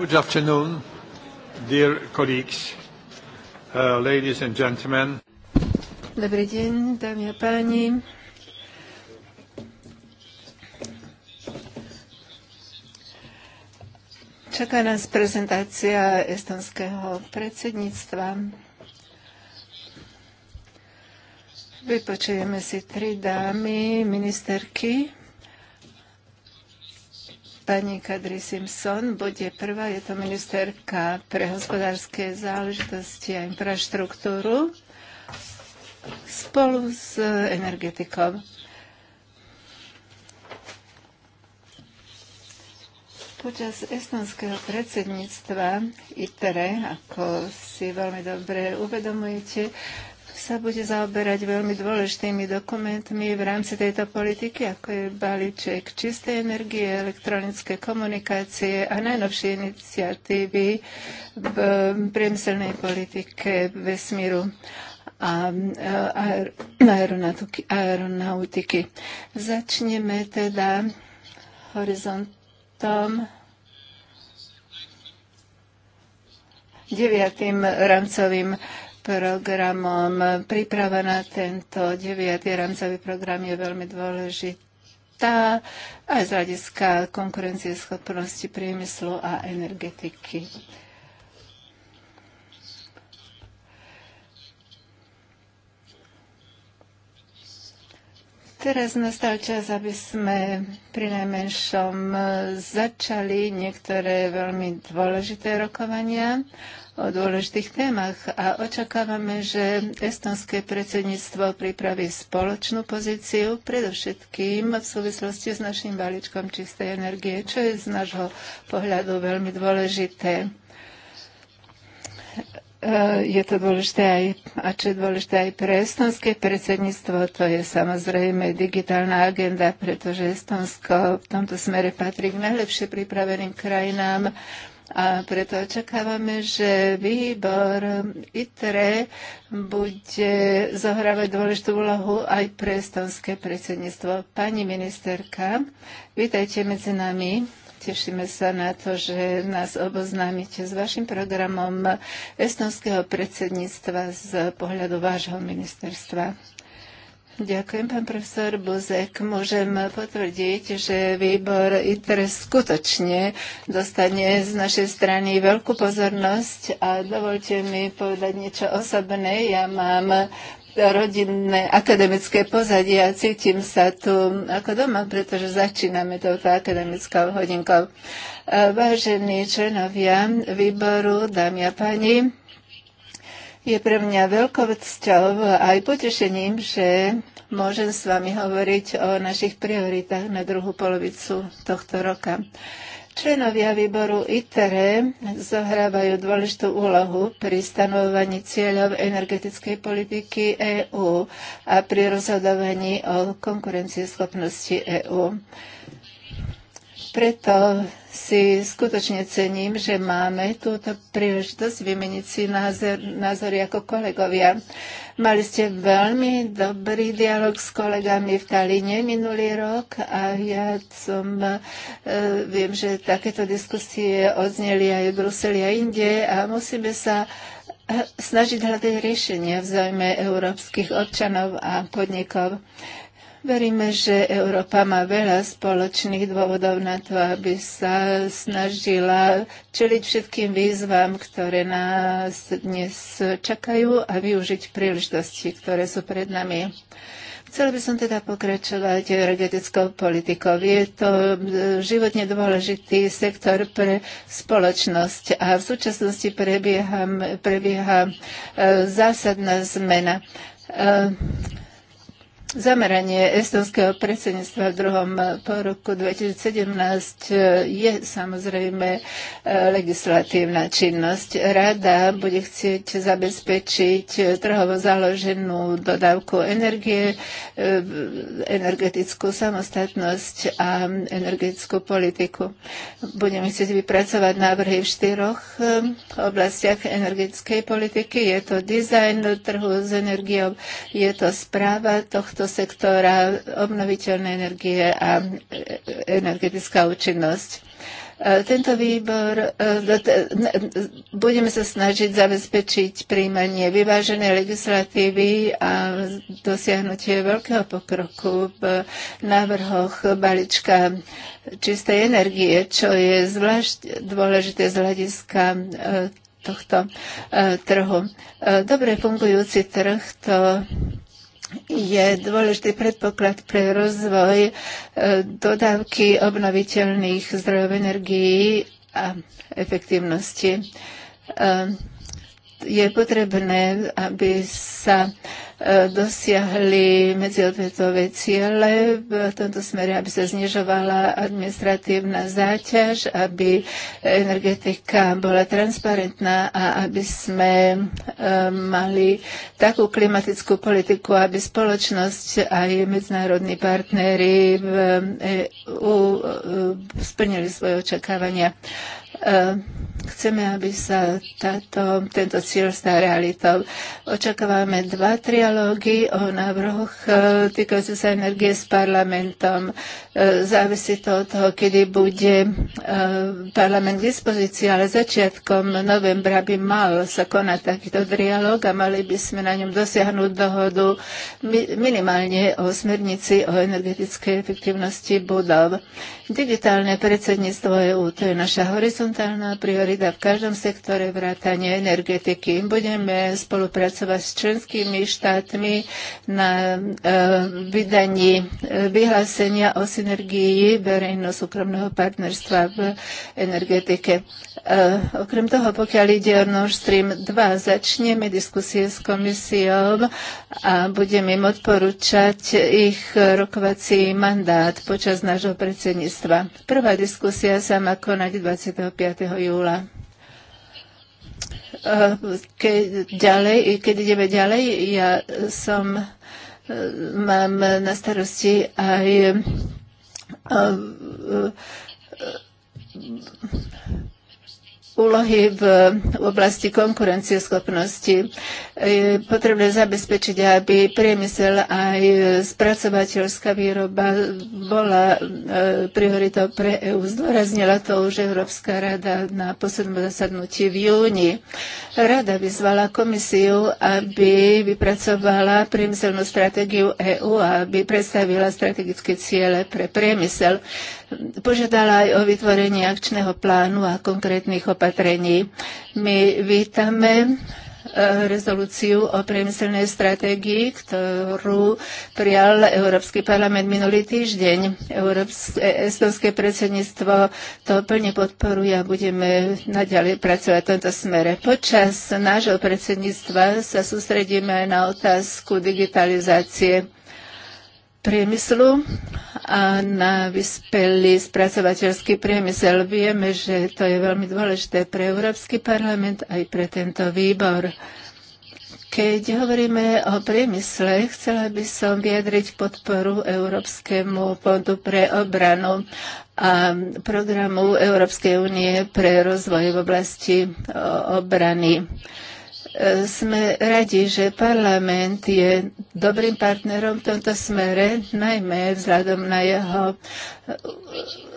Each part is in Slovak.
Good afternoon, dear colleagues, uh, ladies and gentlemen. Dobrý deň, dámy a páni. Čaká nás prezentácia estonského predsedníctva. Vypočujeme si tri dámy, ministerky Pani Kadri Simpson bude prvá, je to ministerka pre hospodárske záležitosti a infraštruktúru spolu s energetikou. Počas estonského predsedníctva ITRE, ako si veľmi dobre uvedomujete, sa bude zaoberať veľmi dôležitými dokumentmi v rámci tejto politiky, ako je balíček čistej energie, elektronické komunikácie a najnovšie iniciatívy v priemyselnej politike vesmíru a aeronautiky. Začneme teda horizontom deviatým rámcovým programom. Príprava na tento 9. rámcový program je veľmi dôležitá aj z hľadiska konkurencieschopnosti priemyslu a energetiky. Teraz nastal čas, aby sme pri najmenšom začali niektoré veľmi dôležité rokovania o dôležitých témach a očakávame, že estonské predsedníctvo pripraví spoločnú pozíciu, predovšetkým v súvislosti s našim balíčkom čistej energie, čo je z nášho pohľadu veľmi dôležité Eh, je to dôležité aj, a čo je dôležité aj pre estonské predsedníctvo, to je samozrejme digitálna agenda, pretože Estonsko v tomto smere patrí k najlepšie pripraveným krajinám a preto očakávame, že výbor ITRE bude zohrávať dôležitú úlohu aj pre estonské predsedníctvo. Pani ministerka, vítajte medzi nami. Tešíme sa na to, že nás oboznámite s vašim programom estonského predsedníctva z pohľadu vášho ministerstva. Ďakujem, pán profesor Buzek. Môžem potvrdiť, že výbor ITER skutočne dostane z našej strany veľkú pozornosť a dovolte mi povedať niečo osobné. Ja mám rodinné akademické pozadie a cítim sa tu ako doma, pretože začíname touto akademickou hodinkou. Vážení členovia výboru, dámy a páni, je pre mňa veľkou cťou aj potešením, že môžem s vami hovoriť o našich prioritách na druhú polovicu tohto roka. Členovia výboru ITERE zohrávajú dôležitú úlohu pri stanovovaní cieľov energetickej politiky EÚ a pri rozhodovaní o konkurencieschopnosti EÚ. Preto si skutočne cením, že máme túto príležitosť vymeniť si názor, názory ako kolegovia. Mali ste veľmi dobrý dialog s kolegami v Talíne minulý rok a ja som, e, viem, že takéto diskusie odzneli aj v Bruseli a inde a musíme sa e, snažiť hľadať riešenia v zájme európskych občanov a podnikov. Veríme, že Európa má veľa spoločných dôvodov na to, aby sa snažila čeliť všetkým výzvam, ktoré nás dnes čakajú a využiť príležitosti, ktoré sú pred nami. Chcela by som teda pokračovať energetickou politikou. Je to e, životne dôležitý sektor pre spoločnosť a v súčasnosti prebieha, prebieha zásadná zmena. E, Zameranie estonského predsedníctva v druhom eh, po roku 2017 eh, je samozrejme eh, legislatívna činnosť. Rada bude chcieť zabezpečiť trhovo založenú dodávku energie, energetickú samostatnosť a energetickú politiku. Budeme chcieť vypracovať návrhy v štyroch oblastiach energetickej politiky. Je to dizajn trhu s energiou, je to správa tohto tohto sektora obnoviteľné energie a e, e, energetická účinnosť. E, tento výbor, budeme sa snažiť zabezpečiť príjmanie vyváženej legislatívy a dosiahnutie veľkého pokroku v návrhoch balíčka čistej energie, čo je zvlášť dôležité z hľadiska tohto trhu. Dobre fungujúci trh to je dôležitý predpoklad pre rozvoj e, dodávky obnoviteľných zdrojov energií a efektívnosti e, je potrebné, aby sa e, dosiahli medziodvetové ciele v tomto smere, aby sa znižovala administratívna záťaž, aby energetika bola transparentná a aby sme e, mali takú klimatickú politiku, aby spoločnosť jej medzinárodní partnery v EU e, splnili svoje očakávania. E, chceme, aby sa táto, tento cieľ stal realitou. Očakávame dva trialógy o návrhoch e, týkajúce sa energie s parlamentom. E, závisí to od toho, kedy bude parlament k dispozícii, ale začiatkom novembra by mal sa konať takýto trialóg a mali by sme na ňom dosiahnuť dohodu minimálne o smernici o energetickej efektivnosti budov. Digitálne predsedníctvo EU, to je naša horizont horizontálna priorita v každom sektore vrátane energetiky. Budeme spolupracovať s členskými štátmi na e, vydaní e, vyhlásenia o synergii verejno-súkromného partnerstva v energetike. E, okrem toho, pokiaľ ide o Nord Stream 2, začneme diskusie s komisiou a budeme im odporúčať ich rokovací mandát počas nášho predsedníctva. Prvá diskusia sa má konať 25. 5. júla. Ke, ďalej, keď ideme ďalej, ja som, e, mám na starosti aj e, e, úlohy v oblasti konkurencieschopnosti. Je potrebné zabezpečiť, aby priemysel aj spracovateľská výroba bola e, prioritou pre EÚ. Zdôraznila to už Európska rada na poslednom zasadnutí v júni. Rada vyzvala komisiu, aby vypracovala priemyselnú stratégiu EÚ a aby predstavila strategické ciele pre priemysel požiadala aj o vytvorenie akčného plánu a konkrétnych opatrení. My vítame e, rezolúciu o priemyselnej stratégii, ktorú prijal Európsky parlament minulý týždeň. Európske, estonské predsedníctvo to plne podporuje a budeme naďalej pracovať v tomto smere. Počas nášho predsedníctva sa sústredíme aj na otázku digitalizácie priemyslu a na vyspelý spracovateľský priemysel. Vieme, že to je veľmi dôležité pre Európsky parlament aj pre tento výbor. Keď hovoríme o priemysle, chcela by som vyjadriť podporu Európskemu fondu pre obranu a programu Európskej únie pre rozvoj v oblasti obrany sme radi, že parlament je dobrým partnerom v tomto smere, najmä vzhľadom na jeho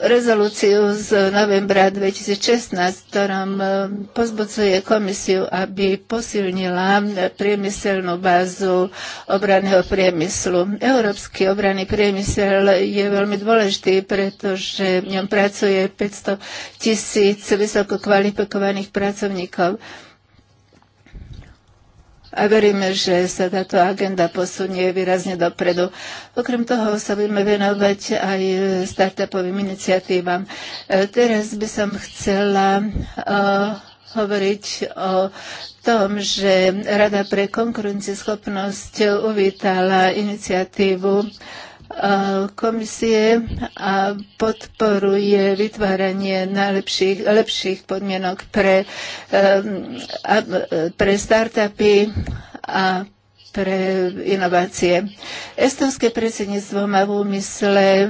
rezolúciu z novembra 2016, ktorom e, pozbudzuje komisiu, aby posilnila priemyselnú bázu obranného priemyslu. Európsky obranný priemysel je veľmi dôležitý, pretože v ňom pracuje 500 tisíc vysoko kvalifikovaných pracovníkov a veríme, že sa táto agenda posunie výrazne dopredu. Okrem toho sa budeme venovať aj startupovým iniciatívam. E, teraz by som chcela e, hovoriť o tom, že Rada pre konkurencieschopnosť uvítala iniciatívu E, komisie a podporuje vytváranie najlepších lepších podmienok pre, e, e, pre startupy a pre inovácie. Estonské predsedníctvo má v úmysle e,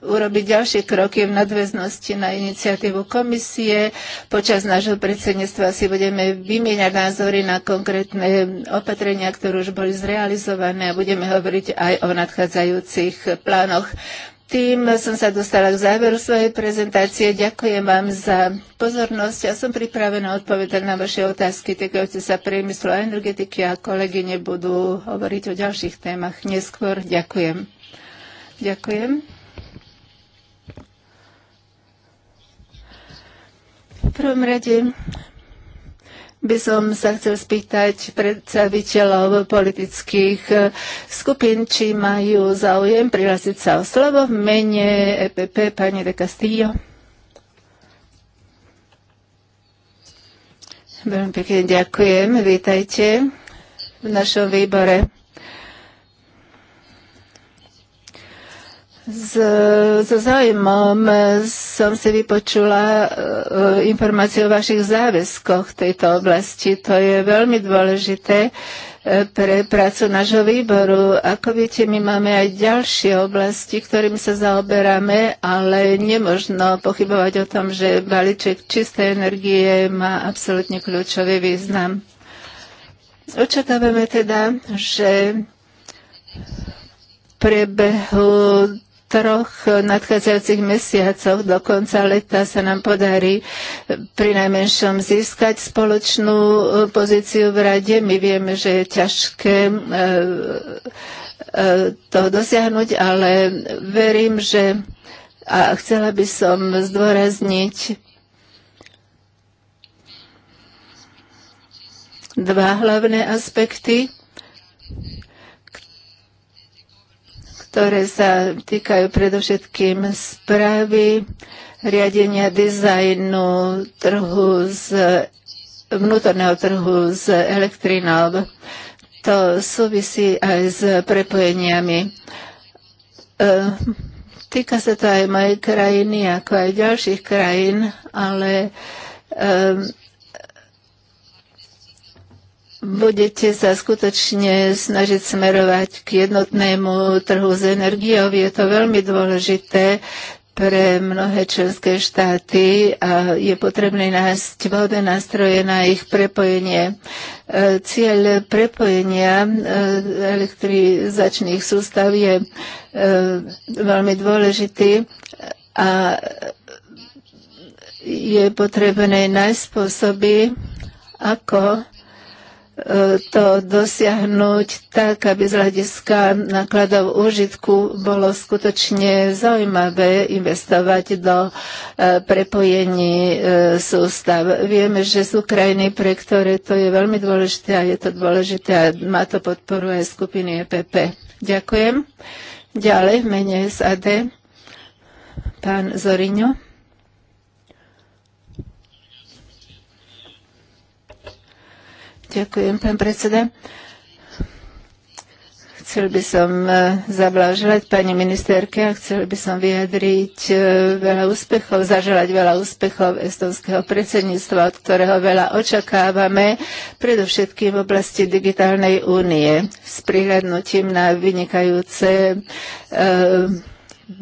urobiť ďalšie kroky v nadväznosti na iniciatívu komisie. Počas nášho predsedníctva si budeme vymieňať názory na konkrétne opatrenia, ktoré už boli zrealizované a budeme hovoriť aj o nadchádzajúcich plánoch tým som sa dostala k záveru svojej prezentácie. Ďakujem vám za pozornosť ja som pripravená odpovedať na vaše otázky týkajúce sa priemyslu a energetiky a kolegyne budú hovoriť o ďalších témach neskôr. Ďakujem. Ďakujem. V prvom rade by som sa chcel spýtať predstaviteľov politických eh, skupín, či majú záujem prihlásiť sa o slovo v mene EPP pani de Castillo. Veľmi pekne ďakujem. Vítajte v našom výbore. so zaujímom som si vypočula e, informácie o vašich záväzkoch v tejto oblasti. To je veľmi dôležité e, pre prácu nášho výboru. Ako viete, my máme aj ďalšie oblasti, ktorým sa zaoberáme, ale nemožno pochybovať o tom, že balíček čistej energie má absolútne kľúčový význam. Očakávame teda, že prebehu troch nadchádzajúcich mesiacoch do konca leta sa nám podarí pri najmenšom získať spoločnú e, pozíciu v rade. My vieme, že je ťažké e, e, to dosiahnuť, ale verím, že a chcela by som zdôrazniť dva hlavné aspekty ktoré sa týkajú predovšetkým správy, riadenia dizajnu trhu z vnútorného trhu s elektrínou. To súvisí aj s prepojeniami. E, týka sa to aj mojej krajiny, ako aj ďalších krajín, ale e, budete sa skutočne snažiť smerovať k jednotnému trhu s energiou. Je to veľmi dôležité pre mnohé členské štáty a je potrebné nájsť vhodné nástroje na ich prepojenie. E, cieľ prepojenia e, elektrizačných sústav je e, veľmi dôležitý a je potrebné nájsť spôsoby, ako to dosiahnuť tak, aby z hľadiska nákladov úžitku bolo skutočne zaujímavé investovať do e, prepojení e, sústav. Vieme, že sú krajiny, pre ktoré to je veľmi dôležité a je to dôležité a má to podporu aj skupiny EPP. Ďakujem. Ďalej v mene SAD pán Zoriňo. Ďakujem, pán predseda. Chcel by som e, zablážovať pani ministerke a chcel by som vyjadriť e, veľa úspechov, zaželať veľa úspechov estonského predsedníctva, od ktorého veľa očakávame, predovšetkým v oblasti digitálnej únie s prihľadnutím na vynikajúce e,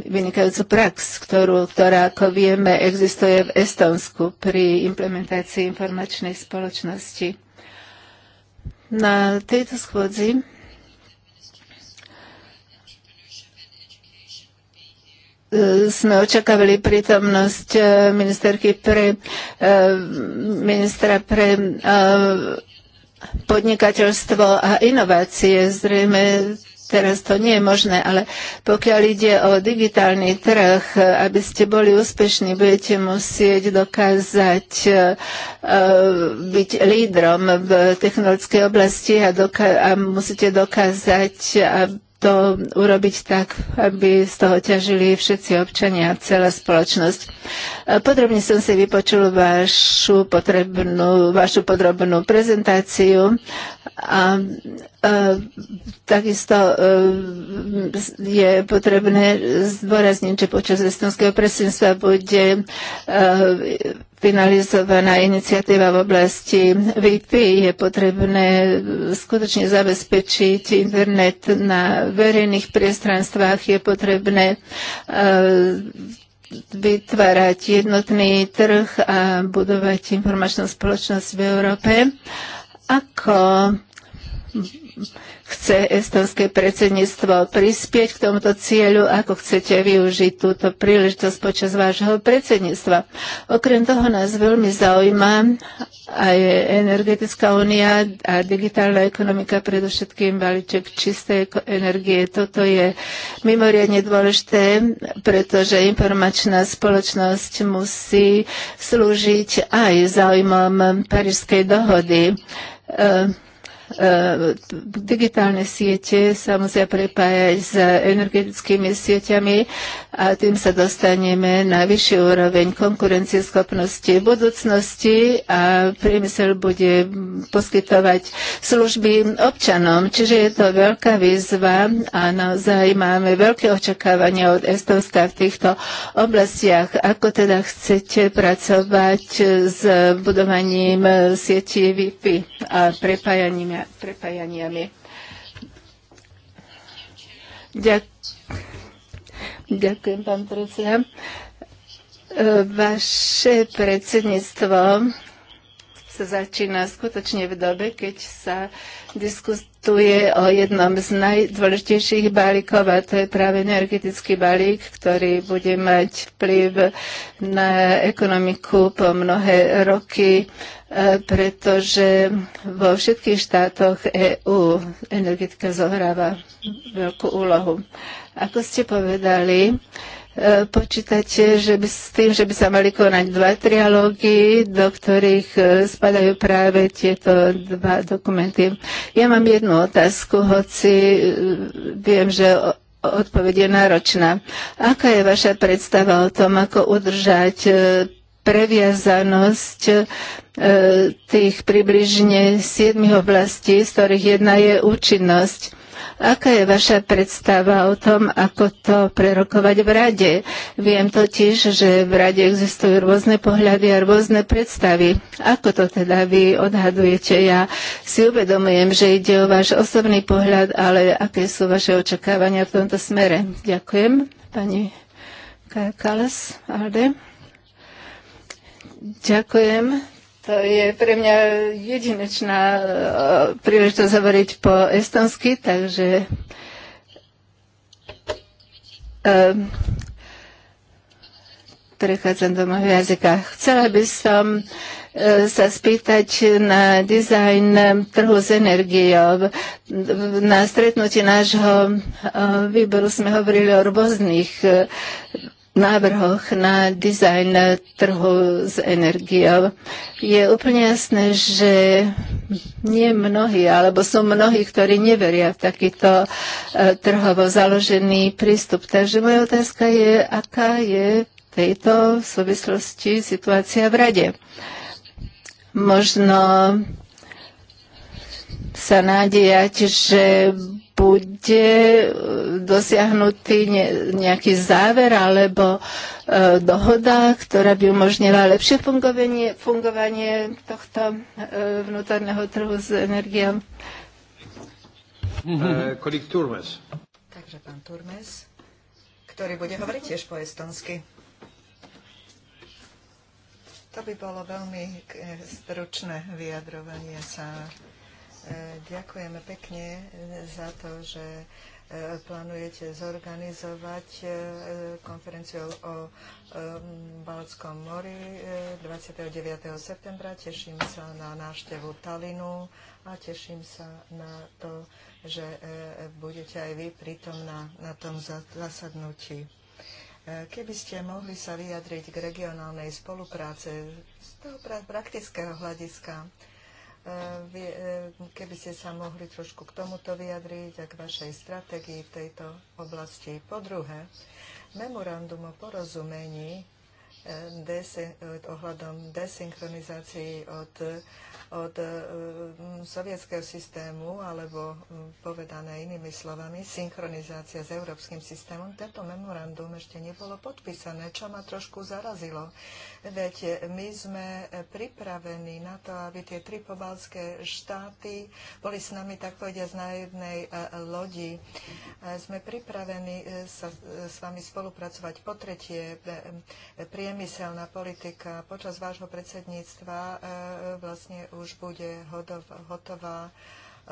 vynikajúcu prax, ktorú, ktorá, ako vieme, existuje v Estonsku pri implementácii informačnej spoločnosti. Na tejto schôdzi sme očakávali prítomnosť eh, ministerky pre, eh, ministra pre eh, podnikateľstvo a inovácie. Zrejme teraz to nie je možné, ale pokiaľ ide o digitálny trh, aby ste boli úspešní, budete musieť dokázať e, byť lídrom v technologickej oblasti a, doka- a musíte dokázať, aby to urobiť tak, aby z toho ťažili všetci občania, a celá spoločnosť. E, podrobne som si vypočul vašu, potrebnú, vašu podrobnú prezentáciu a, a e, takisto a, e, je potrebné zdôrazniť, že počas estonského predsedníctva bude a, finalizovaná iniciatíva v oblasti VP, je potrebné skutočne zabezpečiť internet na verejných priestranstvách, je potrebné eh, vytvárať jednotný trh a budovať informačnú spoločnosť v Európe. Ako chce estonské predsedníctvo prispieť k tomuto cieľu, ako chcete využiť túto príležitosť počas vášho predsedníctva. Okrem toho nás veľmi zaujíma aj energetická únia a digitálna ekonomika, predovšetkým balíček čistej energie. Toto je mimoriadne dôležité, pretože informačná spoločnosť musí slúžiť aj záujmom Parížskej dohody. E, E, digitálne siete sa musia prepájať s energetickými sieťami a tým sa dostaneme na vyšší úroveň konkurencieschopnosti v budúcnosti a priemysel bude poskytovať služby občanom. Čiže je to veľká výzva a naozaj máme veľké očakávania od Estonska v týchto oblastiach. Ako teda chcete pracovať s budovaním sieti wi a prepájaním prepájaniami. Ďakujem, pán predseda. Vaše predsedníctvo sa začína skutočne v dobe, keď sa diskutuje o jednom z najdôležitejších balíkov a to je práve energetický balík, ktorý bude mať vplyv na ekonomiku po mnohé roky, e, pretože vo všetkých štátoch EÚ energetika zohráva veľkú úlohu. Ako ste povedali, E, počítate, že by, s tým, že by sa mali konať dva trialógy, do ktorých e, spadajú práve tieto dva dokumenty. Ja mám jednu otázku, hoci e, viem, že odpoveď je náročná. Aká je vaša predstava o tom, ako udržať previazanosť tých približne siedmých oblastí, z ktorých jedna je účinnosť. Aká je vaša predstava o tom, ako to prerokovať v rade? Viem totiž, že v rade existujú rôzne pohľady a rôzne predstavy. Ako to teda vy odhadujete? Ja si uvedomujem, že ide o váš osobný pohľad, ale aké sú vaše očakávania v tomto smere? Ďakujem, pani Kalas Alde. Ďakujem to je pre mňa jedinečná e, príležitosť hovoriť po estonsky, takže um, prechádzam do môjho jazyka. Chcela by som e, sa spýtať na dizajn trhu s energiou. Na stretnutí nášho výboru sme hovorili o rôznych návrhoch na dizajn trhu s energiou. Je úplne jasné, že nie mnohí, alebo sú mnohí, ktorí neveria v takýto e, trhovo založený prístup. Takže moja otázka je, aká je v tejto súvislosti situácia v rade. Možno sa nádejať, že bude eh, dosiahnutý nejaký záver alebo eh, dohoda, ktorá by umožnila lepšie fungovanie, fungovanie tohto eh, vnútorného trhu s energiou. Mhm. Kolik Turmes. Takže pán Turmes, ktorý bude hovoriť tiež po estonsky. To by bolo veľmi stručné vyjadrovanie sa E, ďakujeme pekne e, za to, že e, plánujete zorganizovať konferenciu o Balckom mori 29. septembra. Teším sa na návštevu Talinu a teším sa na to, že budete aj vy prítomná na tom zasadnutí. Keby ste mohli sa vyjadriť k regionálnej spolupráce z toho praktického hľadiska, E, e, keby ste sa mohli trošku k tomuto vyjadriť a k vašej stratégii v tejto oblasti. Po druhé, memorandum o porozumení e, ohľadom desynchronizácií od, od sovietského systému, alebo povedané inými slovami, synchronizácia s európskym systémom. Tento memorandum ešte nebolo podpísané, čo ma trošku zarazilo. Veď my sme pripravení na to, aby tie tri pobalské štáty boli s nami, tak povediať, na jednej e, lodi. Sme pripravení e, sa e, s vami spolupracovať. Po tretie, priemyselná politika počas vášho predsedníctva vlastne už bude hotová E,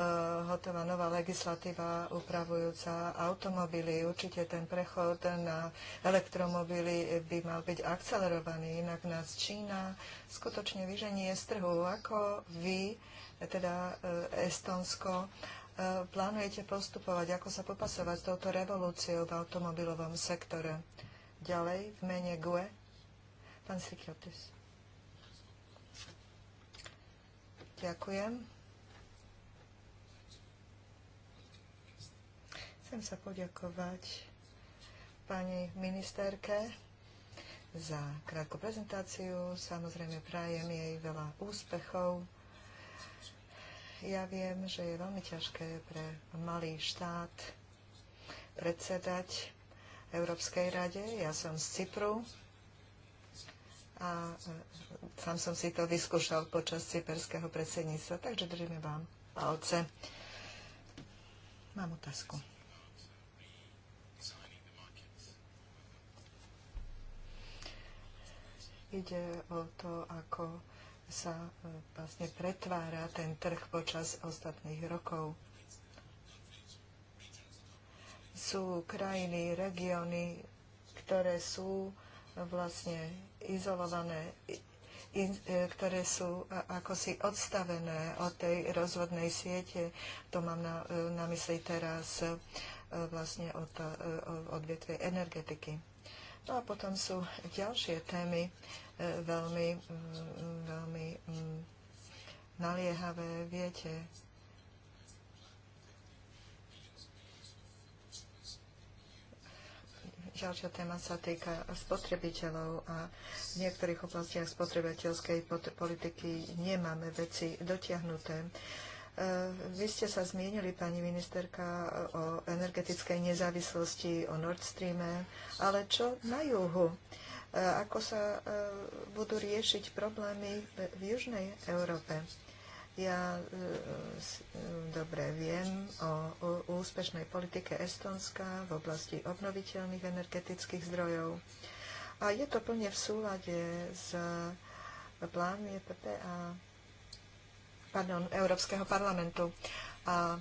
hotová nová legislatíva upravujúca automobily. Určite ten prechod na elektromobily by mal byť akcelerovaný, inak nás Čína skutočne vyženie z trhu. Ako vy, teda e, Estonsko, e, plánujete postupovať, ako sa popasovať s touto revolúciou v automobilovom sektore? Ďalej, v mene GUE, pán Sikiotis. Ďakujem. Chcem sa poďakovať pani ministerke za krátku prezentáciu. Samozrejme, prajem jej veľa úspechov. Ja viem, že je veľmi ťažké pre malý štát predsedať Európskej rade. Ja som z Cypru a e, sám som si to vyskúšal počas cyperského predsedníctva, takže držíme vám palce. Mám otázku. Ide o to, ako sa e, vlastne pretvára ten trh počas ostatných rokov. Sú krajiny, regióny, ktoré sú e, vlastne izolované, in, e, ktoré sú ako si odstavené od tej rozvodnej siete. To mám na, na mysli teraz vlastne od odvetvie energetiky. No a potom sú ďalšie témy, veľmi, mm, veľmi mm, naliehavé, viete. Ďalšia téma sa týka spotrebiteľov a v niektorých oblastiach spotrebiteľskej politiky nemáme veci dotiahnuté. E, vy ste sa zmienili, pani ministerka, o energetickej nezávislosti, o Nord Streame, ale čo na juhu? E, ako sa e, budú riešiť problémy v južnej Európe. Ja e, dobre viem o úspešnej politike Estonska v oblasti obnoviteľných energetických zdrojov. A je to plne v súlade s plánmi EPP a pardon, Európskeho parlamentu. A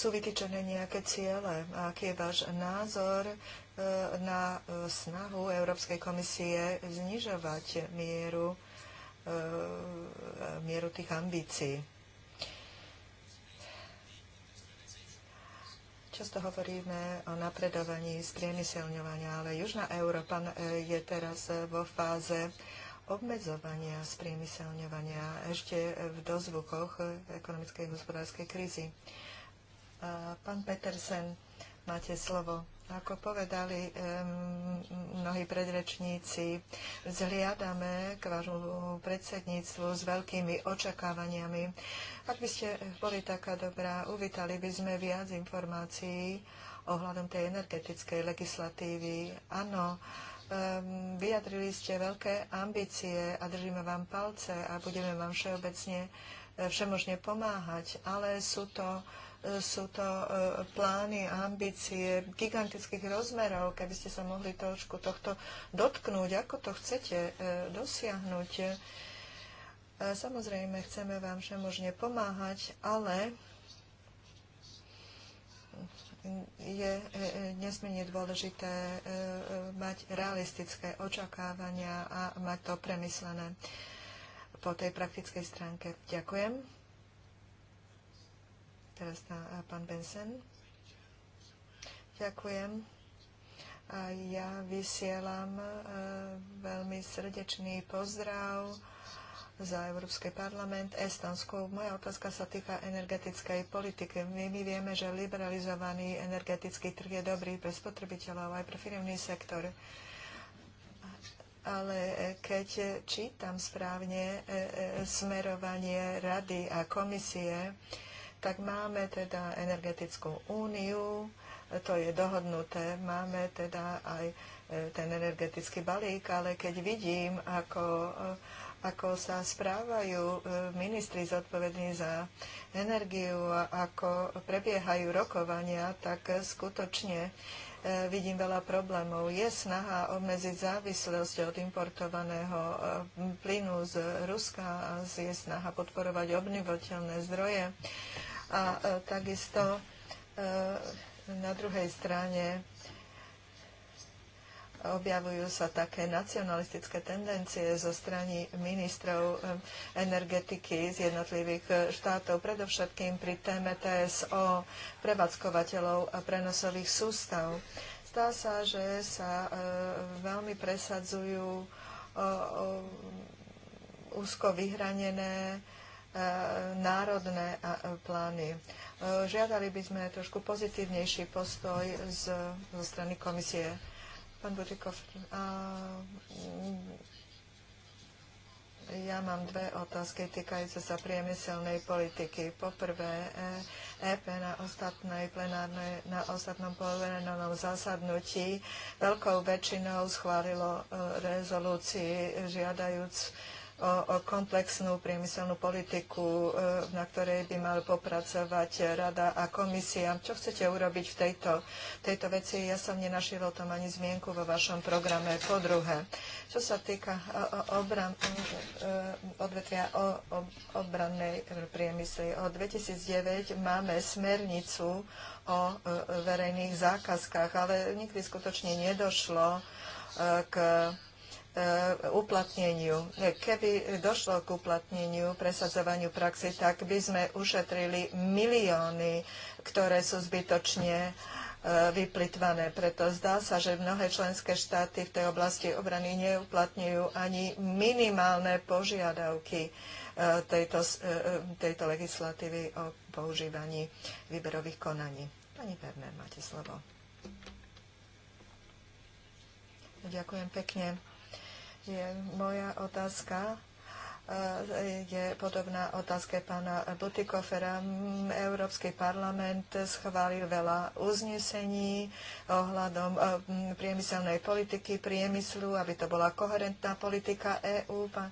sú vytýčené nejaké ciele. A aký je váš názor e, na e, snahu Európskej komisie znižovať mieru, e, mieru tých ambícií? často hovoríme o napredovaní z priemyselňovania, ale Južná Európa je teraz vo fáze obmedzovania z priemyselňovania ešte v dozvukoch ekonomickej a hospodárskej krízy. Pán Petersen, máte slovo. Ako povedali mnohí predrečníci, zhliadame k vášmu predsedníctvu s veľkými očakávaniami. Ak by ste boli taká dobrá, uvítali by sme viac informácií ohľadom tej energetickej legislatívy. Áno, vyjadrili ste veľké ambície a držíme vám palce a budeme vám všeobecne všemožne pomáhať, ale sú to sú to e, plány a ambície gigantických rozmerov. Keby ste sa mohli trošku tohto dotknúť, ako to chcete e, dosiahnuť. E, samozrejme, chceme vám všemožne pomáhať, ale je nesmierne dôležité mať realistické očakávania a mať to premyslené po tej praktickej stránke. Ďakujem teraz na eh, pán Bensen. Ďakujem. A ja vysielam eh, veľmi srdečný pozdrav za Európsky parlament Estonsku. Moja otázka sa týka energetickej politiky. My, my vieme, že liberalizovaný energetický trh je dobrý pre spotrebiteľov aj pre firmný sektor. Ale keď čítam správne eh, smerovanie rady a komisie, tak máme teda energetickú úniu, to je dohodnuté, máme teda aj e, ten energetický balík, ale keď vidím, ako, e, ako sa správajú e, ministri zodpovední za energiu a ako prebiehajú rokovania, tak skutočne vidím veľa problémov. Je snaha obmedziť závislosť od importovaného plynu z Ruska, je snaha podporovať obnivoteľné zdroje a e, takisto e, na druhej strane objavujú sa také nacionalistické tendencie zo strany ministrov e, energetiky z jednotlivých štátov, predovšetkým pri téme TSO, prevádzkovateľov a prenosových sústav. Zdá sa, že sa veľmi presadzujú úzko vyhranené E, národné e, plány. E, žiadali by sme trošku pozitívnejší postoj z, zo strany komisie. Pán Budikov, ja mám dve otázky týkajúce sa priemyselnej politiky. Poprvé, EP na, ostatnej plenárnej, na ostatnom poverenom zasadnutí veľkou väčšinou schválilo rezolúcii žiadajúc o, komplexnú priemyselnú politiku, e, na ktorej by mal popracovať rada a komisia. Čo chcete urobiť v tejto, tejto veci? Ja som nenašiel o tom ani zmienku vo vašom programe. Po druhé, čo sa týka e, obran, e, odvetvia o, obrannej priemysle, od 2009 máme smernicu o verejných zákazkách, ale nikdy skutočne nedošlo k Eh, uplatneniu. Keby došlo k uplatneniu, presadzovaniu praxi, tak by sme ušetrili milióny, ktoré sú zbytočne eh, vyplitvané. Preto zdá sa, že mnohé členské štáty v tej oblasti obrany neuplatňujú ani minimálne požiadavky eh, tejto, tejto legislatívy o používaní výberových konaní. Pani Werner, máte slovo. Ďakujem pekne. Moja otázka e, je podobná otázke pána Butikofera. Európsky parlament schválil veľa uznesení ohľadom e, priemyselnej politiky, priemyslu, aby to bola koherentná politika EÚ. E,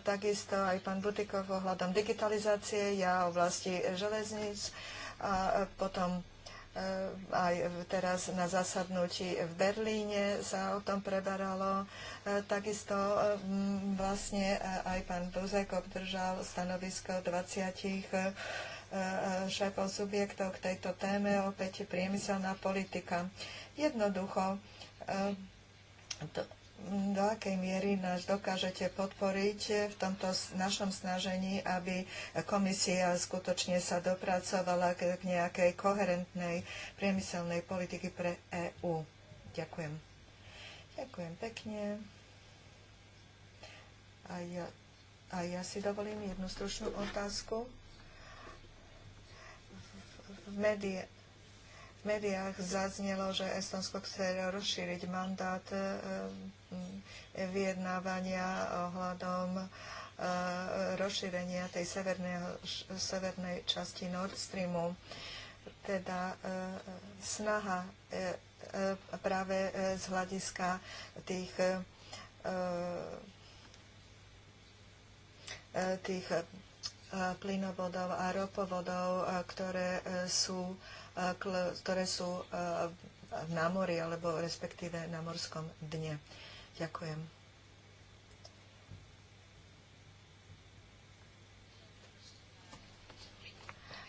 takisto aj pán Butikov ohľadom digitalizácie, ja oblasti železnic a potom Eh, aj teraz na zasadnutí v Berlíne sa o tom preberalo. Eh, takisto eh, vlastne aj pán Buzek obdržal stanovisko 20 šéfov subjektov k tejto téme, opäť priemyselná politika. Jednoducho, to, do akej miery nás dokážete podporiť v tomto našom snažení, aby komisia skutočne sa dopracovala k nejakej koherentnej priemyselnej politiky pre EÚ. Ďakujem. Ďakujem pekne. A ja, a ja si dovolím jednu stručnú otázku. V, v, médiách zaznelo, že Estonsko chce rozšíriť mandát e, e, vyjednávania ohľadom e, rozšírenia tej severnej časti Nord Streamu. Teda snaha práve z hľadiska tých tých plynovodov a ropovodov, ktoré sú ktoré sú eh, na mori alebo respektíve na morskom dne. Ďakujem.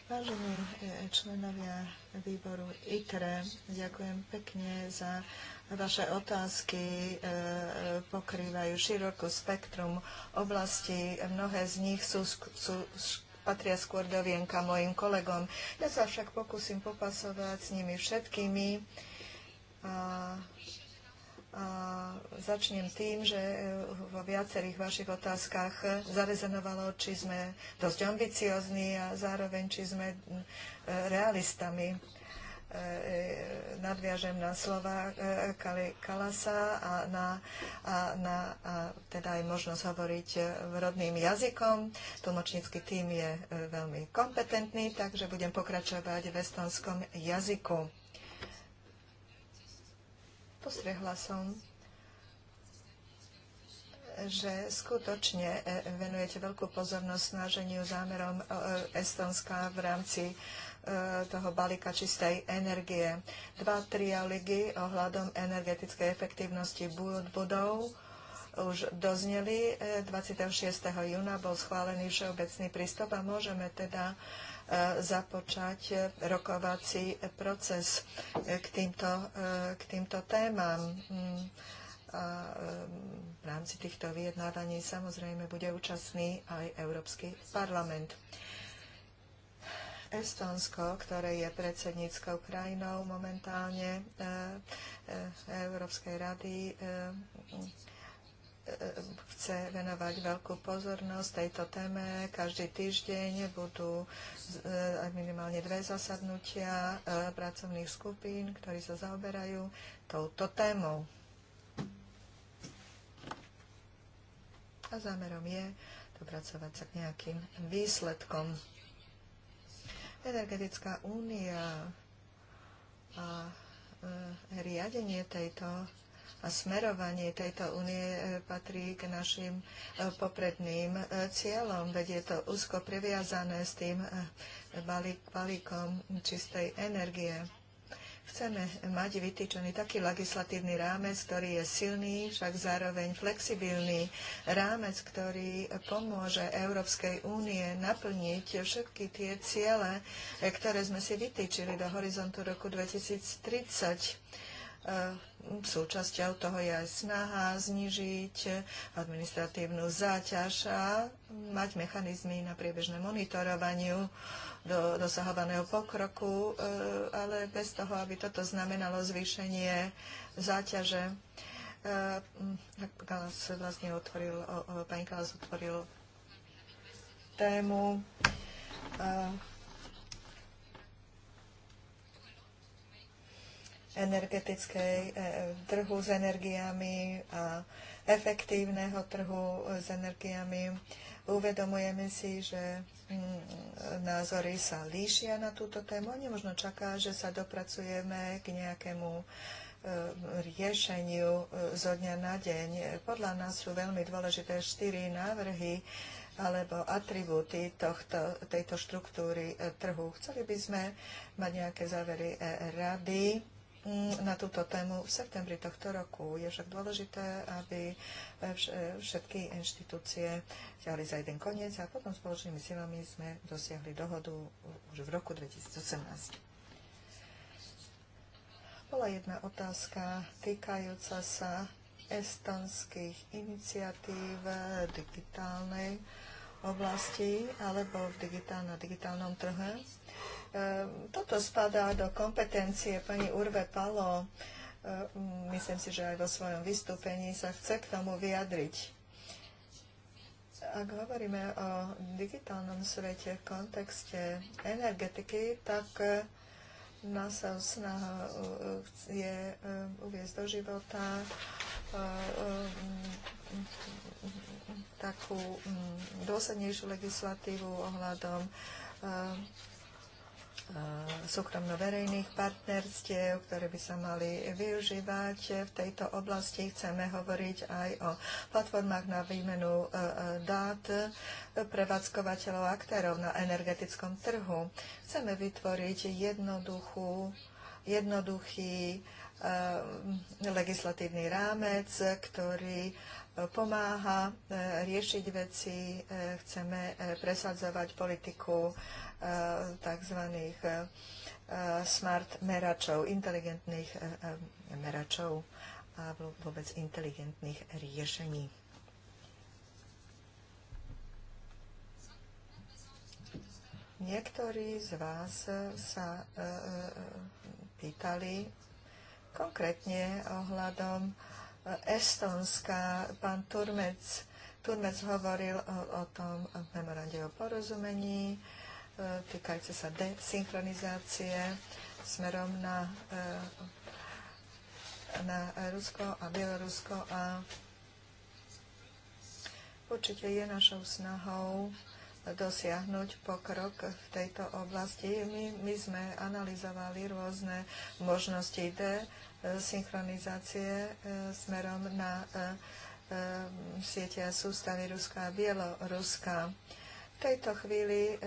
Vážení eh, členovia výboru ITRE, ďakujem pekne za vaše otázky eh, pokrývajú širokú spektrum oblasti, Mnohé z nich sú, sú patria skôr do vienka mojim kolegom. Ja sa však pokúsim popasovať s nimi všetkými. A, a začnem tým, že e, vo viacerých vašich otázkach zarezonovalo, či sme dosť ambiciozní a zároveň, či sme e, realistami. E, e, nadviažem na slova e, Kalasa a na, a, na a teda aj možnosť hovoriť rodným jazykom. Tlmočnícky tým je veľmi kompetentný, takže budem pokračovať v estonskom jazyku. Postrehla som, že skutočne venujete veľkú pozornosť snaženiu zámerom Estonska v rámci E, toho balíka čistej energie. Dva trialigy ohľadom energetickej efektívnosti budov už dozneli. 26. E, júna bol schválený všeobecný prístup a môžeme teda e, započať rokovací proces k týmto, k týmto témam. Mm. A v rámci týchto vyjednávaní samozrejme bude účastný aj Európsky parlament. Estonsko, ktoré je predsedníckou krajinou momentálne eh, eh, Európskej rady, eh, chce venovať veľkú pozornosť tejto téme. Každý týždeň budú minimálne dve zasadnutia pracovných skupín, ktorí sa zaoberajú touto témou. A zámerom je dopracovať sa k nejakým výsledkom. Energetická únia a e, riadenie tejto a smerovanie tejto únie e, patrí k našim e, popredným cieľom, veď je to úzko previazané s tým balíkom čistej energie. Chceme mať vytýčený taký legislatívny rámec, ktorý je silný, však zároveň flexibilný rámec, ktorý pomôže Európskej únie naplniť všetky tie ciele, e, ktoré sme si vytýčili do horizontu roku 2030 E, súčasťou toho je aj snaha znižiť administratívnu záťaž a mať mechanizmy na priebežné monitorovaniu do dosahovaného pokroku, e, ale bez toho, aby toto znamenalo zvýšenie záťaže. E, Kalas vlastne otvoril, pani Kalas otvoril tému energetickej e, trhu s energiami a efektívneho trhu s energiami. Uvedomujeme si, že mm, názory sa líšia na túto tému. Nemožno čaká, že sa dopracujeme k nejakému e, riešeniu e, zo dňa na deň. Podľa nás sú veľmi dôležité štyri návrhy alebo atribúty tohto, tejto štruktúry trhu. Chceli by sme mať nejaké závery rady na túto tému v septembri tohto roku. Je však dôležité, aby všetky inštitúcie ťahali za jeden koniec a potom spoločnými silami sme dosiahli dohodu už v roku 2018 bola jedna otázka týkajúca sa estonských iniciatív v digitálnej oblasti alebo v digitál, na digitálnom trhu. Ehm, toto spadá do kompetencie pani Urve Palo. Ehm, myslím si, že aj vo svojom vystúpení sa chce k tomu vyjadriť. Ak hovoríme o digitálnom svete v kontexte energetiky, tak e, NASA snaha e, e, je uviezť do života takú dôslednejšiu legislatívu ohľadom Eh, súkromno-verejných partnerstiev, ktoré by sa mali využívať. V tejto oblasti chceme hovoriť aj o platformách na výmenu eh, eh, dát prevádzkovateľov aktérov na energetickom trhu. Chceme vytvoriť jednoduchú, jednoduchý legislatívny rámec, ktorý pomáha riešiť veci, chceme presadzovať politiku Eh, tzv. Eh, eh, smart meračov, inteligentných meračov a vôbec inteligentných riešení. Niektorí z vás sa pýtali konkrétne ohľadom Estonska. Pán Turmec, Turmec hovoril o, o tom memorande o porozumení E, týkajúce sa desynchronizácie smerom na, e, na Rusko a Bielorusko a určite je našou snahou dosiahnuť pokrok v tejto oblasti. My, my sme analyzovali rôzne možnosti D synchronizácie e, smerom na siete a sústavy Ruska a Bieloruska tejto chvíli e,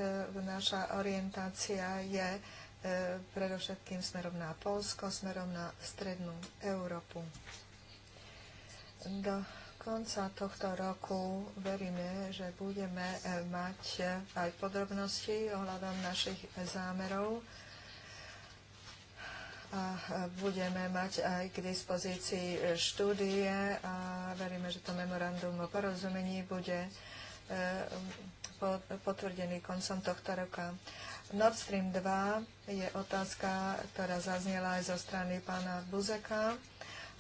naša orientácia je e, predovšetkým smerom na Polsko, smerom na strednú Európu. Do konca tohto roku veríme, že budeme e, mať aj podrobnosti ohľadom našich zámerov a budeme mať aj k dispozícii štúdie a veríme, že to memorandum o porozumení bude potvrdený koncom tohto roka. Nord Stream 2 je otázka, ktorá zaznela aj zo strany pána Buzeka.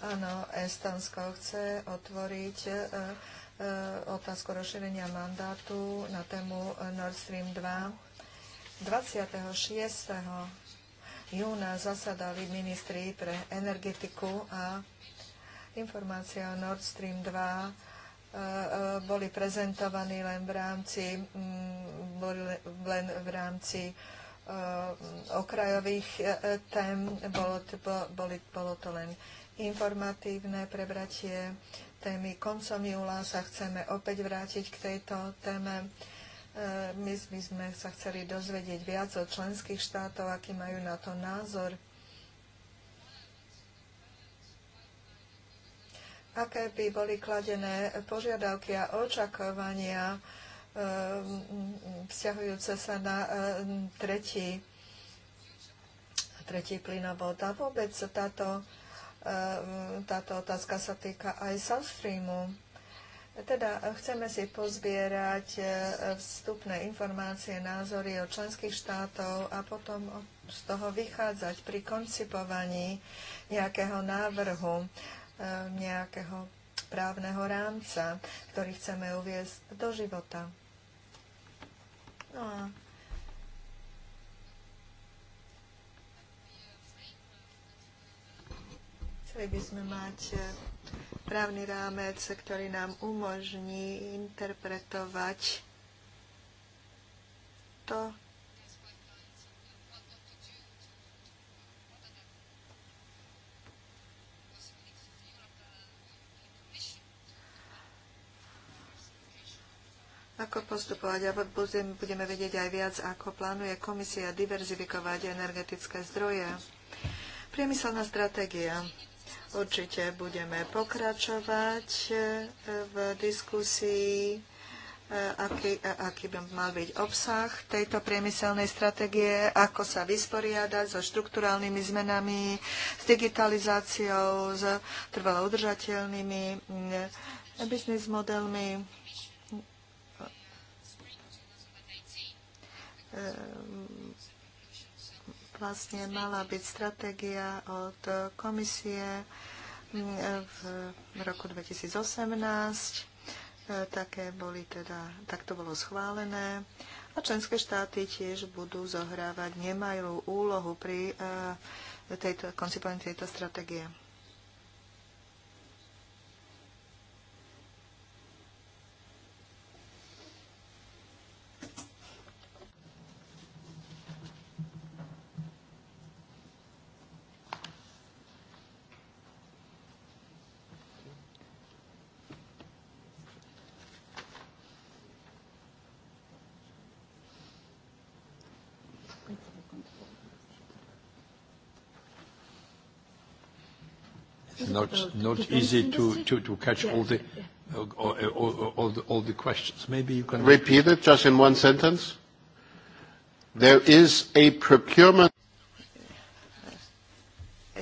Áno, Estonsko chce otvoriť e, e, otázku rozšírenia mandátu na tému Nord Stream 2. 26. júna zasadali ministri pre energetiku a informácia o Nord Stream 2 boli prezentovaní len v rámci, mm, len v rámci e, okrajových e, e, tém. Bolo, boli, bolo to len informatívne prebratie témy. Koncom júla sa chceme opäť vrátiť k tejto téme. My by sme sa chceli dozvedieť viac od členských štátov, aký majú na to názor. aké by boli kladené požiadavky a očakávania e, vzťahujúce sa na e, tretí, tretí plynovod. A vôbec táto, e, táto otázka sa týka aj South Streamu. Teda chceme si pozbierať vstupné informácie, názory od členských štátov a potom z toho vychádzať pri koncipovaní nejakého návrhu. Eh, nejakého právneho rámca, ktorý chceme uviezť do života. No a chceli by sme mať eh, právny rámec, ktorý nám umožní interpretovať to, ako postupovať a budeme vedieť aj viac, ako plánuje komisia diverzifikovať energetické zdroje. Priemyselná stratégia. Určite budeme pokračovať e, v diskusii e, aký, e, aký by mal byť obsah tejto priemyselnej stratégie, ako sa vysporiadať so štrukturálnymi zmenami, s digitalizáciou, s trvalo udržateľnými mm, biznis modelmi Ehm, vlastne mala byť stratégia od komisie mm, v roku 2018. Ehm, také boli teda, tak to bolo schválené. A členské štáty tiež budú zohrávať nemajú úlohu pri ehm, tejto, koncipovaní tejto stratégie. not, not easy to, to, to catch all the, all, all, all, the, all the questions. Maybe you can... Repeat it just in one sentence. There is a procurement...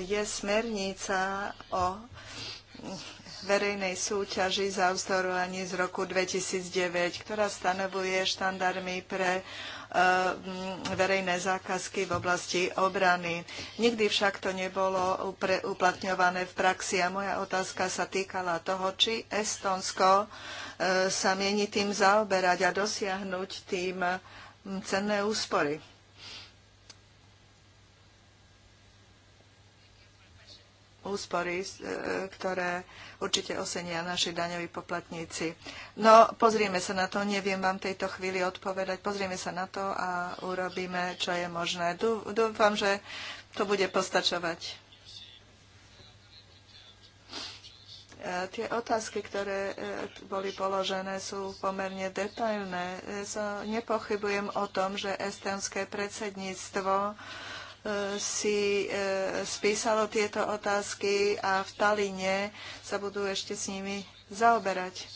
Je smernica o verejnej súťaži za vzdorovaní z roku 2009, ktorá stanovuje štandardmi pre Eh, mm, verejné zákazky v oblasti obrany. Nikdy však to nebolo uplatňované v praxi a moja otázka sa týkala toho, či Estonsko eh, sa mieni tým zaoberať a dosiahnuť tým mm, cenné úspory. úspory, e, ktoré určite osenia naši daňoví poplatníci. No, pozrieme sa na to, neviem vám tejto chvíli odpovedať, pozrieme sa na to a urobíme, čo je možné. Dúfam, že to bude postačovať. E, tie otázky, ktoré e, boli položené, sú pomerne detailné. Nepochybujem o tom, že estonské predsedníctvo si e, spísalo tieto otázky a v Taline sa budú ešte s nimi zaoberať.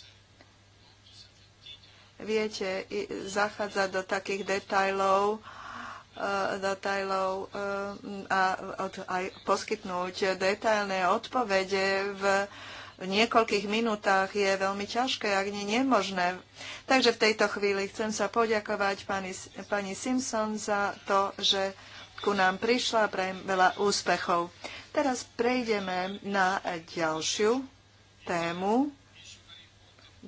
Viete, zachádzať do takých detajlov, e, detajlov e, a aj poskytnúť detailné odpovede v v niekoľkých minútach je veľmi ťažké, ak nie nemožné. Takže v tejto chvíli chcem sa poďakovať pani, pani Simpson za to, že ku nám prišla. Prajem veľa úspechov. Teraz prejdeme na ďalšiu tému,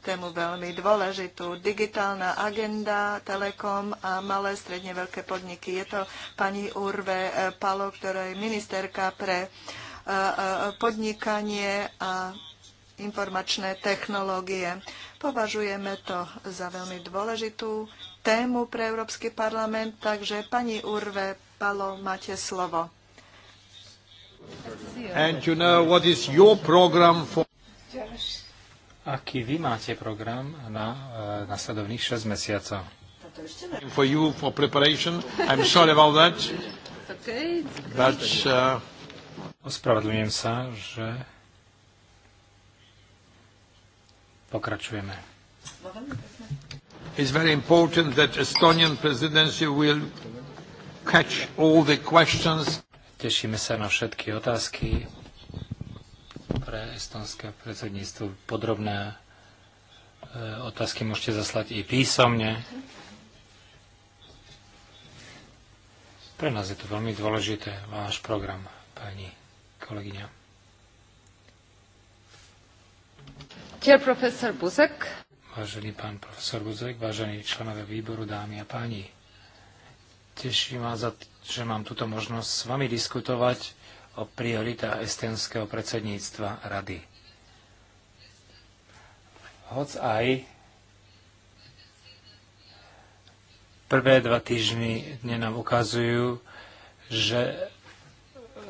tému veľmi dôležitú. Digitálna agenda, telekom a malé, stredne veľké podniky. Je to pani Urve eh, Palo, ktorá je ministerka pre eh, eh, podnikanie a informačné technológie. Považujeme to za veľmi dôležitú tému pre Európsky parlament, takže pani Urve Palo, máte slovo. And you know what is your program for... Aký vy máte program na uh, nasledovných 6 mesiacov? For you, for preparation. I'm sorry about that. But, uh... Ospravedlňujem sa, že Pokračujeme. It's very important that Estonian presidency will catch all the questions. Tešíme sa na všetky otázky pre estonské predsedníctvo. Podrobné e, otázky môžete zaslať i písomne. Pre nás je to veľmi dôležité, váš program, pani kolegyňa. Dear Professor Buzek. Vážený pán profesor Buzek, vážení členové výboru, dámy a páni. Teší ma, za, že mám túto možnosť s vami diskutovať o prioritách estonského predsedníctva Rady. Hoc aj prvé dva týždny dne nám ukazujú, že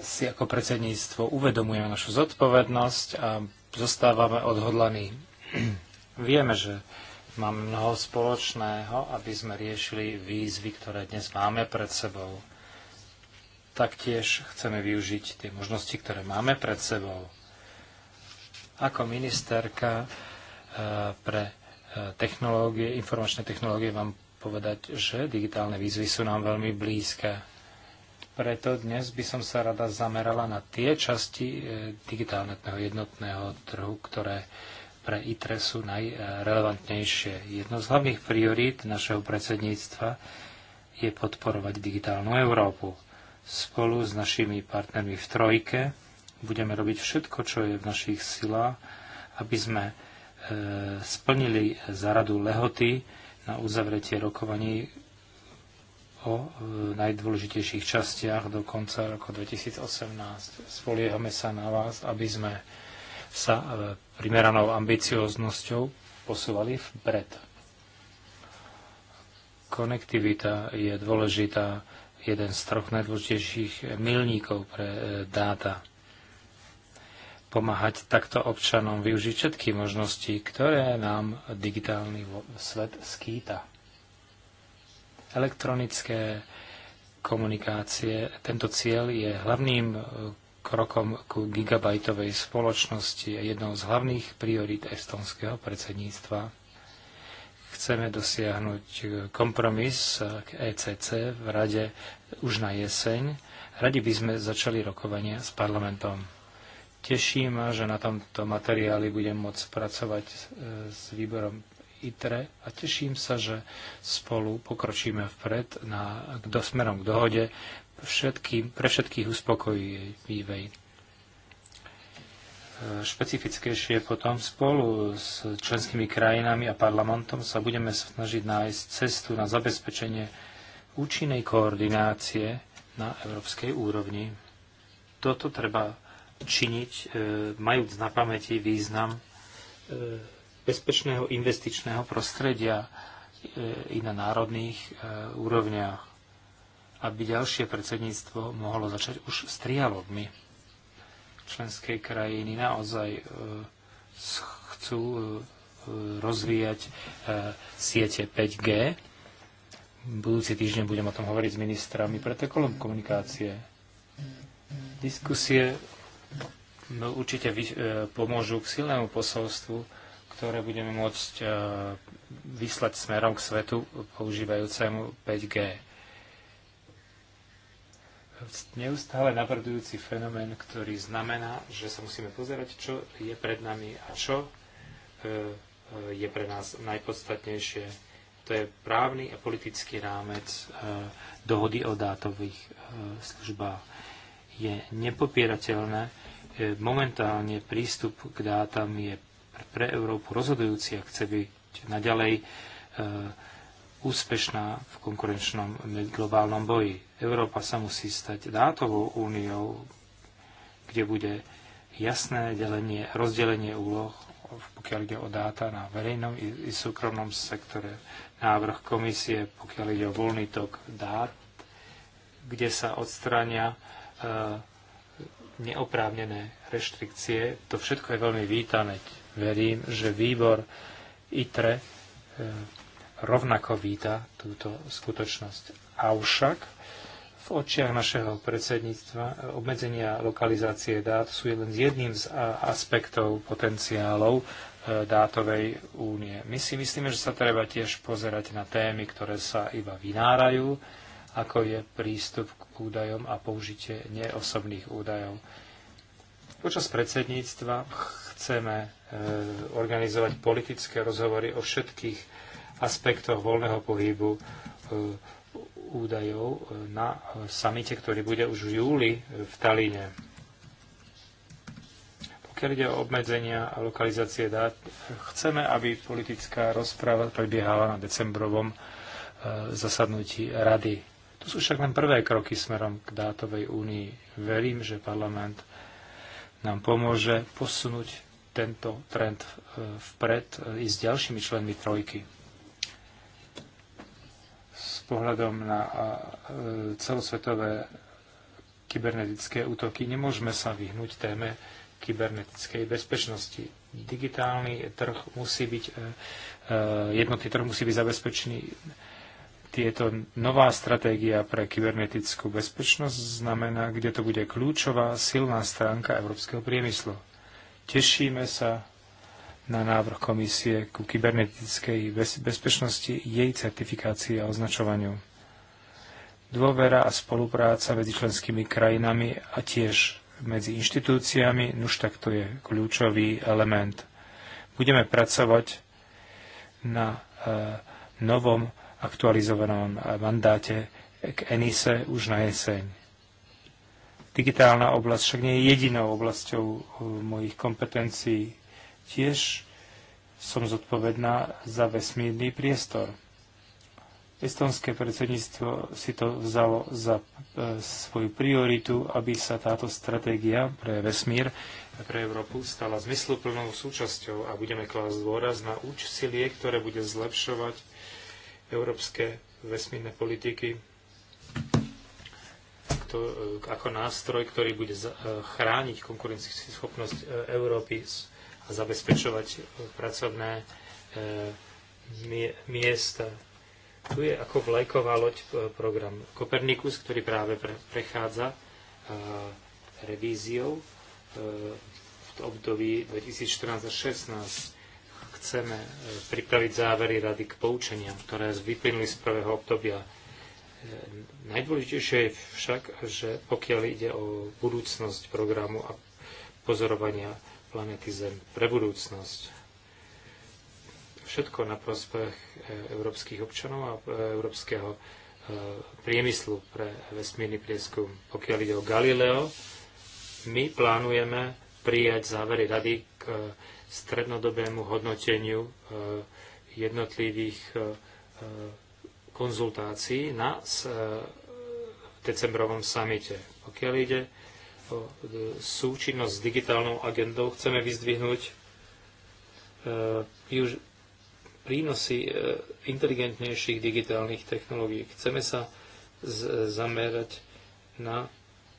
si ako predsedníctvo uvedomujeme našu zodpovednosť a zostávame odhodlaní. Vieme, že máme mnoho spoločného, aby sme riešili výzvy, ktoré dnes máme pred sebou. Taktiež chceme využiť tie možnosti, ktoré máme pred sebou. Ako ministerka eh, pre eh, technológie, informačné technológie vám povedať, že digitálne výzvy sú nám veľmi blízke. Preto dnes by som sa rada zamerala na tie časti e, digitálneho jednotného trhu, ktoré pre ITRE sú najrelevantnejšie. Jedno z hlavných priorít našeho predsedníctva je podporovať digitálnu Európu. Spolu s našimi partnermi v Trojke budeme robiť všetko, čo je v našich silách, aby sme e, splnili zaradu lehoty na uzavretie rokovaní o e, najdôležitejších častiach do konca roku 2018. Spoliehame sa na vás, aby sme sa e, primeranou ambicioznosťou posúvali vpred. Konektivita je dôležitá, jeden z troch najdôležitejších milníkov pre e, dáta. Pomáhať takto občanom využiť všetky možnosti, ktoré nám digitálny svet skýta elektronické komunikácie. Tento cieľ je hlavným e, krokom ku gigabajtovej spoločnosti a jednou z hlavných priorít estonského predsedníctva. Chceme dosiahnuť e, kompromis e, k ECC v rade už na jeseň. Radi by sme začali rokovania s parlamentom. Teší ma, že na tomto materiáli budem môcť pracovať s výborom ITRE a teším sa, že spolu pokročíme vpred na, k, smerom k dohode všetkým, pre všetkých uspokojivej. Špecifickejšie potom spolu s členskými krajinami a parlamentom sa budeme snažiť nájsť cestu na zabezpečenie účinnej koordinácie na európskej úrovni. Toto treba činiť, e, majúc na pamäti význam e, bezpečného investičného prostredia e, i na národných e, úrovniach, aby ďalšie predsedníctvo mohlo začať už s trialogmi. Členské krajiny naozaj e, chcú rozvíjať siete 5G. Budúci týždeň budem o tom hovoriť s ministrami protokolom komunikácie. Diskusie no, určite pomôžu k silnému posolstvu, ktoré budeme môcť e, vyslať smerom k svetu používajúcemu 5G. Neustále nabrdujúci fenomén, ktorý znamená, že sa musíme pozerať, čo je pred nami a čo e, e, je pre nás najpodstatnejšie. To je právny a politický rámec dohody o dátových službách. Je nepopierateľné, momentálne prístup k dátam je pre Európu rozhodujúci, ak chce byť naďalej e, úspešná v konkurenčnom e, globálnom boji. Európa sa musí stať dátovou úniou, kde bude jasné delenie, rozdelenie úloh, pokiaľ ide o dáta na verejnom i, i súkromnom sektore, návrh komisie, pokiaľ ide o voľný tok dát, kde sa odstrania e, neoprávnené reštrikcie. To všetko je veľmi vítané. Verím, že výbor ITRE e, rovnako víta túto skutočnosť. Avšak v očiach našeho predsedníctva e, obmedzenia lokalizácie dát sú len jedným z aspektov potenciálov e, dátovej únie. My si myslíme, že sa treba tiež pozerať na témy, ktoré sa iba vynárajú, ako je prístup k údajom a použitie neosobných údajov. Počas predsedníctva chceme e, organizovať politické rozhovory o všetkých aspektoch voľného pohybu e, údajov e, na samite, ktorý bude už v júli v Talíne. Pokiaľ ide o obmedzenia a lokalizácie dát, chceme, aby politická rozpráva prebiehala na decembrovom zasadnutí rady. To sú však len prvé kroky smerom k dátovej únii. Verím, že parlament nám pomôže posunúť tento trend e, vpred e, i s ďalšími členmi trojky. S pohľadom na e, celosvetové kybernetické útoky nemôžeme sa vyhnúť téme kybernetickej bezpečnosti. Digitálny trh musí byť, jednotný trh musí byť zabezpečený tieto nová stratégia pre kybernetickú bezpečnosť znamená, kde to bude kľúčová silná stránka európskeho priemyslu. Tešíme sa na návrh komisie ku kybernetickej bezpečnosti, jej certifikácii a označovaniu. Dôvera a spolupráca medzi členskými krajinami a tiež medzi inštitúciami, nuž tak to je kľúčový element. Budeme pracovať na e, novom aktualizovanom mandáte k ENISE už na jeseň. Digitálna oblasť však nie je jedinou oblasťou eh, mojich kompetencií. Tiež som zodpovedná za vesmírny priestor. Estonské predsedníctvo si to vzalo za e, svoju prioritu, aby sa táto stratégia pre vesmír a pre Európu stala zmysluplnou súčasťou a budeme klásť dôraz na úsilie, ktoré bude zlepšovať európske vesmírne politiky to, ako nástroj, ktorý bude e, chrániť konkurencieschopnosť e, Európy a zabezpečovať e, pracovné miesta. Tu je ako vlajková loď program Kopernikus, ktorý práve prechádza revíziou v období 2014 2016 chceme e, pripraviť závery rady k poučeniam, ktoré vyplynuli z prvého obdobia. E, najdôležitejšie je však, že pokiaľ ide o budúcnosť programu a pozorovania planety Zem pre budúcnosť, všetko na prospech e, európskych občanov a európskeho priemyslu pre vesmírny prieskum. Pokiaľ ide o Galileo, my plánujeme prijať závery rady k strednodobému hodnoteniu eh, jednotlivých eh, eh, konzultácií na decembrovom samite. Pokiaľ ide o súčinnosť s digitálnou agendou, chceme vyzdvihnúť prínosy inteligentnejších digitálnych technológií. Chceme sa zamerať na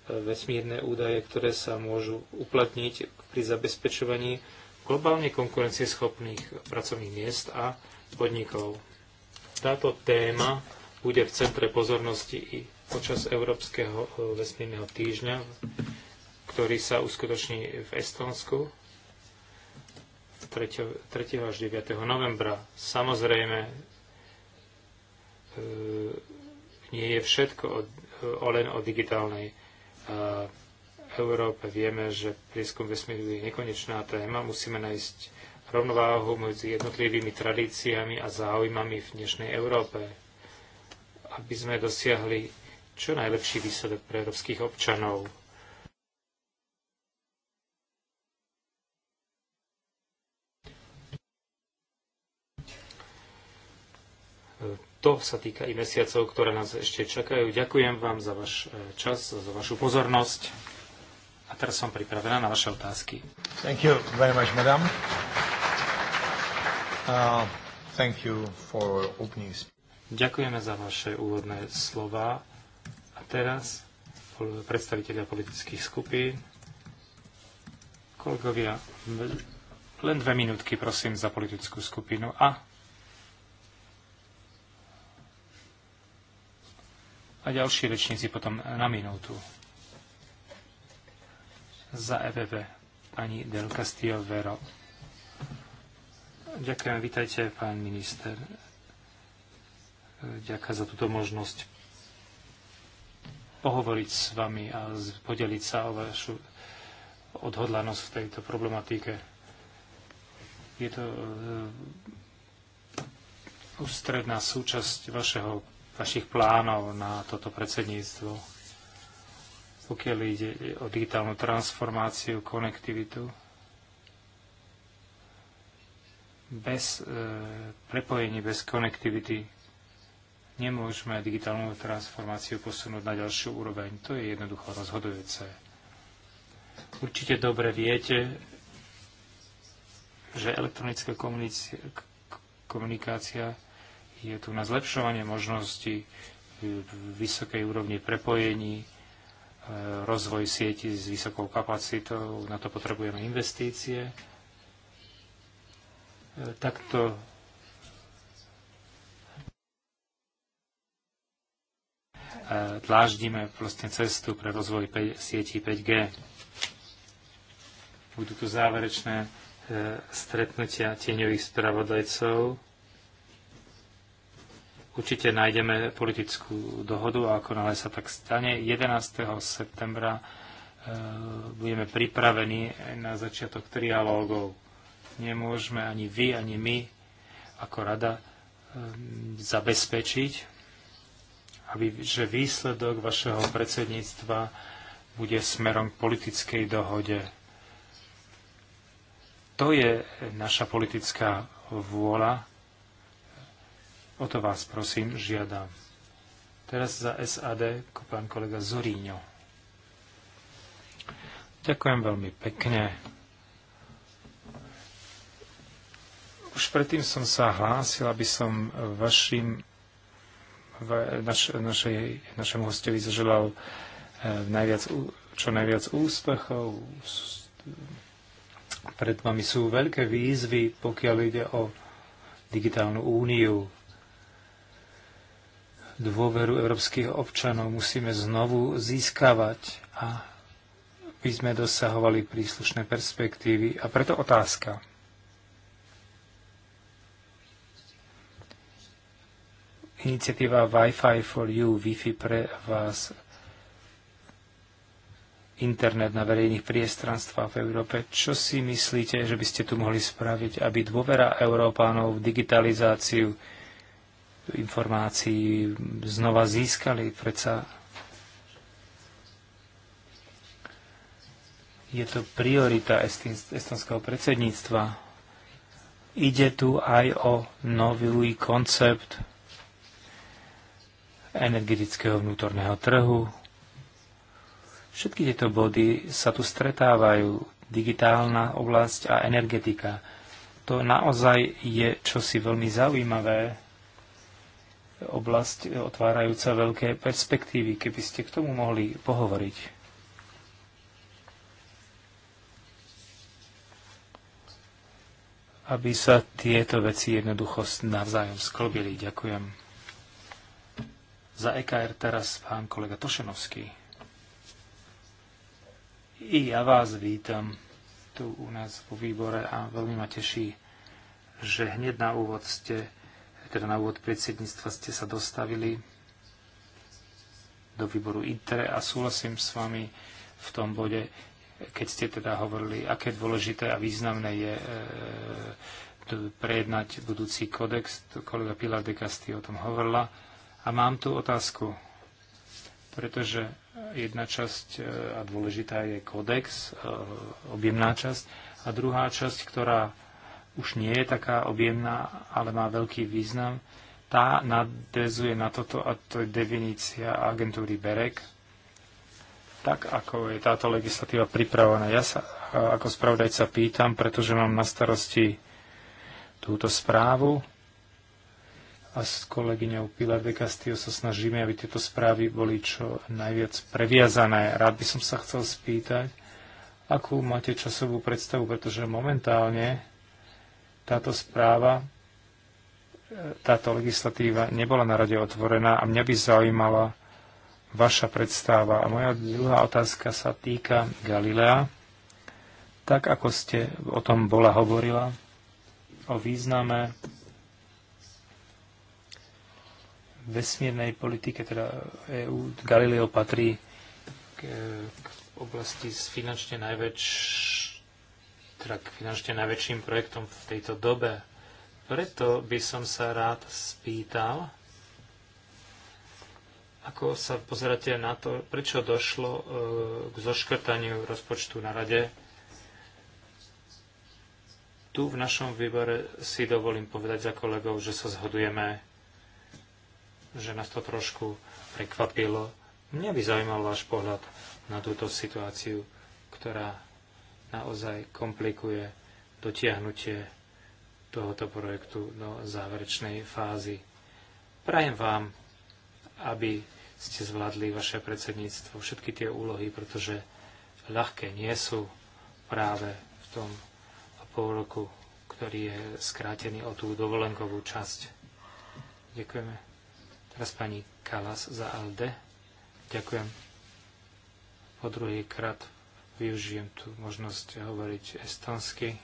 vesmírne údaje, ktoré sa môžu uplatniť pri zabezpečovaní globálne konkurencieschopných pracovných miest a podnikov. Táto téma bude v centre pozornosti i počas Európskeho e, vesmírneho týždňa, ktorý sa uskutoční v Estonsku 3. až 9. novembra. Samozrejme, e, nie je všetko o, e, o len o digitálnej Európe vieme, že prieskum vesmíru je nekonečná téma. Musíme nájsť rovnováhu medzi jednotlivými tradíciami a záujmami v dnešnej Európe, aby sme dosiahli čo najlepší výsledok pre európskych občanov. To sa týka i mesiacov, ktoré nás ešte čakajú. Ďakujem vám za váš eh, čas, za vašu pozornosť. A teraz som pripravená na vaše otázky. Thank you very much, madam. Uh, thank you for opening Ďakujeme za vaše úvodné slova. A teraz predstaviteľia politických skupín. Kolegovia, len dve minútky prosím za politickú skupinu a a ďalší rečníci potom na minútu za EVV. pani Del Castillo Vero. Ďakujem, vítajte, pán minister. Ďakujem za túto možnosť pohovoriť s vami a podeliť sa o vašu odhodlanosť v tejto problematike. Je to e, ústredná súčasť vašeho, vašich plánov na toto predsedníctvo pokiaľ ide o digitálnu transformáciu, konektivitu. Bez e, prepojení, bez konektivity nemôžeme digitálnu transformáciu posunúť na ďalšiu úroveň. To je jednoducho rozhodujúce. Určite dobre viete, že elektronická komunikácia, je tu na zlepšovanie možností e, vysokej úrovni prepojení, rozvoj sieti s vysokou kapacitou, na to potrebujeme investície. E, takto e, dláždime vlastne cestu pre rozvoj sieti 5G. Budú tu záverečné e, stretnutia tieňových spravodajcov Určite nájdeme politickú dohodu a ako nále sa tak stane, 11. septembra e, budeme pripravení na začiatok trialógov. Nemôžeme ani vy, ani my ako rada e, zabezpečiť, aby, že výsledok vašeho predsedníctva bude smerom k politickej dohode. To je naša politická vôľa O to vás prosím, žiadam. Teraz za SAD pán kolega Zoríňo. Ďakujem veľmi pekne. Už predtým som sa hlásil, aby som vašim, naš, našej, našemu hostovi zaželal eh, najviac, čo najviac úspechov. Pred vami sú veľké výzvy, pokiaľ ide o digitálnu úniu, dôveru európskych občanov musíme znovu získavať a by sme dosahovali príslušné perspektívy. A preto otázka. Iniciatíva Wi-Fi for You, Wi-Fi pre vás, internet na verejných priestranstvách v Európe. Čo si myslíte, že by ste tu mohli spraviť, aby dôvera Európánov v digitalizáciu informácií znova získali. Predsa je to priorita estonského predsedníctva. Ide tu aj o nový koncept energetického vnútorného trhu. Všetky tieto body sa tu stretávajú. Digitálna oblasť a energetika. To naozaj je čosi veľmi zaujímavé oblasť otvárajúca veľké perspektívy, keby ste k tomu mohli pohovoriť. aby sa tieto veci jednoducho navzájom sklobili. Ďakujem. Za EKR teraz pán kolega Tošenovský. I ja vás vítam tu u nás vo výbore a veľmi ma teší, že hneď na úvod ste teda na úvod predsedníctva ste sa dostavili do výboru ITRE a súhlasím s vami v tom bode, keď ste teda hovorili, aké dôležité a významné je e, prejednať budúci kodex. Kolega Pilar de Casti o tom hovorila. A mám tu otázku, pretože jedna časť e, a dôležitá je kodex, e, objemná časť, a druhá časť, ktorá už nie je taká objemná, ale má veľký význam. Tá nadvezuje na toto, a to je definícia agentúry BEREK, tak ako je táto legislatíva pripravená. Ja sa ako spravodajca pýtam, pretože mám na starosti túto správu a s kolegyňou Pilar de Castillo sa snažíme, aby tieto správy boli čo najviac previazané. Rád by som sa chcel spýtať, akú máte časovú predstavu, pretože momentálne táto správa, e, táto legislatíva nebola na rade otvorená a mňa by zaujímala vaša predstáva. A moja druhá otázka sa týka Galilea. Tak ako ste o tom bola hovorila, o význame vesmírnej politike, teda EU Galileo patrí k, k oblasti s finančne najväčšou teda finančne najväčším projektom v tejto dobe. Preto by som sa rád spýtal, ako sa pozeráte na to, prečo došlo e, k zoškrtaniu rozpočtu na rade? Tu v našom výbore si dovolím povedať za kolegov, že sa zhodujeme, že nás to trošku prekvapilo. Mňa by zaujímal váš pohľad na túto situáciu, ktorá naozaj komplikuje dotiahnutie tohoto projektu do záverečnej fázy. Prajem vám, aby ste zvládli vaše predsedníctvo, všetky tie úlohy, pretože ľahké nie sú práve v tom pol roku, ktorý je skrátený o tú dovolenkovú časť. Ďakujeme. Teraz pani Kalas za Alde. Ďakujem. Po druhý krát Využijem tu možnosť hovoriť estonsky.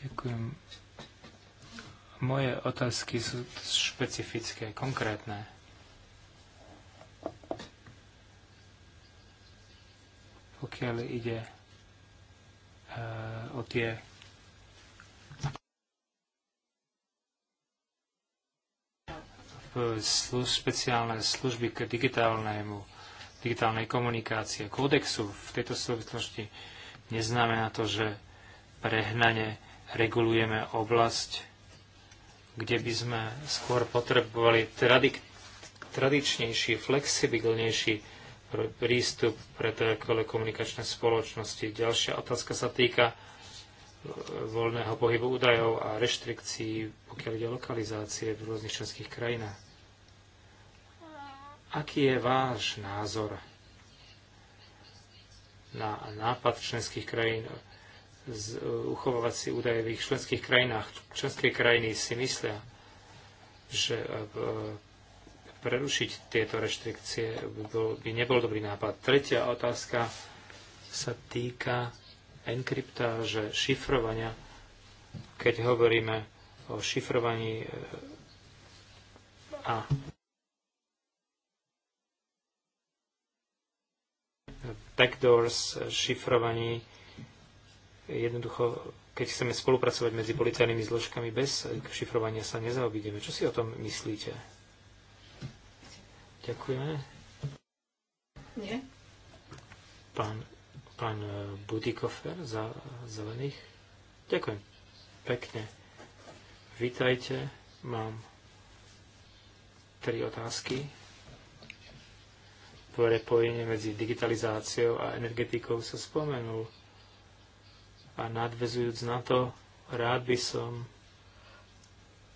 Ďakujem. Moje otázky sú špecifické, konkrétne. Pokiaľ ide e, o tie služ, špeciálne služby k digitálnemu digitálnej komunikácie, kódexu v tejto súvislosti, neznamená to, že prehnane regulujeme oblasť, kde by sme skôr potrebovali tradi- tradičnejší, flexibilnejší prístup pre telekomunikačné spoločnosti. Ďalšia otázka sa týka e, voľného pohybu údajov a reštrikcií, pokiaľ ide o lokalizácie v rôznych členských krajinách. Aký je váš názor na nápad členských krajín z, uh, uchovávať si údaje v ich členských krajinách? Členské krajiny si myslia, že uh, uh, prerušiť tieto reštrikcie by nebol dobrý nápad. Tretia otázka sa týka enkryptáže, šifrovania. Keď hovoríme o šifrovaní a backdoors, šifrovaní. Jednoducho, keď chceme spolupracovať medzi policajnými zložkami bez šifrovania sa nezaobídeme. Čo si o tom myslíte? Ďakujeme. Nie. Pán, pán eh, Budikofer za zelených. Ďakujem. Pekne. Vítajte. Mám tri otázky podpore pojenie medzi digitalizáciou a energetikou sa spomenul. A nadvezujúc na to, rád by som,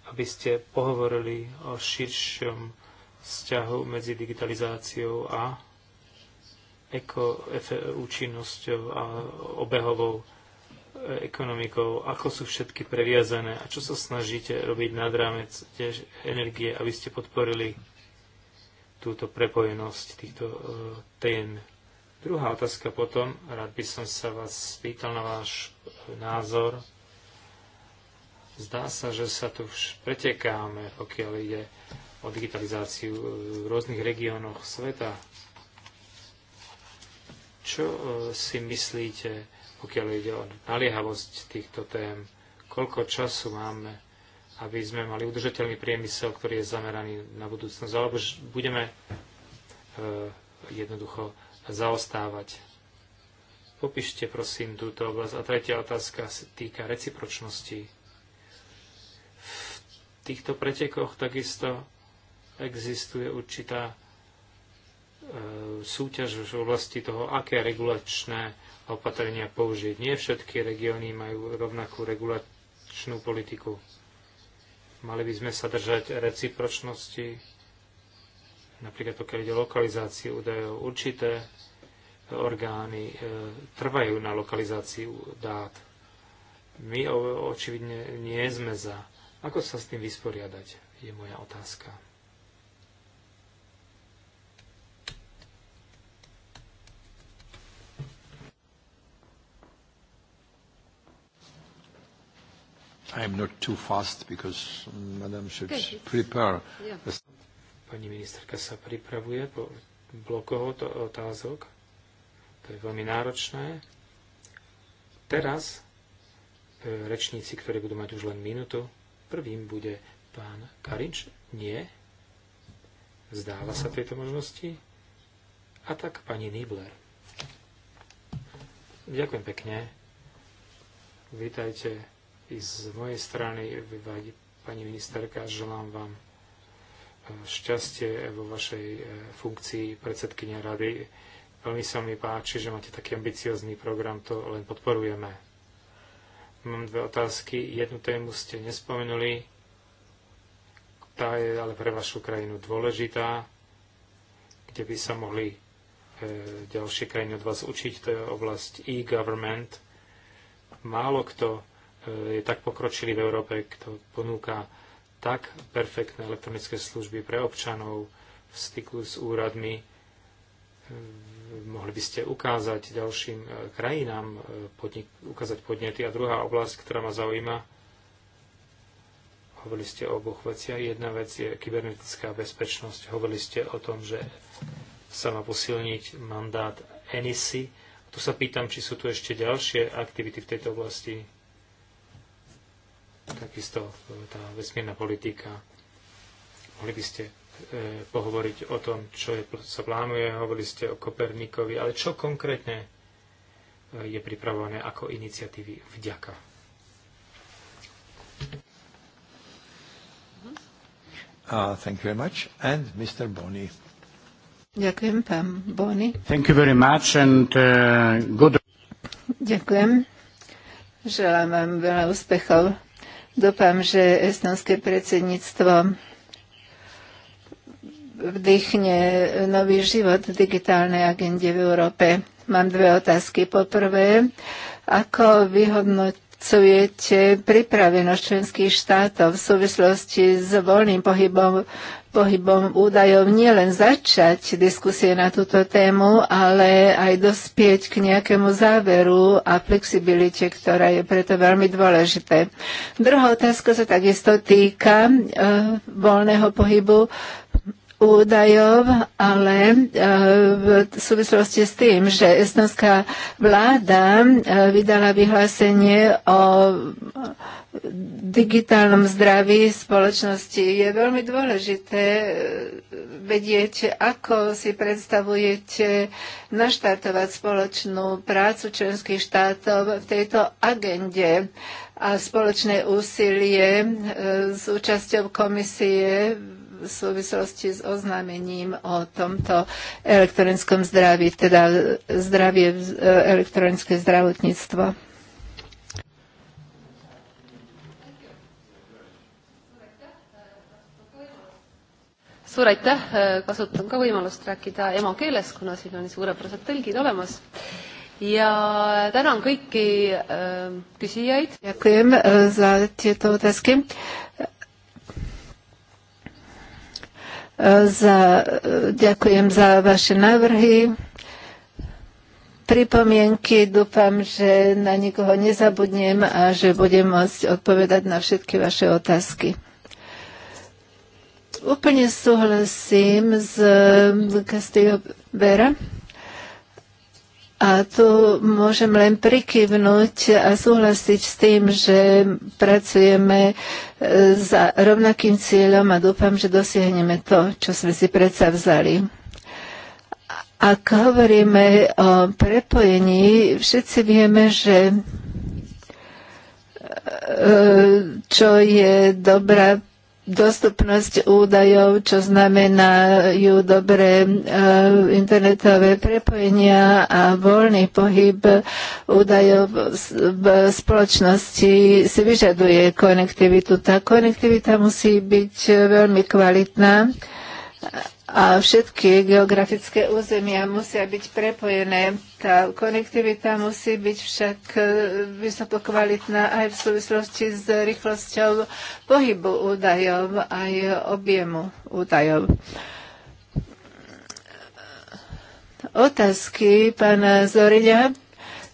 aby ste pohovorili o širšom vzťahu medzi digitalizáciou a účinnosťou a obehovou e, ekonomikou, ako sú všetky previazané a čo sa snažíte robiť nad rámec tiež energie, aby ste podporili túto prepojenosť týchto e, tém. Druhá otázka potom, rád by som sa vás spýtal na váš e, názor. Zdá sa, že sa tu už pretekáme, pokiaľ ide o digitalizáciu e, v rôznych regiónoch sveta. Čo si myslíte, pokiaľ ide o naliehavosť týchto tém? Koľko času máme aby sme mali udržateľný priemysel, ktorý je zameraný na budúcnosť, alebo budeme e, jednoducho zaostávať. Popíšte prosím túto oblasť. A tretia otázka sa týka recipročnosti. V týchto pretekoch takisto existuje určitá e, súťaž v oblasti toho, aké regulačné opatrenia použiť. Nie všetky regióny majú rovnakú regulačnú politiku. Mali by sme sa držať recipročnosti, napríklad pokiaľ ide o lokalizáciu údajov. Určité orgány e, trvajú na lokalizáciu dát. My o, očividne nie sme za. Ako sa s tým vysporiadať, je moja otázka. I'm not too fast because mm, Madam should prepare. Yeah. Pani ministerka sa pripravuje po blokoch otázok. To je veľmi náročné. Teraz e, rečníci, ktorí budú mať už len minútu, prvým bude pán Karinč. Nie. Zdáva sa tejto možnosti. A tak pani Nibler. Ďakujem pekne. Vítajte i z mojej strany, pani ministerka, želám vám e, šťastie e, vo vašej e, funkcii predsedkynia rady. Veľmi sa mi páči, že máte taký ambiciozný program, to len podporujeme. Mám dve otázky. Jednu tému ste nespomenuli, tá je ale pre vašu krajinu dôležitá, kde by sa mohli e, ďalšie krajiny od vás učiť. To je oblasť e-government. Málo kto je tak pokročilý v Európe, kto ponúka tak perfektné elektronické služby pre občanov v styku s úradmi. Mohli by ste ukázať ďalším e, krajinám, e, podnik, ukázať podnety. A druhá oblasť, ktorá ma zaujíma, hovorili ste o oboch veciach. Jedna vec je kybernetická bezpečnosť. Hovorili ste o tom, že sa má posilniť mandát ENISI. Tu sa pýtam, či sú tu ešte ďalšie aktivity v tejto oblasti takisto e, tá vesmírna politika. Mohli by ste e, pohovoriť o tom, čo je, sa plánuje, hovorili ste o Kopernikovi, ale čo konkrétne e, je pripravované ako iniciatívy vďaka? Uh, thank you very much. And Mr. Boni. Ďakujem, pán Boni. Thank you very much and uh, good... Ďakujem. Želám vám veľa úspechov Dúfam, že estonské predsedníctvo vdychne nový život v digitálnej agende v Európe. Mám dve otázky. Poprvé, ako vyhodnotiť co vyhodnocujete pripravenosť členských štátov v súvislosti s voľným pohybom, pohybom údajov nielen začať diskusie na túto tému, ale aj dospieť k nejakému záveru a flexibilite, ktorá je preto veľmi dôležité. Druhá otázka sa takisto týka e, voľného pohybu údajov, ale e, v súvislosti s tým, že estonská vláda e, vydala vyhlásenie o digitálnom zdraví spoločnosti je veľmi dôležité e, vedieť, ako si predstavujete naštartovať spoločnú prácu členských štátov v tejto agende a spoločné úsilie s účasťou komisie v súvislosti s oznámením o tomto elektronickom zdraví, teda zdravie, elektronické zdravotníctvo. suur aitäh, äh, kasutan ka võimalust rääkida emakeeles, kuna siin on suurepärased tõlgid olemas ja tänan kõiki äh, küsijaid. Ďakujem äh, za tieto otázky. Za, ďakujem za vaše návrhy pripomienky. Dúfam, že na nikoho nezabudnem a že budem môcť odpovedať na všetky vaše otázky. Úplne súhlasím s Castillo Vera. A tu môžem len prikyvnúť a súhlasiť s tým, že pracujeme e, za rovnakým cieľom a dúfam, že dosiahneme to, čo sme si predsa vzali. Ak hovoríme o prepojení, všetci vieme, že e, čo je dobrá dostupnosť údajov, čo znamenajú dobré e, internetové prepojenia a voľný pohyb údajov v spoločnosti si vyžaduje konektivitu. Tá konektivita musí byť veľmi kvalitná a všetky geografické územia musia byť prepojené. Tá konektivita musí byť však e, vysokokvalitná aj v súvislosti s rýchlosťou pohybu údajov aj objemu údajov. Otázky pána Zorina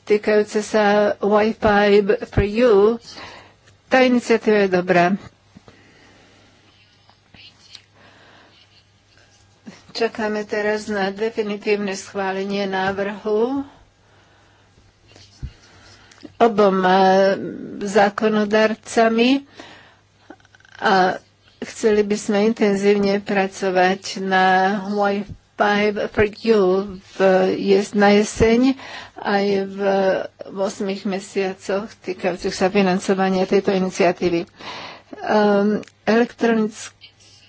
týkajúce sa Wi-Fi for you. Tá iniciatíva je dobrá Čakáme teraz na definitívne schválenie návrhu oboma zákonodarcami a chceli by sme intenzívne pracovať na Wi-Fi for You v, na jeseň aj v, v 8 mesiacoch týkajúcich sa financovania tejto iniciatívy. Um, ehm, elektronické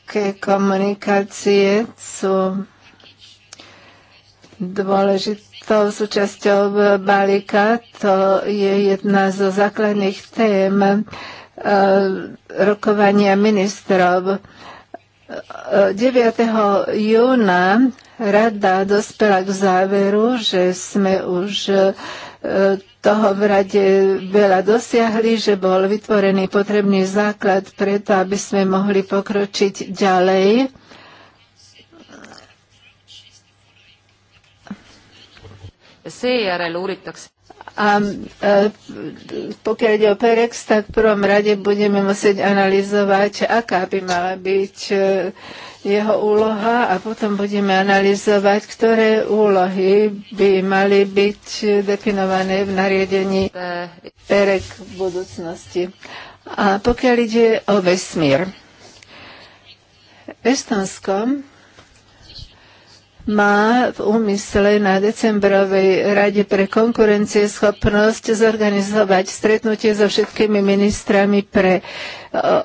Všetky komunikácie sú dôležitou súčasťou balíka. To je jedna zo základných tém e, rokovania ministrov. 9. E, júna rada dospela k záveru, že sme už e, toho v rade veľa dosiahli, že bol vytvorený potrebný základ preto, aby sme mohli pokročiť ďalej. a pokiaľ ide o Perex, tak v prvom rade budeme musieť analyzovať, aká by mala byť jeho úloha a potom budeme analyzovať, ktoré úlohy by mali byť definované v nariadení PEREK v budúcnosti. A pokiaľ ide o vesmír, Estonsko má v úmysle na decembrovej rade pre konkurencieschopnosť zorganizovať stretnutie so všetkými ministrami pre e,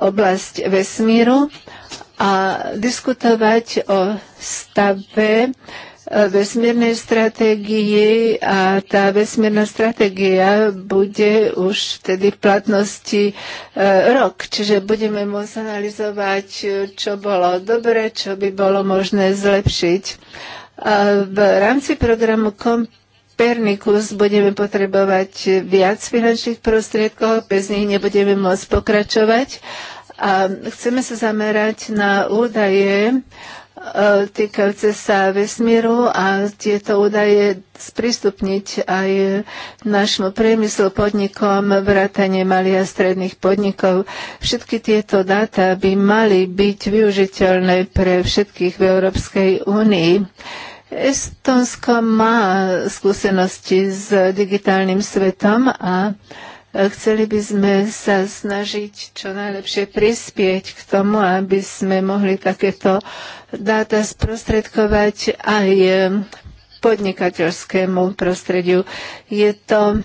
oblasť vesmíru a diskutovať o stave e, vesmírnej stratégie a tá vesmírna stratégia bude už tedy v platnosti e, rok. Čiže budeme môcť analyzovať, e, čo bolo dobre, čo by bolo možné zlepšiť. A e, v rámci programu Kompernikus budeme potrebovať viac finančných prostriedkov, bez nich nebudeme môcť pokračovať a chceme sa zamerať na údaje e, týkajúce sa vesmíru a tieto údaje sprístupniť aj našmu priemyslu podnikom, vrátanie malých a stredných podnikov. Všetky tieto dáta by mali byť využiteľné pre všetkých v Európskej únii. Estonsko má skúsenosti s digitálnym svetom a E, chceli by sme sa snažiť čo najlepšie prispieť k tomu, aby sme mohli takéto dáta sprostredkovať aj e, podnikateľskému prostrediu. Je to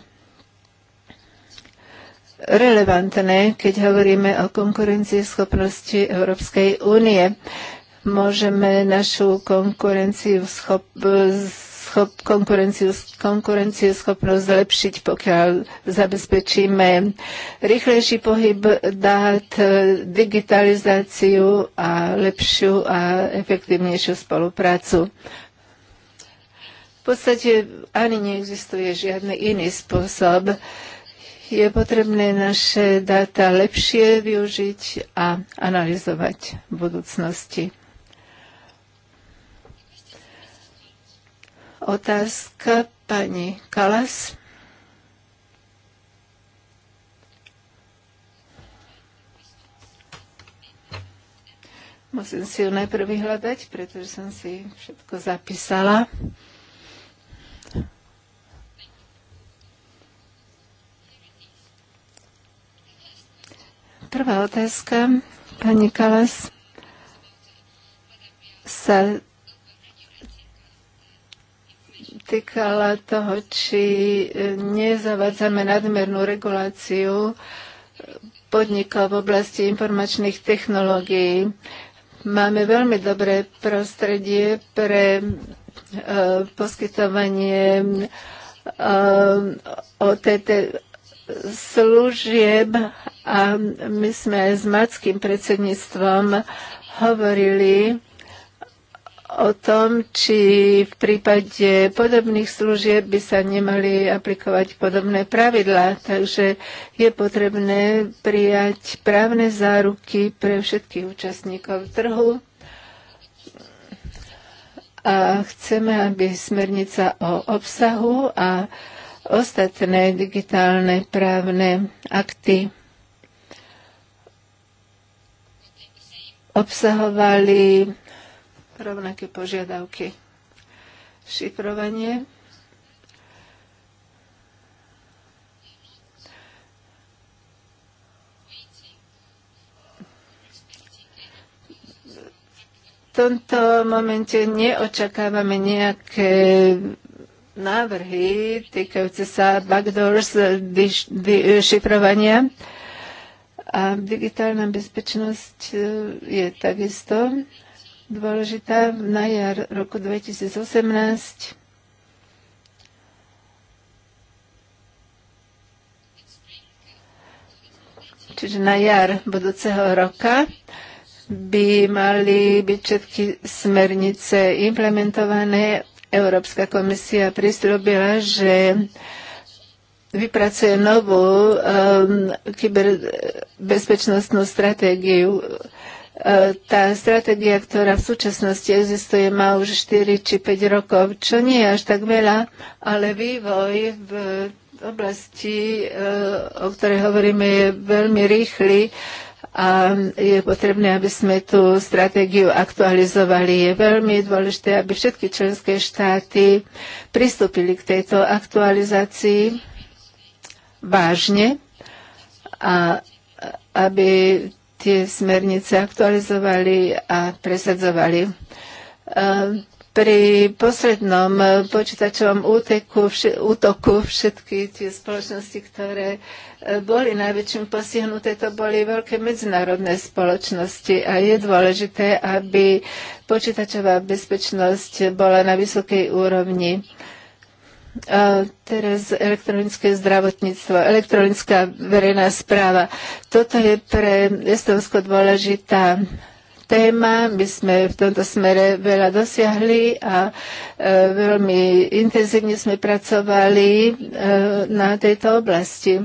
relevantné, keď hovoríme o konkurencieschopnosti Európskej únie. Môžeme našu konkurenciu schopnosť schop, konkurenciu, konkurencieschopnosť zlepšiť, pokiaľ zabezpečíme rýchlejší pohyb dát, e, digitalizáciu a lepšiu a efektívnejšiu spoluprácu. V podstate ani neexistuje žiadny iný spôsob. Je potrebné naše dáta lepšie využiť a analyzovať v budúcnosti. Otázka pani Kalas. Musím si ju najprv vyhľadať, pretože som si všetko zapísala. Prvá otázka, pani Kalas, sa týkala toho, či e, nezavádzame nadmernú reguláciu podnikov v oblasti informačných technológií. Máme veľmi dobré prostredie pre e, poskytovanie e, OTT služieb a my sme aj s mackým predsedníctvom hovorili o tom, či v prípade podobných služieb by sa nemali aplikovať podobné pravidlá. Takže je potrebné prijať právne záruky pre všetkých účastníkov trhu a chceme, aby smernica o obsahu a ostatné digitálne právne akty obsahovali rovnaké požiadavky. Šifrovanie. V tomto momente neočakávame nejaké návrhy týkajúce sa backdoors šifrovania. A digitálna bezpečnosť e, je takisto dôležitá na jar roku 2018. Čiže na jar budúceho roka by mali byť všetky smernice implementované. Európska komisia pristúbila, že vypracuje novú um, kyberbezpečnostnú stratégiu E, tá stratégia, ktorá v súčasnosti existuje, má už 4 či 5 rokov, čo nie je až tak veľa, ale vývoj v oblasti, e, o ktorej hovoríme, je veľmi rýchly a je potrebné, aby sme tú stratégiu aktualizovali. Je veľmi dôležité, aby všetky členské štáty pristúpili k tejto aktualizácii vážne a aby tie smernice aktualizovali a presadzovali. Pri poslednom počítačovom úteku, vš- útoku všetky tie spoločnosti, ktoré e, boli najväčším postihnuté, to boli veľké medzinárodné spoločnosti a je dôležité, aby počítačová bezpečnosť bola na vysokej úrovni teraz elektronické zdravotníctvo, elektronická verejná správa. Toto je pre Estonsko dôležitá téma. My sme v tomto smere veľa dosiahli a e, veľmi intenzívne sme pracovali e, na tejto oblasti.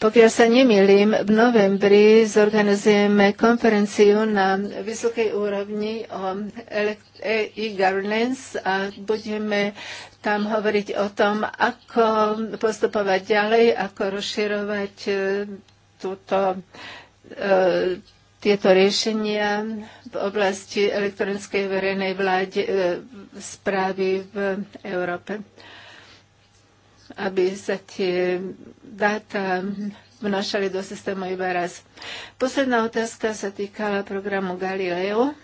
Pokiaľ sa nemýlim, v novembri zorganizujeme konferenciu na vysokej úrovni o e-governance a budeme tam hovoriť o tom, ako postupovať ďalej, ako rozširovať e, túto, e, tieto riešenia v oblasti elektronickej verejnej vláde, e, správy v Európe aby sa tie dáta vnašali do systému iba raz. Posledná otázka sa týkala programu Galileo.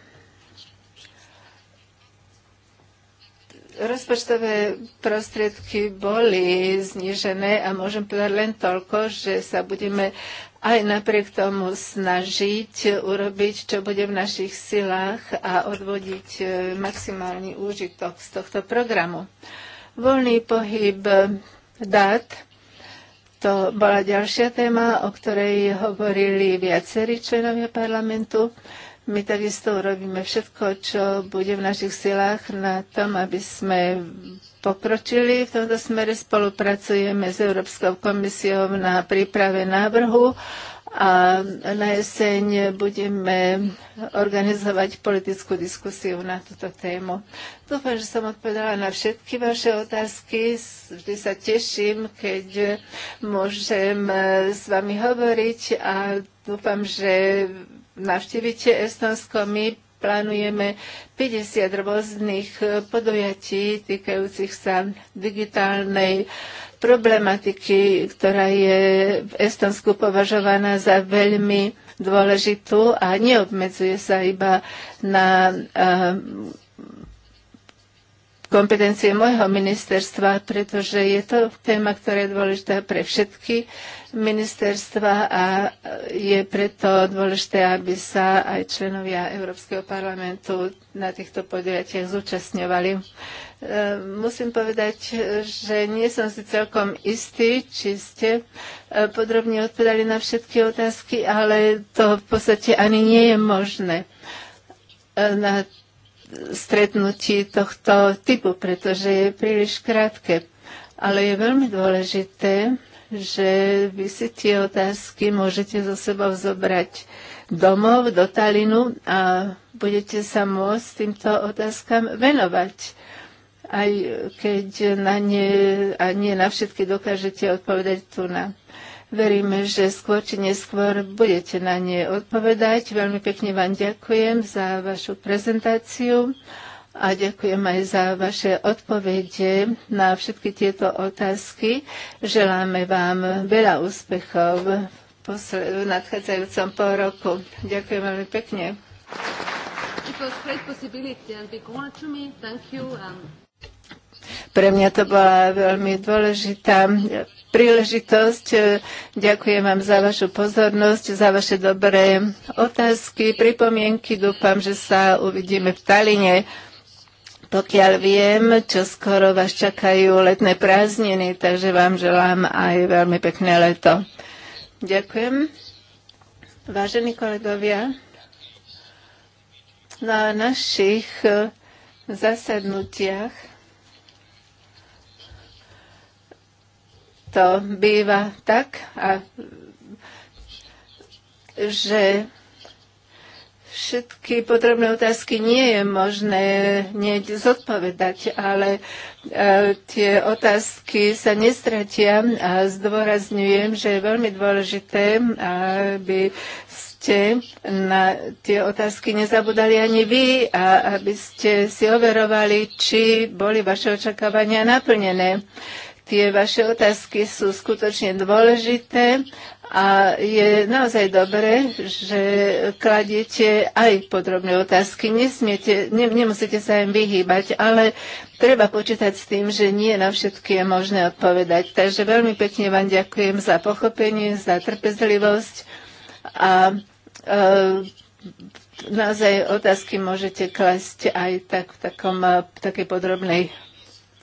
rozpočtové prostriedky boli znižené a môžem povedať len toľko, že sa budeme aj napriek tomu snažiť urobiť, čo bude v našich silách a odvodiť e, maximálny úžitok z tohto programu. Voľný pohyb dát, to bola ďalšia téma, o ktorej hovorili viacerí členovia parlamentu. My takisto urobíme všetko, čo bude v našich silách na tom, aby sme pokročili. V tomto smere spolupracujeme s Európskou komisiou na príprave návrhu a na jeseň budeme organizovať politickú diskusiu na túto tému. Dúfam, že som odpovedala na všetky vaše otázky. Vždy sa teším, keď môžem s vami hovoriť a dúfam, že navštívite Estonsko. My plánujeme 50 rôznych podujatí týkajúcich sa digitálnej problematiky, ktorá je v Estonsku považovaná za veľmi dôležitú a neobmedzuje sa iba na eh, kompetencie môjho ministerstva, pretože je to téma, ktorá je dôležitá pre všetky ministerstva a je preto dôležité, aby sa aj členovia Európskeho parlamentu na týchto podujatiach zúčastňovali. E, musím povedať, že nie som si celkom istý, či ste e, podrobne odpovedali na všetky otázky, ale to v podstate ani nie je možné e, na stretnutí tohto typu, pretože je príliš krátke. Ale je veľmi dôležité, že vy si tie otázky môžete zo sebou zobrať domov do Talinu a budete sa môcť týmto otázkam venovať. Aj keď na ne a nie na všetky dokážete odpovedať tu na. Veríme, že skôr či neskôr budete na ne odpovedať. Veľmi pekne vám ďakujem za vašu prezentáciu a ďakujem aj za vaše odpovede na všetky tieto otázky. Želáme vám veľa úspechov v nadchádzajúcom pol roku. Ďakujem veľmi pekne. Um, Pre mňa to bola veľmi dôležitá príležitosť. Ďakujem vám za vašu pozornosť, za vaše dobré otázky, pripomienky. Dúfam, že sa uvidíme v Taline. Pokiaľ viem, čo skoro vás čakajú letné prázdniny, takže vám želám aj veľmi pekné leto. Ďakujem. Vážení kolegovia, na našich e, zasadnutiach to býva tak, a, že všetky potrebné otázky nie je možné hneď zodpovedať, ale e, tie otázky sa nestratia a zdôrazňujem, že je veľmi dôležité, aby ste na tie otázky nezabudali ani vy a aby ste si overovali, či boli vaše očakávania naplnené tie vaše otázky sú skutočne dôležité a je naozaj dobré, že kladiete aj podrobné otázky. Nesmiete, ne, nemusíte sa im vyhýbať, ale treba počítať s tým, že nie na všetky je možné odpovedať. Takže veľmi pekne vám ďakujem za pochopenie, za trpezlivosť a e, naozaj otázky môžete klasť aj tak v, takom, e, v takej podrobnej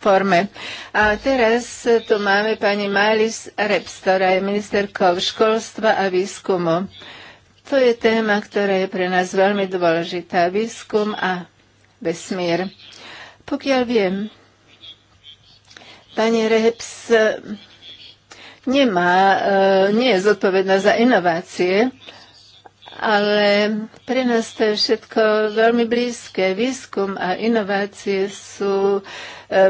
forme. A teraz tu máme pani Malis Reps, ktorá je ministerkou školstva a výskumu. To je téma, ktorá je pre nás veľmi dôležitá. Výskum a vesmír. Pokiaľ viem, pani Reps nemá, e, nie je zodpovedná za inovácie, ale pre nás to je všetko veľmi blízke. Výskum a inovácie sú uh,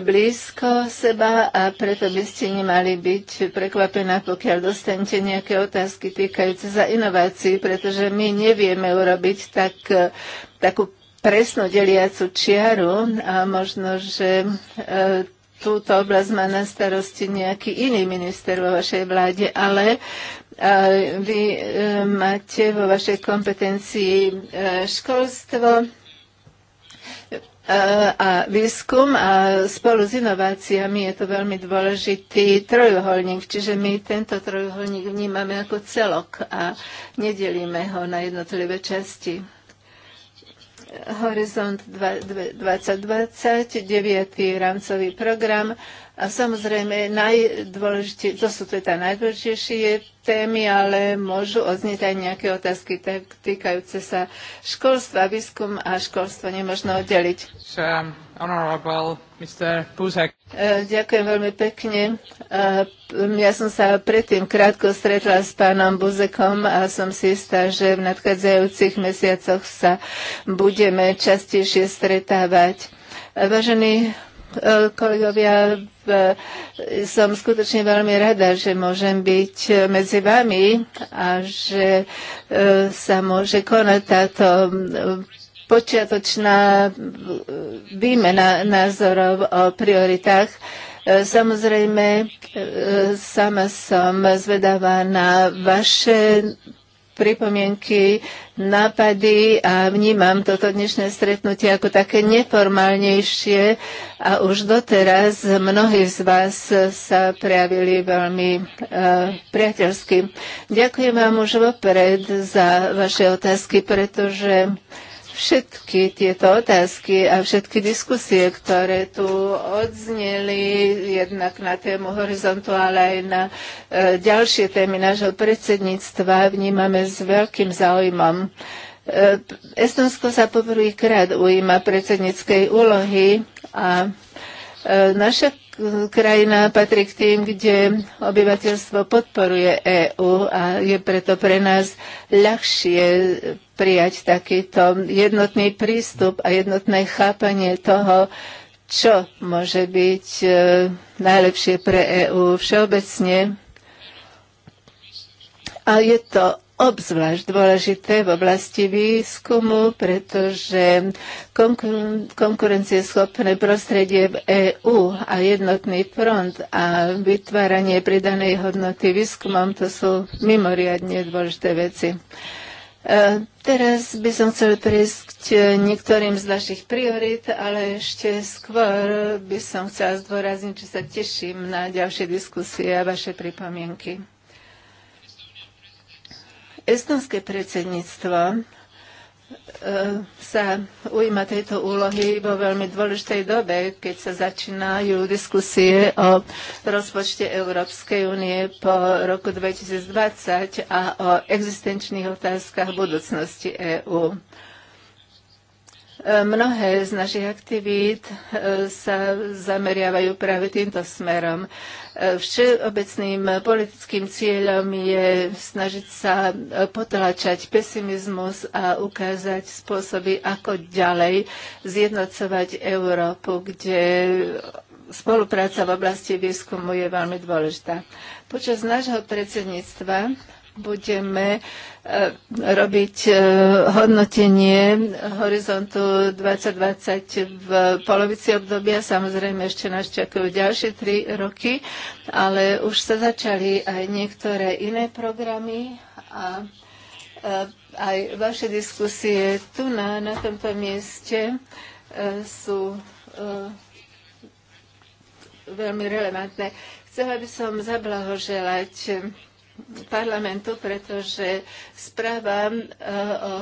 blízko seba a preto by ste nemali byť prekvapená, pokiaľ dostanete nejaké otázky týkajúce sa inovácií, pretože my nevieme urobiť tak, e, takú presnú deliacu čiaru a možno, že e, túto oblasť má na starosti nejaký iný minister vo vašej vláde, ale e, vy máte vo vašej kompetencii školstvo, E, a výskum a spolu s inováciami je to veľmi dôležitý trojuholník, čiže my tento trojuholník vnímame ako celok a nedelíme ho na jednotlivé časti. Horizont 2020, 9. rámcový program a samozrejme, to sú teda najdôležitejšie témy, ale môžu odznieť aj nejaké otázky týkajúce sa školstva, výskum a školstvo nemožno oddeliť. E, ďakujem veľmi pekne. E, ja som sa predtým krátko stretla s pánom Buzekom a som si istá, že v nadchádzajúcich mesiacoch sa budeme častejšie stretávať. E, Vážený kolegovia, E, som skutočne veľmi rada, že môžem byť medzi vami a že e, sa môže konať táto e, počiatočná výmena názorov o prioritách. Samozrejme, sama som zvedavá na vaše pripomienky, nápady a vnímam toto dnešné stretnutie ako také neformálnejšie a už doteraz mnohí z vás sa prejavili veľmi uh, priateľsky. Ďakujem vám už vopred za vaše otázky, pretože uh, Všetky tieto otázky a všetky diskusie, ktoré tu odzneli, jednak na tému horizontu, ale aj na e, ďalšie témy nášho predsedníctva, vnímame s veľkým záujmom. E, Estonsko sa poprvýkrát ujíma predsedníckej úlohy a e, naše krajina patrí k tým, kde obyvateľstvo podporuje EÚ a je preto pre nás ľahšie prijať takýto jednotný prístup a jednotné chápanie toho, čo môže byť e, najlepšie pre EÚ všeobecne. A je to obzvlášť dôležité v oblasti výskumu, pretože konkurencieschopné prostredie v EÚ a jednotný front a vytváranie pridanej hodnoty výskumom, to sú mimoriadne dôležité veci. E, teraz by som chcel k niektorým z našich priorit, ale ešte skôr by som chcela zdôrazniť, že sa teším na ďalšie diskusie a vaše pripomienky. Estonské predsedníctvo sa ujíma tejto úlohy vo veľmi dôležitej dobe, keď sa začínajú diskusie o rozpočte Európskej únie po roku 2020 a o existenčných otázkach budúcnosti EÚ. Mnohé z našich aktivít e, sa zameriavajú práve týmto smerom. E, Všeobecným politickým cieľom je snažiť sa potlačať pesimizmus a ukázať spôsoby, ako ďalej zjednocovať Európu, kde spolupráca v oblasti výskumu je veľmi dôležitá. Počas nášho predsedníctva budeme e, robiť e, hodnotenie horizontu 2020 v polovici obdobia. Samozrejme, ešte nás čakajú ďalšie tri roky, ale už sa začali aj niektoré iné programy a e, aj vaše diskusie tu na, na tomto mieste sú veľmi relevantné. Chcela by som zablahoželať parlamentu, pretože správa e, o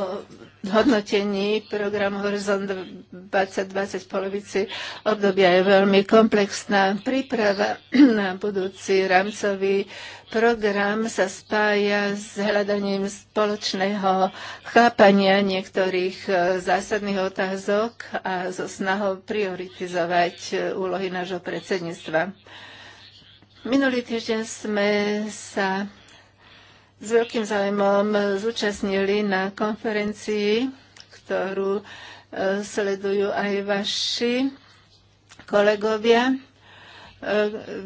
hodnotení programu Horizont 2020 v polovici obdobia je veľmi komplexná. Príprava na budúci rámcový program sa spája s hľadaním spoločného chápania niektorých e, zásadných otázok a so snahou prioritizovať e, úlohy nášho predsedníctva. Minulý týždeň sme sa s veľkým zájmom zúčastnili na konferencii, ktorú e, sledujú aj vaši kolegovia. E,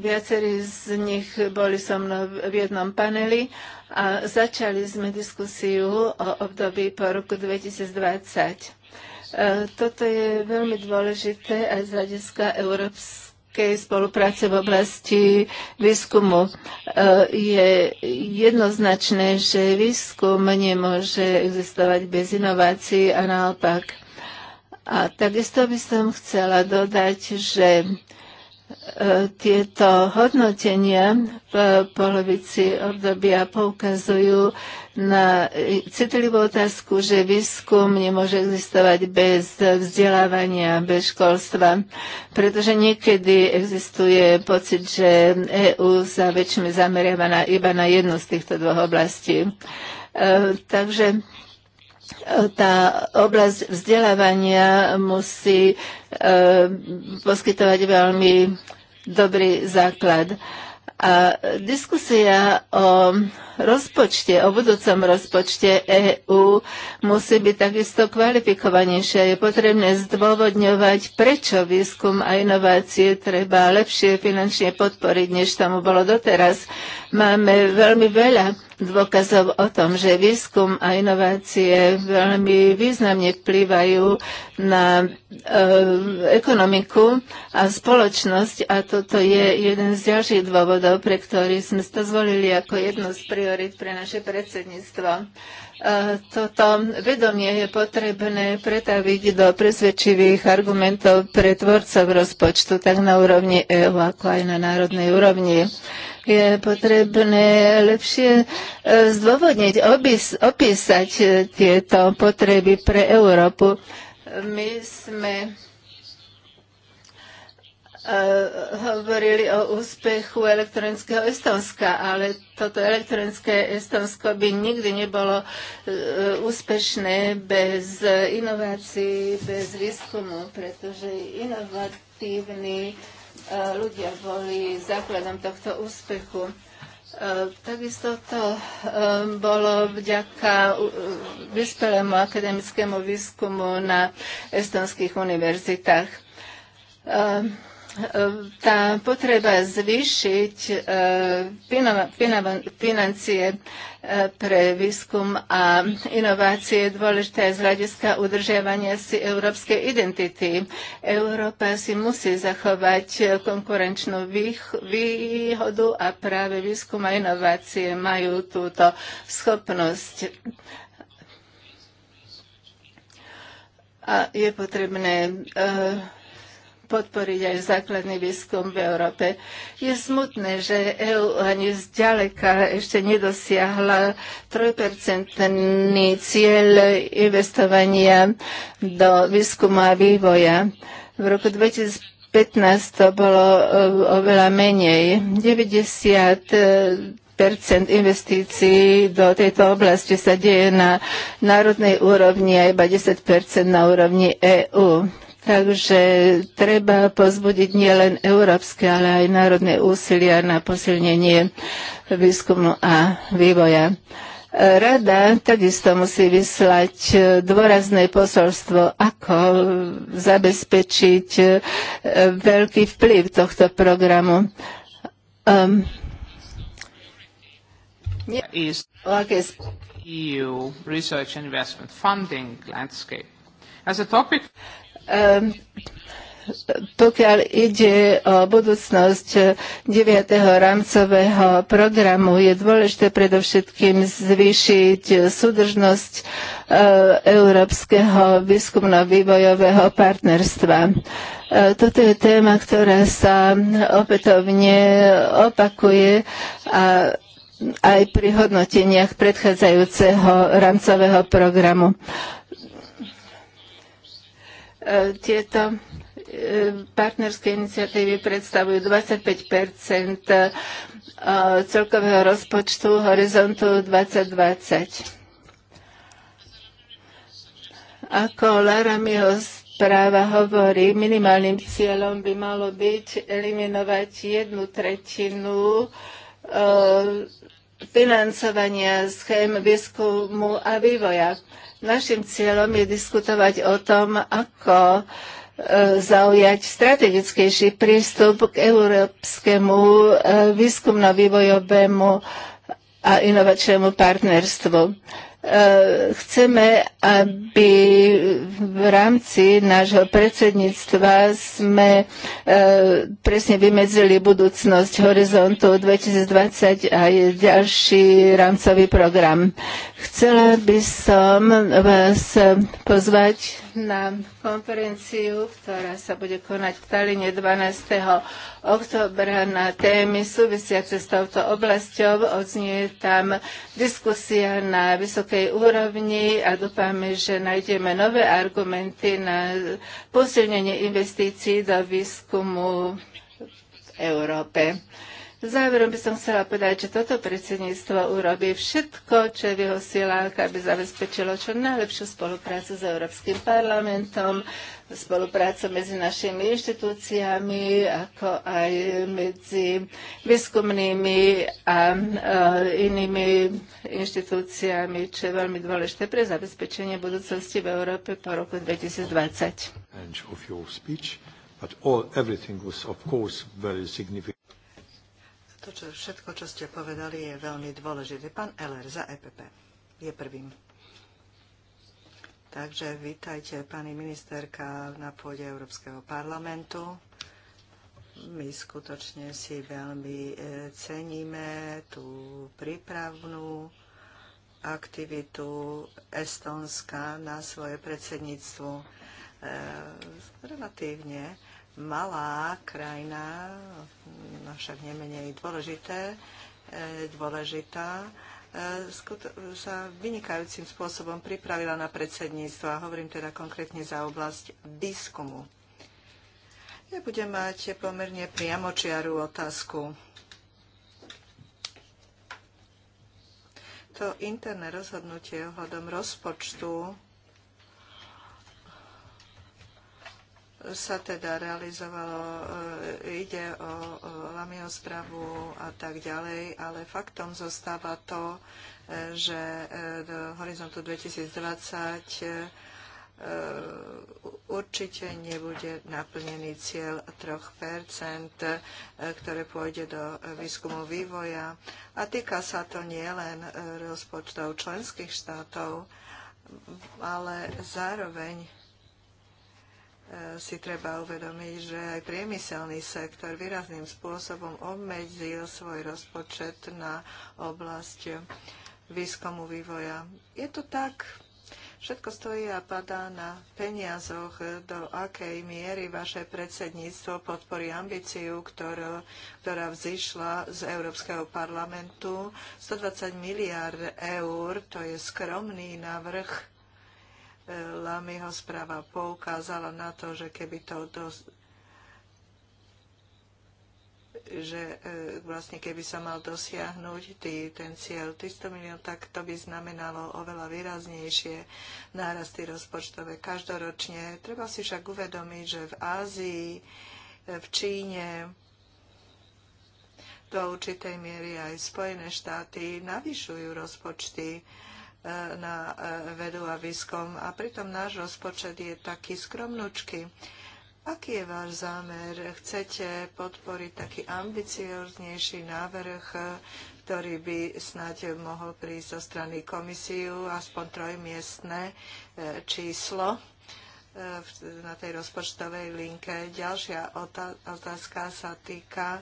viacerí z nich boli so mnou v jednom paneli a začali sme diskusiu o období po roku 2020. E, toto je veľmi dôležité aj z hľadiska Európskej praktickej spolupráce v oblasti výskumu. E, je jednoznačné, že výskum nemôže existovať bez inovácií a naopak. A takisto by som chcela dodať, že tieto hodnotenia v polovici obdobia poukazujú na citlivú otázku, že výskum nemôže existovať bez vzdelávania, bez školstva, pretože niekedy existuje pocit, že EÚ sa väčšinou zameriava iba na jednu z týchto dvoch oblastí. E, takže tá oblasť vzdelávania musí e, poskytovať veľmi dobrý základ. A diskusia o rozpočte, o budúcom rozpočte EÚ musí byť takisto kvalifikovanejšia. Je potrebné zdôvodňovať, prečo výskum a inovácie treba lepšie finančne podporiť, než tomu bolo doteraz. Máme veľmi veľa dôkazov o tom, že výskum a inovácie veľmi významne vplývajú na e, ekonomiku a spoločnosť a toto je jeden z ďalších dôvodov, pre ktorý sme to zvolili ako jednu z priorít priorit pre naše predsedníctvo. E, toto vedomie je potrebné pretaviť do presvedčivých argumentov pre tvorcov rozpočtu, tak na úrovni EU, ako aj na národnej úrovni je potrebné lepšie e, zdôvodniť, obis, opísať e, tieto potreby pre Európu. My sme Eh, hovorili o úspechu elektronického Estonska, ale toto elektronické Estonsko by nikdy nebolo eh, úspešné bez inovácií, bez výskumu, pretože inovatívni eh, ľudia boli základom tohto úspechu. Takisto to bolo vďaka vyspelému akademickému výskumu na estonských univerzitách tá potreba zvýšiť e, financie e, pre výskum a inovácie je dôležité z hľadiska udržiavania si európskej identity. Európa si musí zachovať konkurenčnú výhodu a práve výskum a inovácie majú túto schopnosť. A je potrebné uh, podporiť aj základný výskum v Európe. Je smutné, že EU ani zďaleka ešte nedosiahla 3% cieľ investovania do výskumu a vývoja. V roku 2015 to bolo e, oveľa menej. 90 percent investícií do tejto oblasti sa deje na národnej úrovni a iba 10 na úrovni EÚ. Takže treba pozbudiť nielen európske, ale aj národné úsilia na posilnenie výskumu a vývoja. Rada takisto musí vyslať dôrazné posolstvo, ako zabezpečiť e, veľký vplyv tohto programu. Um, is EU e research investment funding landscape. As a topic Ehm, pokiaľ ide o budúcnosť 9. rámcového programu, je dôležité predovšetkým zvýšiť súdržnosť eh, Európskeho výskumno-vývojového partnerstva. Eh, toto je téma, ktorá sa opätovne opakuje a aj pri hodnoteniach predchádzajúceho rámcového programu. Tieto e, partnerské iniciatívy predstavujú 25 e, celkového rozpočtu Horizontu 2020. Ako Lara Mios správa hovorí, minimálnym cieľom by malo byť eliminovať jednu tretinu e, financovania schém výskumu a vývoja. Našim cieľom je diskutovať o tom, ako e, zaujať strategickejší prístup k európskemu e, výskumno-vývojovému a inovačnému partnerstvu. Eh, chceme, aby v rámci nášho predsedníctva sme eh, presne vymedzili budúcnosť horizontu 2020 a je ďalší rámcový program. Chcela by som vás pozvať na konferenciu, ktorá sa bude konať v Taline 12 oktobra na témy súvisiace s touto oblasťou. Odznie tam diskusia na vysokej úrovni a dúfame, že nájdeme nové argumenty na posilnenie investícií do výskumu v Európe. Záverom by som chcela povedať, že toto predsedníctvo urobí všetko, čo je v jeho silách, aby zabezpečilo čo najlepšiu spoluprácu s Európskym parlamentom, spoluprácu medzi našimi inštitúciami, ako aj medzi výskumnými a e, inými inštitúciami, čo je veľmi dôležité pre zabezpečenie budúcnosti v Európe po roku 2020. To, čo, všetko, čo ste povedali, je veľmi dôležité. Pán Eller za EPP je prvým. Takže vítajte, pani ministerka, na pôde Európskeho parlamentu. My skutočne si veľmi e, ceníme tú prípravnú aktivitu Estónska na svoje predsedníctvo e, relatívne malá krajina, však nemenej dôležité, e, dôležitá, e, sa vynikajúcim spôsobom pripravila na predsedníctvo a hovorím teda konkrétne za oblasť výskumu. Ja budem mať pomerne priamočiarú otázku. To interné rozhodnutie ohľadom rozpočtu sa teda realizovalo, e, ide o lamiospravu správu a tak ďalej, ale faktom zostáva to, e, že e, do horizontu 2020 určite nebude naplnený cieľ 3%, ktoré pôjde do výskumu vývoja. A týka sa to nielen rozpočtov členských štátov, ale zároveň E, si treba uvedomiť, že aj priemyselný sektor výrazným spôsobom obmedzil svoj rozpočet na oblasť výskumu vývoja. Je to tak, všetko stojí a padá na peniazoch, do akej miery vaše predsedníctvo podporí ambíciu, ktorú, ktorá vzýšla z Európskeho parlamentu. 120 miliard eur, to je skromný návrh Lamyho správa poukázala na to, že keby to dos- že e, vlastne keby sa mal dosiahnuť tý, ten cieľ 300 milión, tak to by znamenalo oveľa výraznejšie nárasty rozpočtové každoročne. Treba si však uvedomiť, že v Ázii, e, v Číne, do určitej miery aj Spojené štáty navyšujú rozpočty na eh, vedu a výskum a pritom náš rozpočet je taký skromnúčky. Aký je váš zámer? Chcete podporiť taký ambicioznejší návrh, ktorý by snáď mohol prísť zo strany komisiu, aspoň trojmiestne eh, číslo eh, na tej rozpočtovej linke. Ďalšia otázka sa týka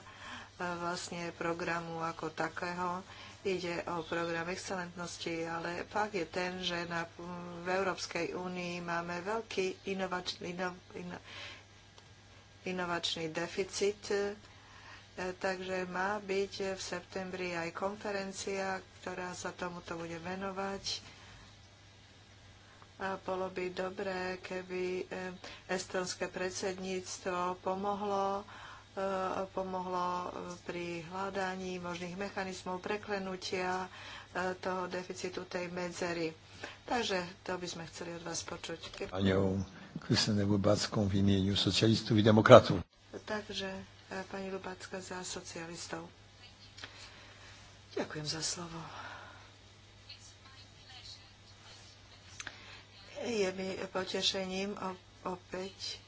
vlastne programu ako takého ide o program excelentnosti, ale fakt je ten, že na, v Európskej únii máme veľký inovačný, ino, ino, inovačný deficit, e, takže má byť v septembri aj konferencia, ktorá sa tomuto bude venovať. A bolo by dobré, keby e, estonské predsedníctvo pomohlo E, pomohlo pri hľadaní možných mechanizmov preklenutia e, toho deficitu tej medzery. Takže to by sme chceli od vás počuť. Paniou Krystynę Lubacką v imieniu socialistov i demokratov. Takže e, pani Lubacka za socialistov. Ďakujem za slovo. Je mi potešením opäť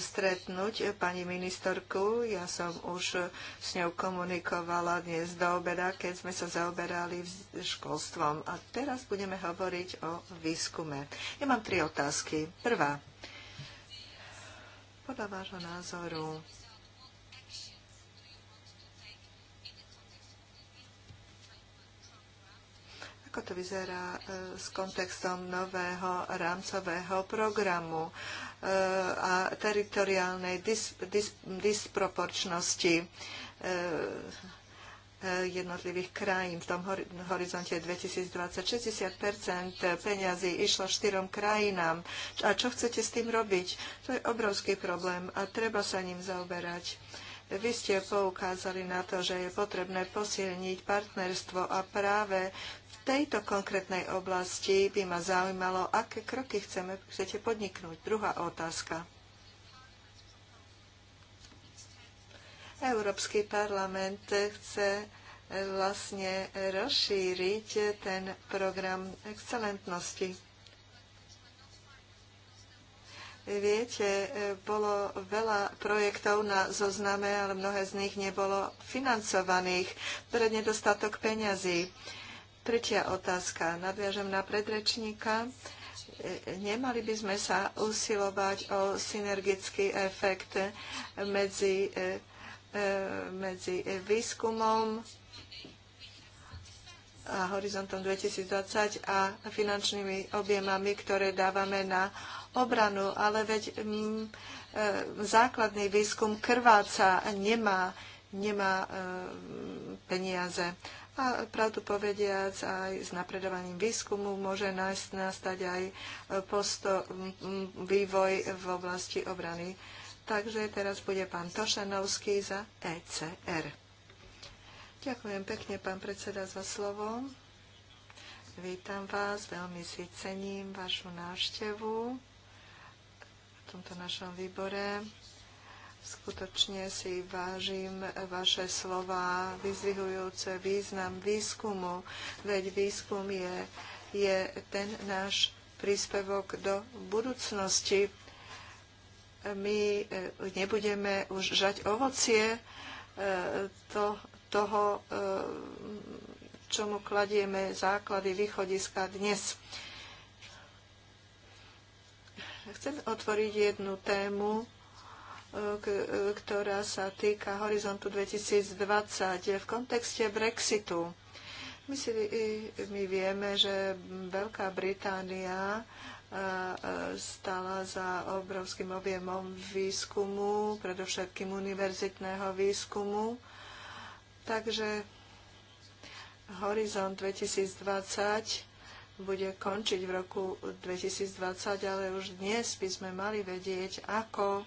stretnúť pani ministerku. Ja som už s ňou komunikovala dnes do obeda, keď sme sa zaoberali školstvom. A teraz budeme hovoriť o výskume. Ja mám tri otázky. Prvá. Podľa vášho názoru, ako to vyzerá e, s kontextom nového rámcového programu a teritoriálnej dis, dis, disproporčnosti e, e, jednotlivých krajín. V tom horizonte 2020 60 peňazí išlo štyrom krajinám. A čo chcete s tým robiť? To je obrovský problém a treba sa ním zaoberať. Vy ste poukázali na to, že je potrebné posilniť partnerstvo a práve tejto konkrétnej oblasti by ma zaujímalo, aké kroky chceme, chcete podniknúť. Druhá otázka. Európsky parlament chce eh, vlastne rozšíriť ten program excelentnosti. Viete, eh, bolo veľa projektov na zozname, ale mnohé z nich nebolo financovaných pre nedostatok peňazí. Tretia otázka. Nadviažem na predrečníka. Nemali by sme sa usilovať o synergický efekt medzi, e, e, medzi výskumom a horizontom 2020 a finančnými objemami, ktoré dávame na obranu. Ale veď m, mm, e, základný výskum krváca nemá, nemá peniaze a pravdu povediac aj s napredovaním výskumu môže nastať aj e, posto, vývoj v oblasti obrany. Takže teraz bude pán Tošanovský za ECR. Ďakujem pekne, pán predseda, za slovo. Vítam vás, veľmi si cením vašu návštevu v tomto našom výbore. Skutočne si vážim vaše slova vyzvihujúce význam výskumu, veď výskum je, je ten náš príspevok do budúcnosti. My e, nebudeme už žať ovocie e, to, toho, e, čomu kladieme základy východiska dnes. Chcem otvoriť jednu tému, ktorá sa týka horizontu 2020 v kontexte Brexitu. My, si, my vieme, že Veľká Británia stala za obrovským objemom výskumu, predovšetkým univerzitného výskumu. Takže Horizont 2020 bude končiť v roku 2020, ale už dnes by sme mali vedieť, ako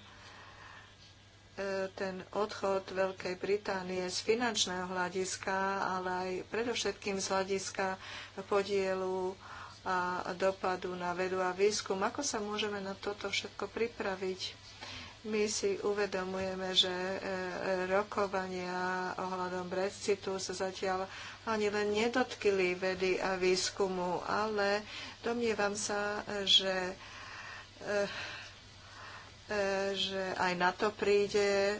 E, ten odchod Veľkej Británie z finančného hľadiska, ale aj predovšetkým z hľadiska podielu a dopadu na vedu a výskum. Ako sa môžeme na toto všetko pripraviť? My si uvedomujeme, že e, rokovania ohľadom Brexitu sa zatiaľ ani len nedotkili vedy a výskumu, ale domnievam sa, že e, E, že aj na to príde. E,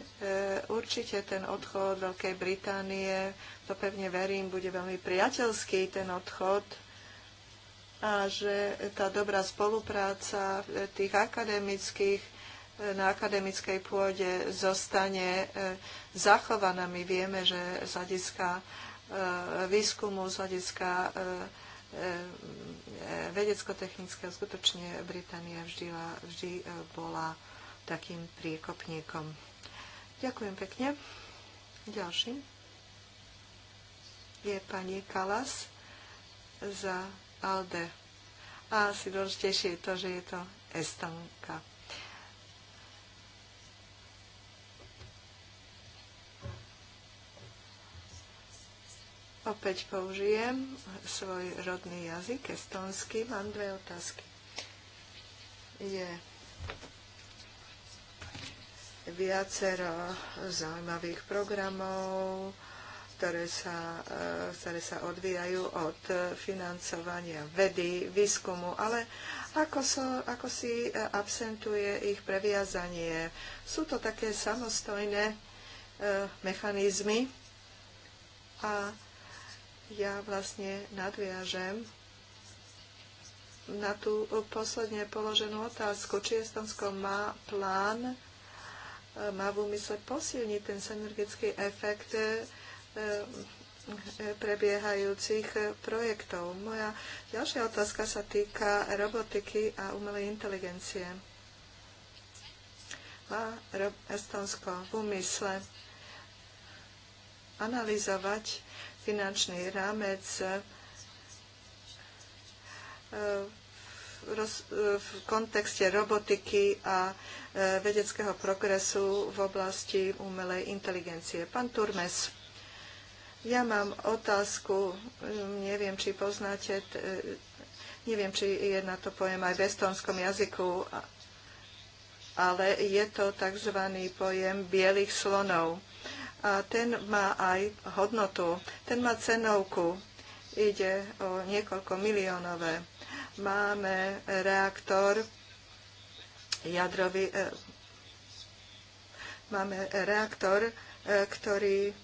určite ten odchod Veľkej Británie, to pevne verím, bude veľmi priateľský ten odchod a že tá dobrá spolupráca e, tých akademických na akademickej pôde zostane zachovaná. My vieme, že z hľadiska výskumu, z hľadiska vedecko-technického skutočne Británia vždy, vždy bola takým priekopníkom. Ďakujem pekne. Ďalší je pani Kalas za ALDE. A asi dôležitejšie je to, že je to Estonka. Opäť použijem svoj rodný jazyk, estonský. Mám dve otázky. Je viacero zaujímavých programov, ktoré sa, e, ktoré sa odvíjajú od financovania vedy, výskumu, ale ako, so, ako si e, absentuje ich previazanie. Sú to také samostojné e, mechanizmy a ja vlastne nadviažem na tú posledne položenú otázku, či Estonsko má plán má v úmysle posilniť ten synergický efekt e, e, prebiehajúcich projektov. Moja ďalšia otázka sa týka robotiky a umelej inteligencie. Má Estonsko v úmysle analyzovať finančný rámec e, roz, e, v kontexte robotiky a e, vedeckého progresu v oblasti umelej inteligencie. Pán Turmes, ja mám otázku, neviem, či poznáte, e, neviem, či je na to pojem aj v estonskom jazyku, ale je to tzv. pojem bielých slonov. A ten má aj hodnotu, ten má cenovku, ide o niekoľko miliónové máme reaktor jadrový, e, máme reaktor, e, ktorý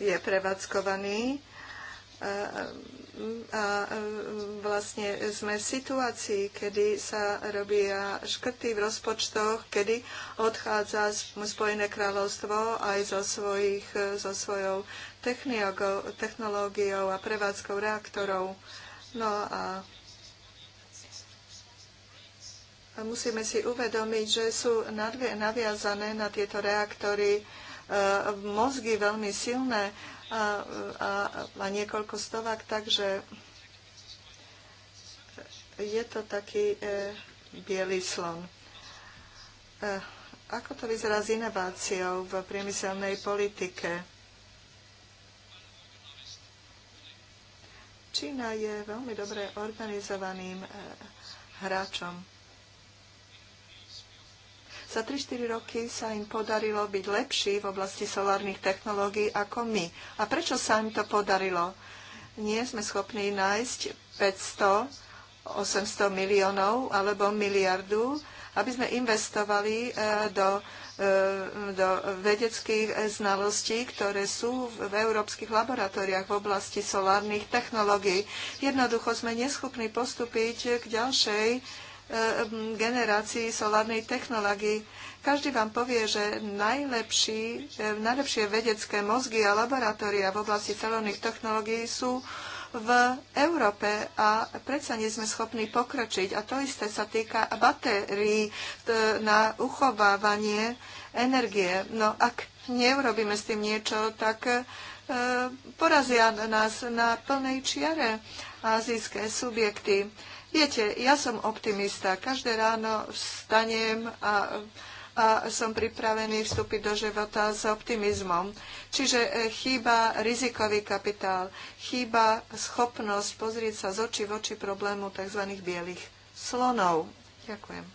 je prevádzkovaný e, a e, vlastne sme v situácii, kedy sa robia škrty v rozpočtoch, kedy odchádza Spojené kráľovstvo aj zo, svojich, zo e, svojou technológiou a prevádzkou reaktorov. No a musíme si uvedomiť, že sú naviazané na tieto reaktory e, mozgy veľmi silné a, a, a niekoľko stovák, takže je to taký e, bielý slon. E, ako to vyzerá s inováciou v priemyselnej politike? Čína je veľmi dobre organizovaným e, hráčom za 3-4 roky sa im podarilo byť lepší v oblasti solárnych technológií ako my. A prečo sa im to podarilo? Nie sme schopní nájsť 500, 800 miliónov alebo miliardu, aby sme investovali e, do e, do vedeckých znalostí, ktoré sú v európskych laboratóriách v oblasti solárnych technológií. Jednoducho sme neschopní postúpiť k ďalšej E, generácií solárnej technológii. Každý vám povie, že najlepší, e, najlepšie vedecké mozgy a laboratória v oblasti solárnych technológií sú v Európe a predsa nie sme schopní pokročiť. A to isté sa týka batérií na uchovávanie energie. No ak neurobíme s tým niečo, tak e, porazia nás na plnej čiare azijské subjekty. Viete, ja som optimista. Každé ráno vstanem a a som pripravený vstúpiť do života s optimizmom. Čiže e, chýba rizikový kapitál, chýba schopnosť pozrieť sa z očí v oči problému tzv. bielých slonov. Ďakujem.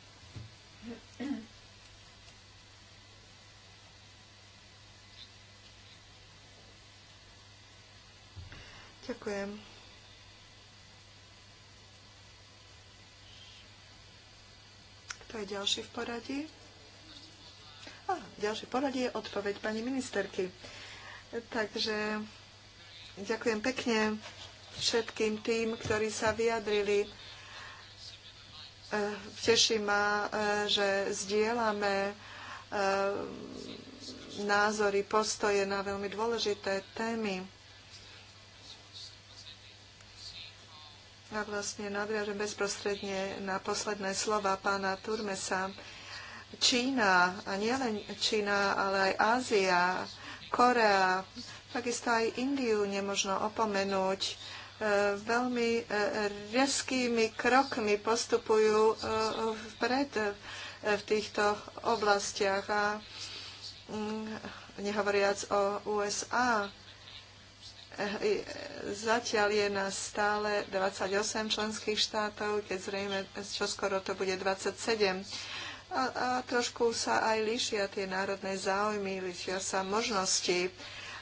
Ďakujem. To je ďalší v poradí. A ďalší v poradí je odpoveď pani ministerky. Takže ďakujem pekne všetkým tým, ktorí sa vyjadrili. E, teší ma, e, že zdieľame e, názory, postoje na veľmi dôležité témy Ja vlastne nadviažem bezprostredne na posledné slova pána Turmesa. Čína, a nielen Čína, ale aj Ázia, Korea, takisto aj Indiu nemožno opomenúť. E, veľmi e, reskými krokmi postupujú e, vpred v týchto oblastiach a mm, nehovoriac o USA Zatiaľ je nás stále 28 členských štátov, keď zrejme čoskoro to bude 27. A, a trošku sa aj líšia tie národné záujmy, líšia sa možnosti.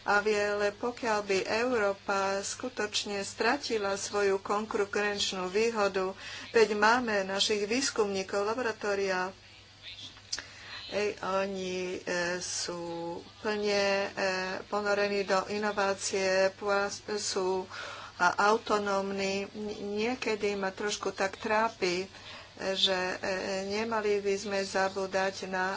A ale pokiaľ by Európa skutočne stratila svoju konkurenčnú výhodu, veď máme našich výskumníkov, laboratória, oni e, sú plne e, ponorení do inovácie, sú autonómni. Niekedy ma trošku tak trápi, že e, nemali by sme zabúdať na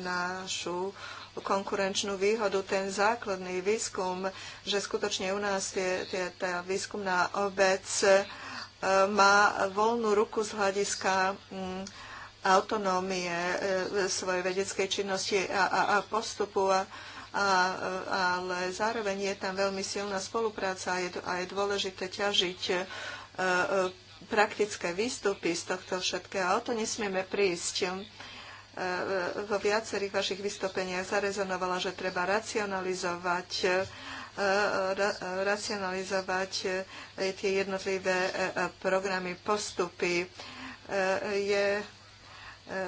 našu konkurenčnú výhodu, ten základný výskum, že skutočne u nás je, je tá výskumná obec má voľnú ruku z hľadiska mm, autonómie e, svojej vedeckej činnosti a, a, a postupu. A, a, ale zároveň je tam veľmi silná spolupráca a je, a je dôležité ťažiť e, e, praktické výstupy z tohto všetkého. O to nesmieme prísť. Vo viacerých vašich vystúpeniach zarezonovala, že treba racionalizovať racionalizovať tie jednotlivé programy, postupy. Je E,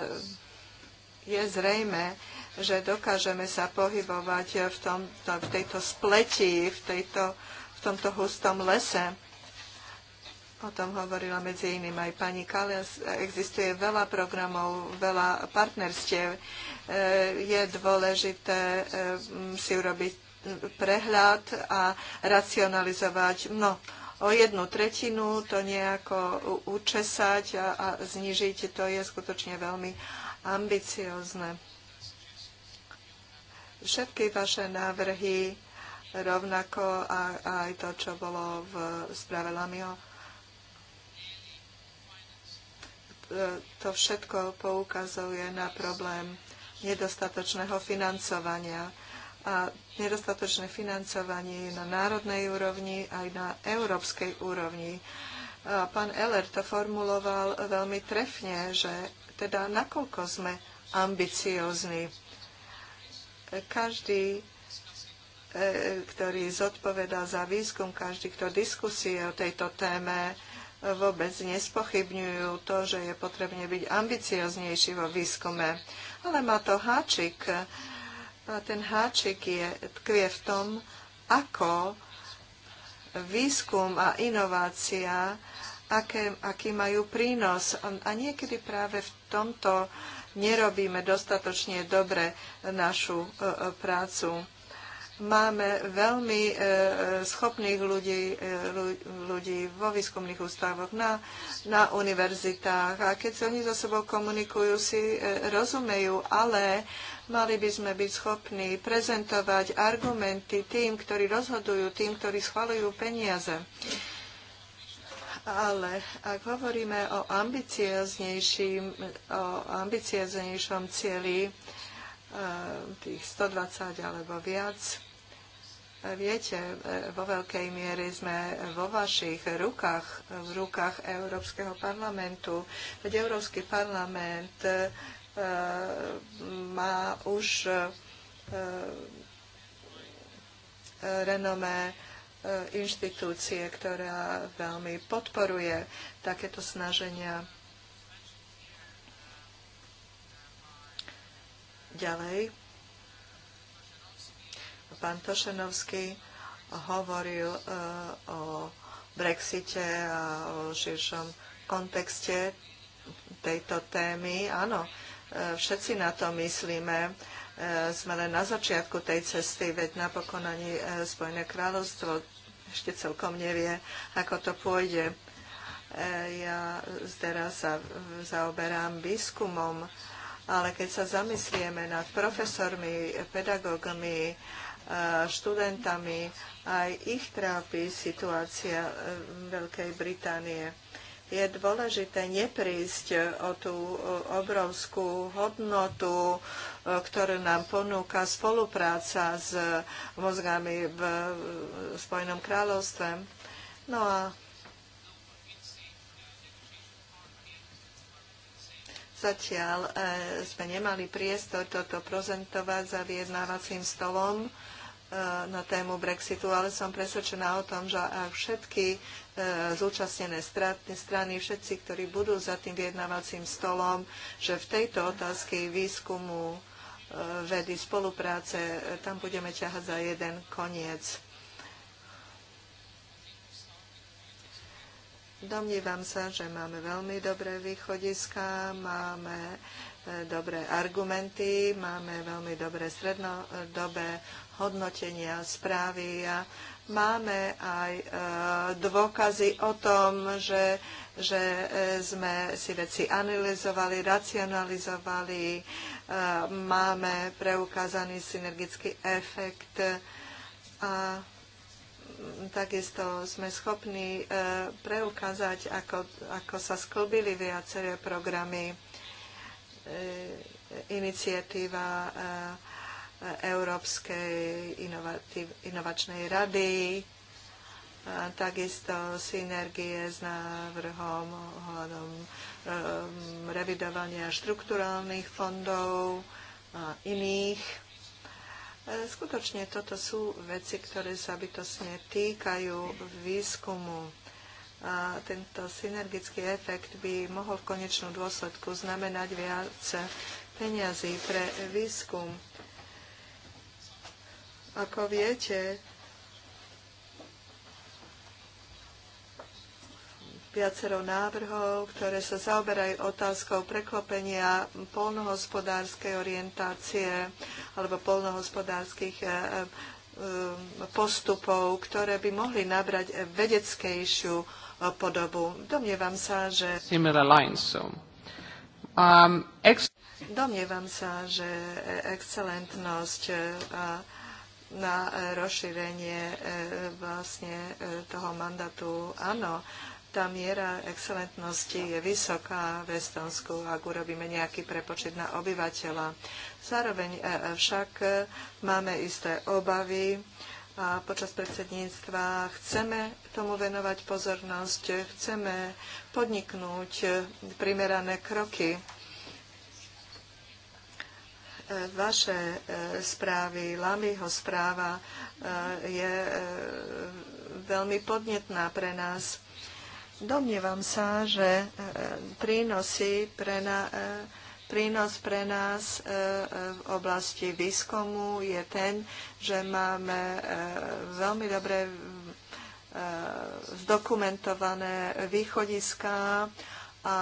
je zrejme, že dokážeme sa pohybovať v, tom, v tejto spleti, v, tejto, v tomto hustom lese. O tom hovorila medzi iným aj pani Kalias. Existuje veľa programov, veľa partnerstiev. E, je dôležité e, si urobiť prehľad a racionalizovať. No, o jednu tretinu to nejako učesať a, a znižiť, to je skutočne veľmi ambiciozne. Všetky vaše návrhy, rovnako a, a aj to, čo bolo v správe Lamio, to všetko poukazuje na problém nedostatočného financovania a nedostatočné financovanie na národnej úrovni aj na európskej úrovni. A pán Eller to formuloval veľmi trefne, že teda nakoľko sme ambiciózni. Každý, e, ktorý zodpovedá za výskum, každý, kto diskusie o tejto téme, e, vôbec nespochybňujú to, že je potrebne byť ambicioznejší vo výskume. Ale má to háčik, ten háčik je, tkvie v tom, ako výskum a inovácia, aké, aký majú prínos. A niekedy práve v tomto nerobíme dostatočne dobre našu e, e, prácu. Máme veľmi e, schopných ľudí, ľudí vo výskumných ústavoch, na, na univerzitách a keď sa oni so sebou komunikujú, si rozumejú, ale Mali by sme byť schopní prezentovať argumenty tým, ktorí rozhodujú, tým, ktorí schvalujú peniaze. Ale ak hovoríme o, o ambicioznejšom cieli e, tých 120 alebo viac, Viete, e, vo veľkej miere sme vo vašich rukách, v rukách Európskeho parlamentu. Veď Európsky parlament Eh, má už eh, eh, renomé inštitúcie, ktorá veľmi podporuje takéto snaženia. Ďalej, pán Tošenovský hovoril o Brexite a o širšom kontexte tejto témy. Áno, Všetci na to myslíme. E, sme len na začiatku tej cesty, veď napokon ani e, Spojené kráľovstvo ešte celkom nevie, ako to pôjde. E, ja teraz sa zaoberám výskumom, ale keď sa zamyslieme nad profesormi, pedagógmi, študentami, aj ich trápi situácia Veľkej Británie je dôležité neprísť e, o tú e, obrovskú hodnotu, e, ktorú nám ponúka spolupráca s mozgami v Spojenom kráľovstve. No a zatiaľ sme nemali priestor toto prezentovať za vyjednávacím stolom na tému Brexitu, ale som presvedčená o tom, že ak všetky e, zúčastnené strany, všetci, ktorí budú za tým vyjednávacím stolom, že v tejto otázke výskumu e, vedy, spolupráce, e, tam budeme ťahať za jeden koniec. Domnívam sa, že máme veľmi dobré východiska, máme dobré argumenty, máme veľmi dobré strednodobé hodnotenia správy a máme aj e, dôkazy o tom, že, že e, sme si veci analyzovali, racionalizovali, e, máme preukázaný synergický efekt a takisto sme schopní preukázať, ako, ako sa sklbili viaceré programy, iniciatíva Európskej inovačnej rady, a takisto synergie s návrhom ohľadom ehm, revidovania štrukturálnych fondov a iných. E, skutočne toto sú veci, ktoré sa bytosne týkajú výskumu. A tento synergický efekt by mohol v konečnom dôsledku znamenať viac peniazy pre výskum ako viete, viacero návrhov, ktoré sa zaoberajú otázkou preklopenia polnohospodárskej orientácie alebo polnohospodárskych eh, eh, postupov, ktoré by mohli nabrať vedeckejšiu eh, podobu. Domnievam sa, že... Um, Domnievam sa, že excelentnosť a na e, rozšírenie e, vlastne e, toho mandátu. Áno, tá miera excelentnosti je vysoká v Estonsku, ak urobíme nejaký prepočet na obyvateľa. Zároveň však máme isté obavy a počas predsedníctva chceme tomu venovať pozornosť, chceme podniknúť primerané kroky vaše e, správy, Lamyho správa e, je e, veľmi podnetná pre nás. Domnievam sa, že prínosy pre na, prínos pre nás v oblasti výskumu je ten, že máme veľmi dobre zdokumentované východiská, a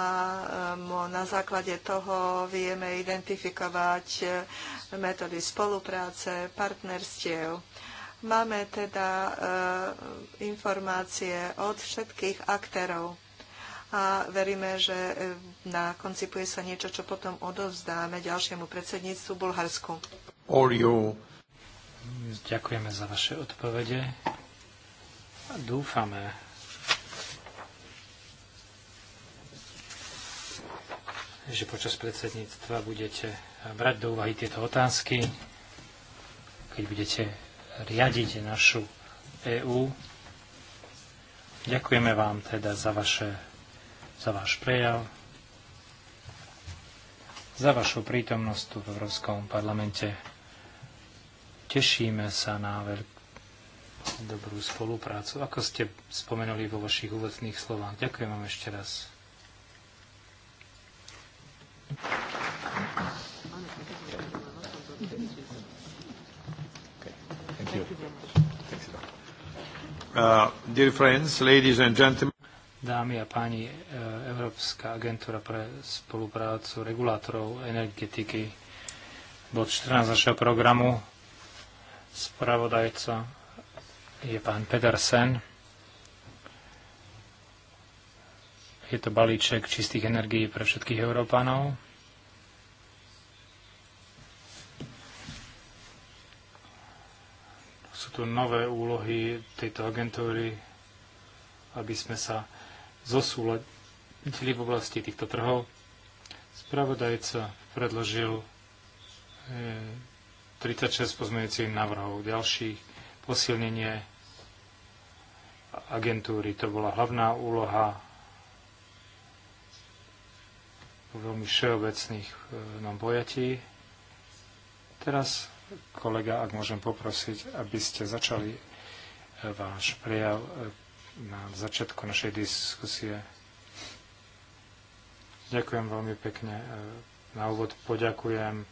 um, na základe toho vieme identifikovať e, metódy spolupráce, partnerstiev. Máme teda e, informácie od všetkých aktérov a veríme, že e, na konci pôjde sa niečo, čo potom odovzdáme ďalšiemu predsedníctvu Bulharsku. Ďakujeme za vaše odpovede. Dúfame, že počas predsedníctva budete brať do úvahy tieto otázky, keď budete riadiť našu EÚ. Ďakujeme vám teda za, vaše, za váš prejav, za vašu prítomnosť tu v Európskom parlamente. Tešíme sa na veľkú dobrú spoluprácu, ako ste spomenuli vo vašich úvodných slovách. Ďakujem vám ešte raz. Uh, dear friends, ladies and gentlemen. Dámy a páni, uh, Európska agentúra pre spoluprácu regulátorov energetiky, bod 14 našeho programu, spravodajca je pán Pedersen. Je to balíček čistých energií pre všetkých Európanov. sú tu nové úlohy tejto agentúry, aby sme sa zosúladili v oblasti týchto trhov. Spravodajca predložil 36 eh, pozmeňujúcich návrhov. ďalších posilnenie agentúry, to bola hlavná úloha veľmi všeobecných eh, nám no, pojatí. Teraz kolega, ak môžem poprosiť, aby ste začali e, váš prejav e, na začiatku našej diskusie. Ďakujem veľmi pekne. E, na úvod poďakujem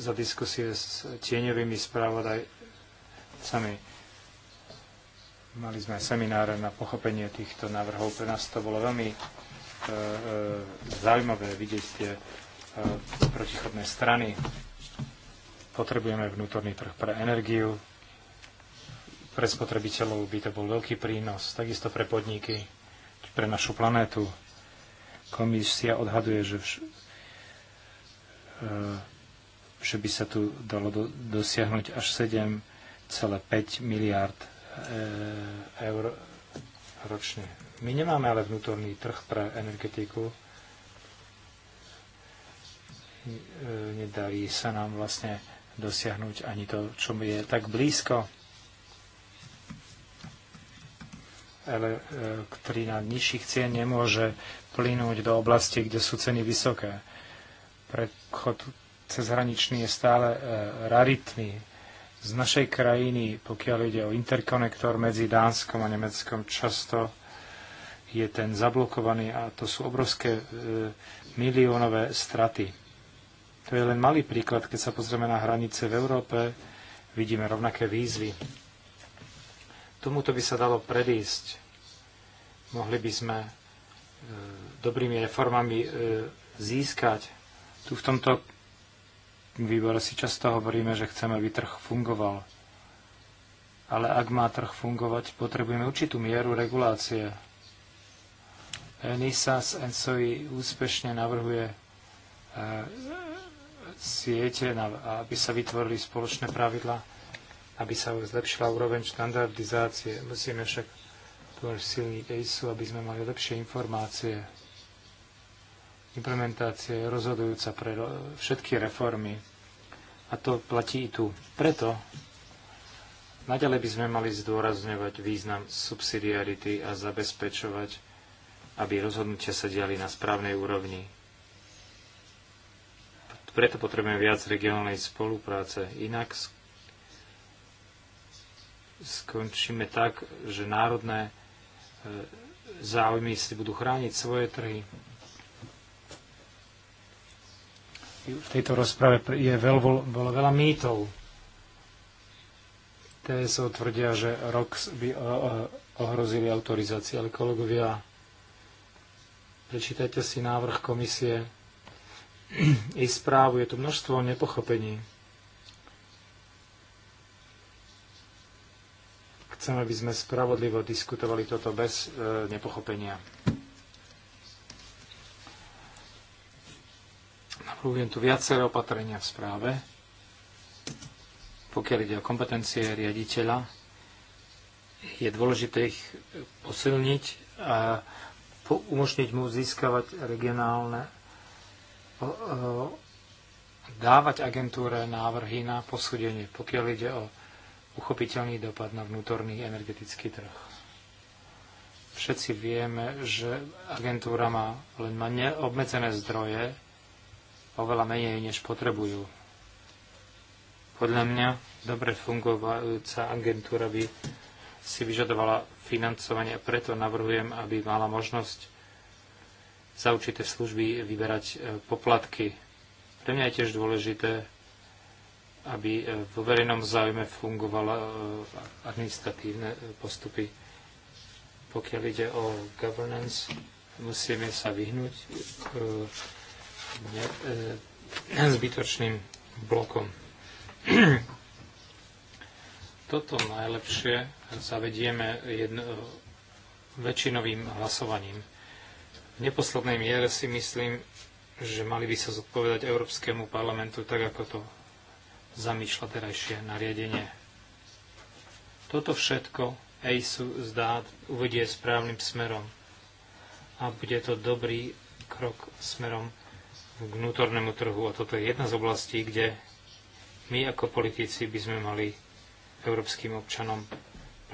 za diskusie s tieňovými správodajcami. Mali sme semináre na pochopenie týchto návrhov. Pre nás to bolo veľmi zaujímavé vidieť tie E, protichodné strany. Potrebujeme vnútorný trh pre energiu, pre spotrebiteľov by to bol veľký prínos, takisto pre podniky, pre našu planétu. Komisia odhaduje, že, vš- e, že by sa tu dalo do- dosiahnuť až 7,5 miliard e, eur ročne. My nemáme ale vnútorný trh pre energetiku, E, nedarí sa nám vlastne dosiahnuť ani to, čo mi je tak blízko. E, ktorý na nižších cien nemôže plynúť do oblasti, kde sú ceny vysoké. Prechod cezhraničný je stále e, raritný. Z našej krajiny, pokiaľ ide o interkonektor medzi Dánskom a Nemeckom, často je ten zablokovaný a to sú obrovské e, miliónové straty to je len malý príklad, keď sa pozrieme na hranice v Európe, vidíme rovnaké výzvy. Tomuto by sa dalo predísť. Mohli by sme e, dobrými reformami e, získať. Tu v tomto výbore si často hovoríme, že chceme, aby trh fungoval. Ale ak má trh fungovať, potrebujeme určitú mieru regulácie. NISA z ENSOI úspešne navrhuje e, siete, aby sa vytvorili spoločné pravidla, aby sa zlepšila úroveň štandardizácie. Musíme však tu silniť EISu, aby sme mali lepšie informácie. Implementácia je rozhodujúca pre všetky reformy. A to platí i tu. Preto naďalej by sme mali zdôrazňovať význam subsidiarity a zabezpečovať, aby rozhodnutia sa diali na správnej úrovni preto potrebujeme viac regionálnej spolupráce. Inak skončíme tak, že národné e, záujmy si budú chrániť svoje trhy. V tejto rozprave je veľ, bolo veľa mýtov. TSO tvrdia, že rok by ohrozili autorizácie, ale kolegovia, prečítajte si návrh komisie ich správu. Je tu množstvo nepochopení. Chcem, aby sme spravodlivo diskutovali toto bez e, nepochopenia. Navrhujem tu viaceré opatrenia v správe, pokiaľ ide o kompetencie riaditeľa, je dôležité ich posilniť a umožniť mu získavať regionálne Eh, dávať agentúre návrhy na posúdenie, pokiaľ ide o uchopiteľný dopad na vnútorný energetický trh. Všetci vieme, že agentúra má len má neobmedzené zdroje, oveľa menej, než potrebujú. Podľa mňa dobre fungujúca agentúra by si vyžadovala financovanie a preto navrhujem, aby mala možnosť za určité služby vyberať e, poplatky. Pre mňa je tiež dôležité, aby e, vo verejnom záujme fungovala e, administratívne postupy. Pokiaľ ide o governance, musíme sa vyhnúť zbytočným blokom. Toto najlepšie zavedieme jedno, väčšinovým hlasovaním. V neposlednej miere si myslím, že mali by sa zodpovedať Európskemu parlamentu tak, ako to zamýšľa terajšie nariadenie. Toto všetko EISu zdá uvedie správnym smerom a bude to dobrý krok smerom k vnútornému trhu. A toto je jedna z oblastí, kde my ako politici by sme mali európskym občanom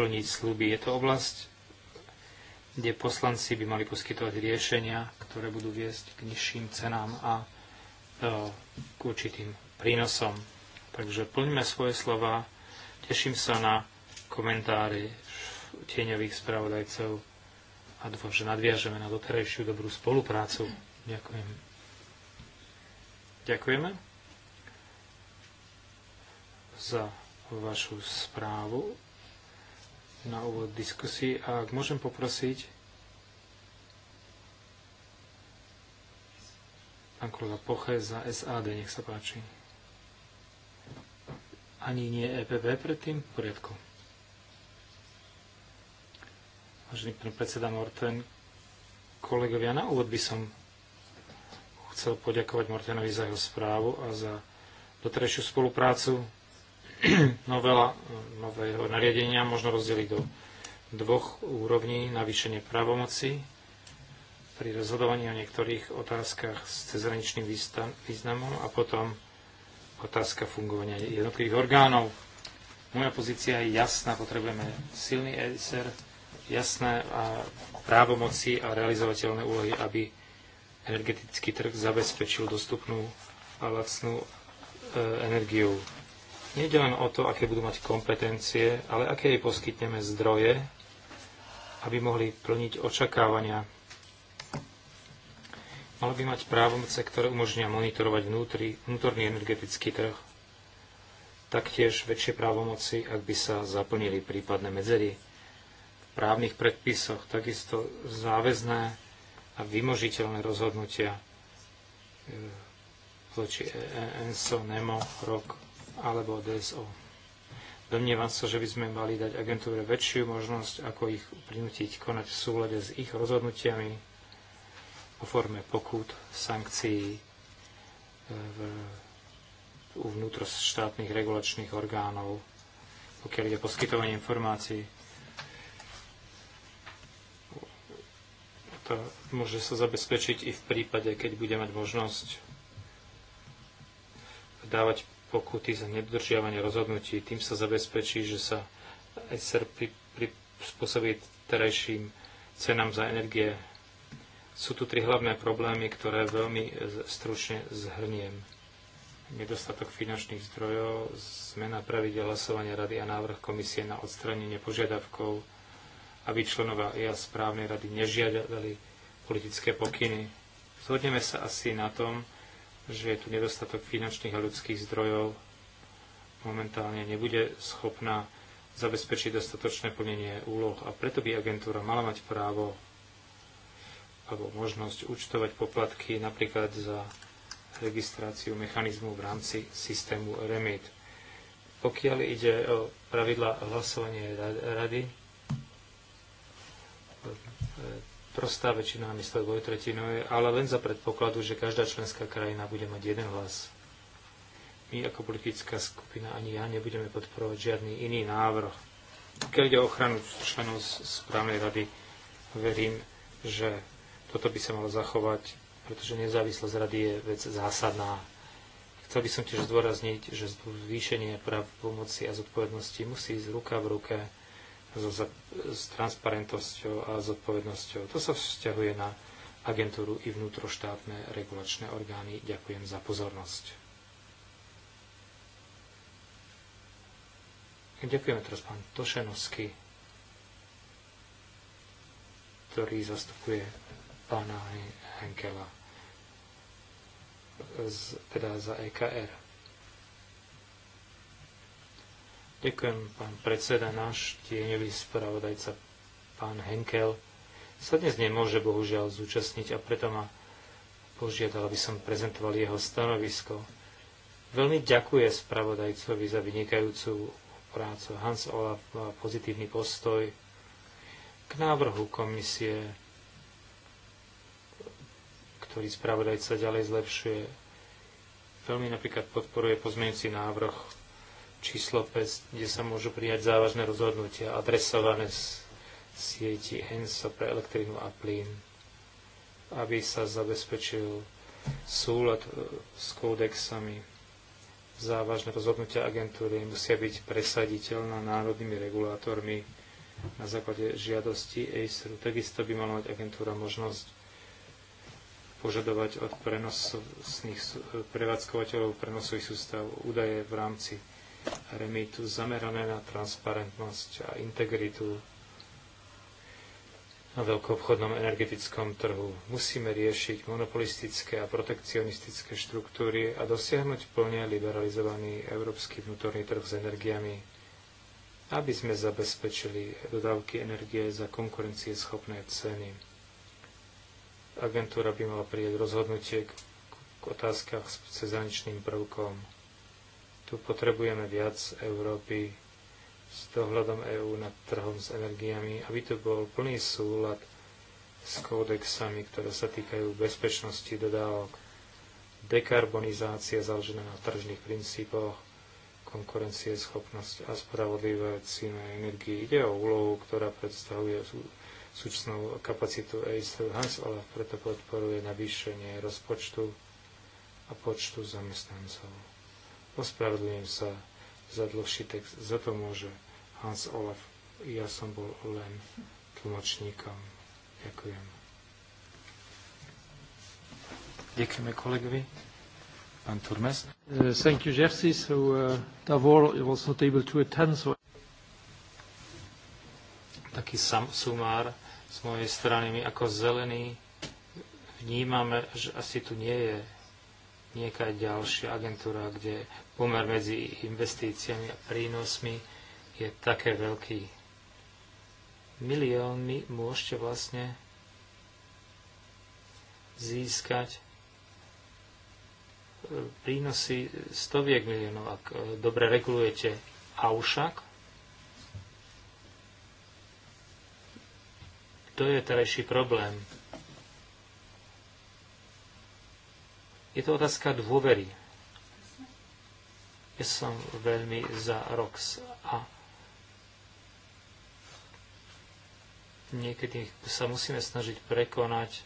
plniť sluby. Je to oblasť, kde poslanci by mali poskytovať riešenia, ktoré budú viesť k nižším cenám a e, k určitým prínosom. Takže plňme svoje slova, teším sa na komentáry tieňových spravodajcov a dúfam, že nadviažeme na doterajšiu dobrú spoluprácu. Ďakujem. Ďakujeme za vašu správu na úvod diskusí. a ak môžem poprosiť pán kolega Poche za SAD, nech sa páči. Ani nie EPP predtým? V poriadku. Vážený pán predseda Morten, kolegovia, na úvod by som chcel poďakovať Mortenovi za jeho správu a za doterajšiu spoluprácu novela eh, nového nariadenia možno rozdeliť do dvoch úrovní navýšenie právomoci pri rozhodovaní o niektorých otázkach s cezhraničným významom a potom otázka fungovania jednotlivých orgánov. Moja pozícia je jasná, potrebujeme silný ESR, jasné a právomoci a realizovateľné úlohy, aby energetický trh zabezpečil dostupnú a lacnú eh, energiu. Nejde len o to, aké budú mať kompetencie, ale aké jej poskytneme zdroje, aby mohli plniť očakávania. Malo by mať právomce, ktoré umožnia monitorovať vnútri, vnútorný energetický trh. Taktiež väčšie právomoci, ak by sa zaplnili prípadné medzery v právnych predpisoch, takisto záväzné a vymožiteľné rozhodnutia e, voči e- e- ENSO, NEMO, ROK, alebo DSO. Domnievam sa, že by sme mali dať agentúre väčšiu možnosť, ako ich prinútiť konať v súlade s ich rozhodnutiami o forme pokút, sankcií e, v, u vnútroštátnych regulačných orgánov, pokiaľ ide poskytovanie informácií. To môže sa zabezpečiť i v prípade, keď bude mať možnosť dávať pokuty za nedodržiavanie rozhodnutí. Tým sa zabezpečí, že sa SR prispôsobí terajším cenám za energie. Sú tu tri hlavné problémy, ktoré veľmi stručne zhrniem. Nedostatok finančných zdrojov, zmena pravidel hlasovania rady a návrh komisie na odstranenie požiadavkov, aby členova IA správnej rady nežiadali politické pokyny. Zhodneme sa asi na tom, že je tu nedostatok finančných a ľudských zdrojov, momentálne nebude schopná zabezpečiť dostatočné plnenie úloh a preto by agentúra mala mať právo alebo možnosť účtovať poplatky napríklad za registráciu mechanizmu v rámci systému REMIT. Pokiaľ ide o pravidla hlasovania rady, prostá väčšina namiesto dvojtretinové, ale len za predpokladu, že každá členská krajina bude mať jeden hlas. My ako politická skupina ani ja nebudeme podporovať žiadny iný návrh. Keď ide o ochranu členov správnej rady, verím, že toto by sa malo zachovať, pretože nezávislosť rady je vec zásadná. Chcel by som tiež zdôrazniť, že zvýšenie práv pomoci a zodpovednosti musí ísť ruka v ruke s, s transparentnosťou a zodpovednosťou. To sa vzťahuje na agentúru i vnútroštátne regulačné orgány. Ďakujem za pozornosť. Ďakujeme teraz pán Tošenovský, ktorý zastupuje pána Henkela z, teda za EKR. Ďakujem, pán predseda. Náš tieňový spravodajca, pán Henkel, sa dnes nemôže bohužiaľ zúčastniť a preto ma požiadal, aby som prezentoval jeho stanovisko. Veľmi ďakuje spravodajcovi za vynikajúcu prácu Hans Olaf má pozitívny postoj k návrhu komisie, ktorý spravodajca ďalej zlepšuje. Veľmi napríklad podporuje pozmeňujúci návrh číslo 5, kde sa môžu prijať závažné rozhodnutia adresované z sieti ENSO pre elektrínu a plyn, aby sa zabezpečil súlad e, s kódexami. Závažné rozhodnutia agentúry musia byť presaditeľná národnými regulátormi na základe žiadosti ACERu. Takisto by mala mať agentúra možnosť požadovať od prenosných e, prevádzkovateľov prenosových sústav údaje v rámci remitu zamerané na transparentnosť a integritu na veľkoobchodnom energetickom trhu. Musíme riešiť monopolistické a protekcionistické štruktúry a dosiahnuť plne liberalizovaný európsky vnútorný trh s energiami, aby sme zabezpečili dodávky energie za konkurencieschopné ceny. Agentúra by mala prijať rozhodnutie k otázkach s cezaničným prvkom tu potrebujeme viac Európy s dohľadom EÚ nad trhom s energiami, aby to bol plný súlad s kódexami, ktoré sa týkajú bezpečnosti dodávok, dekarbonizácia založená na tržných princípoch, konkurencie, schopnosť a spravodlivé cíne energii. Ide o úlohu, ktorá predstavuje súčasnú kapacitu EISL. Hans Olaf preto podporuje navýšenie rozpočtu a počtu zamestnancov. Ospravedlňujem sa za dlhší text, za to môže Hans Olaf. Ja som bol len tlmočníkom. Ďakujem. Ďakujeme kolegovi. Pán Turmes. Uh, thank you, Jeffsy. So, uh, Davor was not able to attend, so... Taký sam, sumár z mojej strany. My ako zelený vnímame, že asi tu nie je nieká ďalšia agentúra, kde pomer medzi investíciami a prínosmi je také veľký. Miliónmi môžete vlastne získať e, prínosy stoviek miliónov, ak e, dobre regulujete avšak. To je terajší problém. Je to otázka dôvery. Ja som veľmi za ROX a niekedy sa musíme snažiť prekonať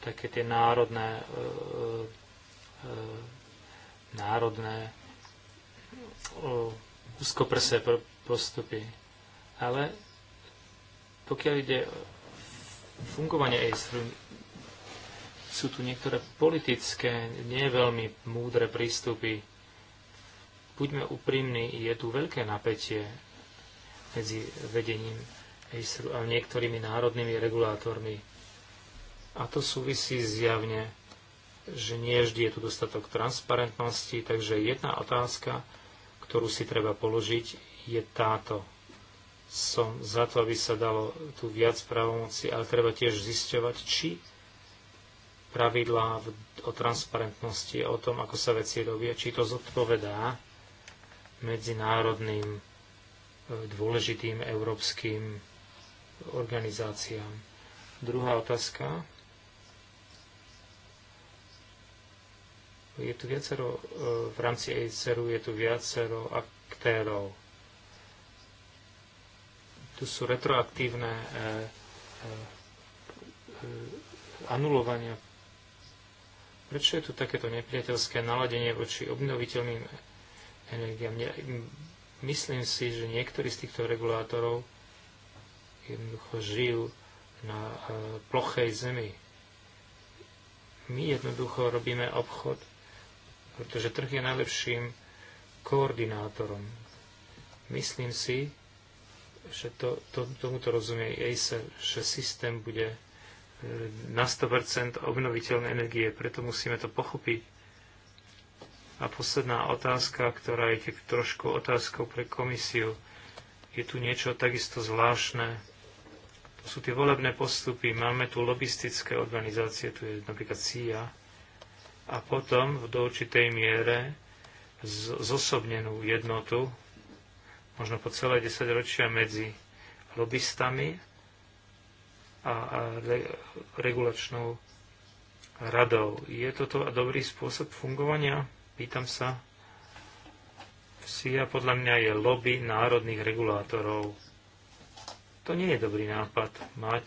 také tie národné e, e, e národné e, úzkoprsé postupy. Ale pokiaľ ide o fungovanie ACE, sú tu niektoré politické, nie veľmi múdre prístupy Buďme úprimní, je tu veľké napätie medzi vedením a niektorými národnými regulátormi. A to súvisí zjavne, že nie vždy je tu dostatok transparentnosti, takže jedna otázka, ktorú si treba položiť, je táto. Som za to, aby sa dalo tu viac právomoci, ale treba tiež zisťovať, či pravidlá o transparentnosti, o tom, ako sa veci robia, či to zodpovedá medzinárodným e, dôležitým európskym organizáciám. Druhá otázka. Je tu viacero, e, v rámci ACERu je tu viacero aktérov. Tu sú retroaktívne e, anulovania. Prečo je tu takéto nepriateľské naladenie voči obnoviteľným mne, Myslím si, že niektorí z týchto regulátorov jednoducho žijú na eh, plochej zemi. My jednoducho robíme obchod, pretože trh je najlepším koordinátorom. Myslím si, že to, to, tomuto rozumie Acer, že systém bude eh, na 100% obnoviteľné energie, preto musíme to pochopiť a posledná otázka, ktorá je trošku otázkou pre komisiu. Je tu niečo takisto zvláštne. To sú tie volebné postupy. Máme tu lobistické organizácie, tu je napríklad CIA. A potom v do určitej miere zosobnenú jednotu, možno po celé 10 ročia medzi lobistami a, a re, regulačnou radou. Je toto dobrý spôsob fungovania? Pýtam sa, SIA podľa mňa je lobby národných regulátorov. To nie je dobrý nápad mať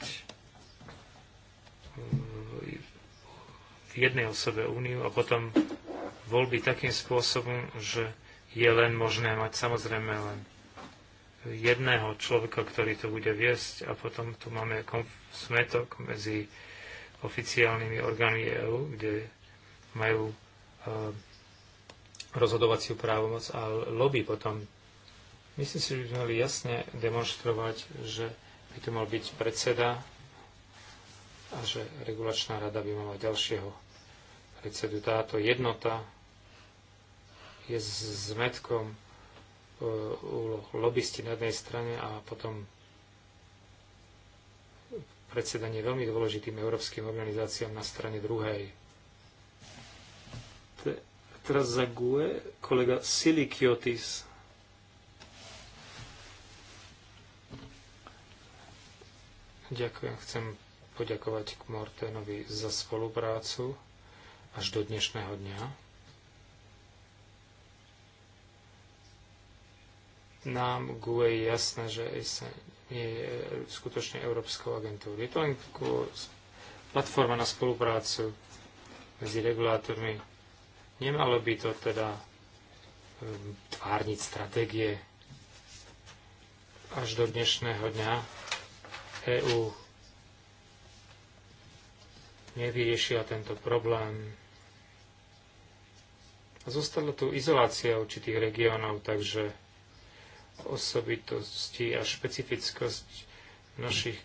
mm, v jednej osobe úniu a potom voľby takým spôsobom, že je len možné mať samozrejme len jedného človeka, ktorý to bude viesť a potom tu máme smetok medzi oficiálnymi orgánmi EÚ, kde majú e, rozhodovaciu právomoc a lobby potom. Myslím si, že by sme mali jasne demonstrovať, že by tu mal byť predseda a že regulačná rada by mala ďalšieho predsedu. Táto jednota je s zmetkom e, úloh lobbysti na jednej strane a potom predsedanie veľmi dôležitým európskym organizáciám na strane druhej. Teraz za kolega Silikiotis. Ďakujem, chcem poďakovať k Mortenovi za spoluprácu až do dnešného dňa. Nám GUE je jasné, že ESA nie je skutočne Európskou agentúrou. Je to len platforma na spoluprácu medzi regulátormi Nemalo by to teda um, tvárniť stratégie až do dnešného dňa EÚ nevyriešila tento problém. A zostala tu izolácia určitých regiónov, takže osobitosti a špecifickosť našich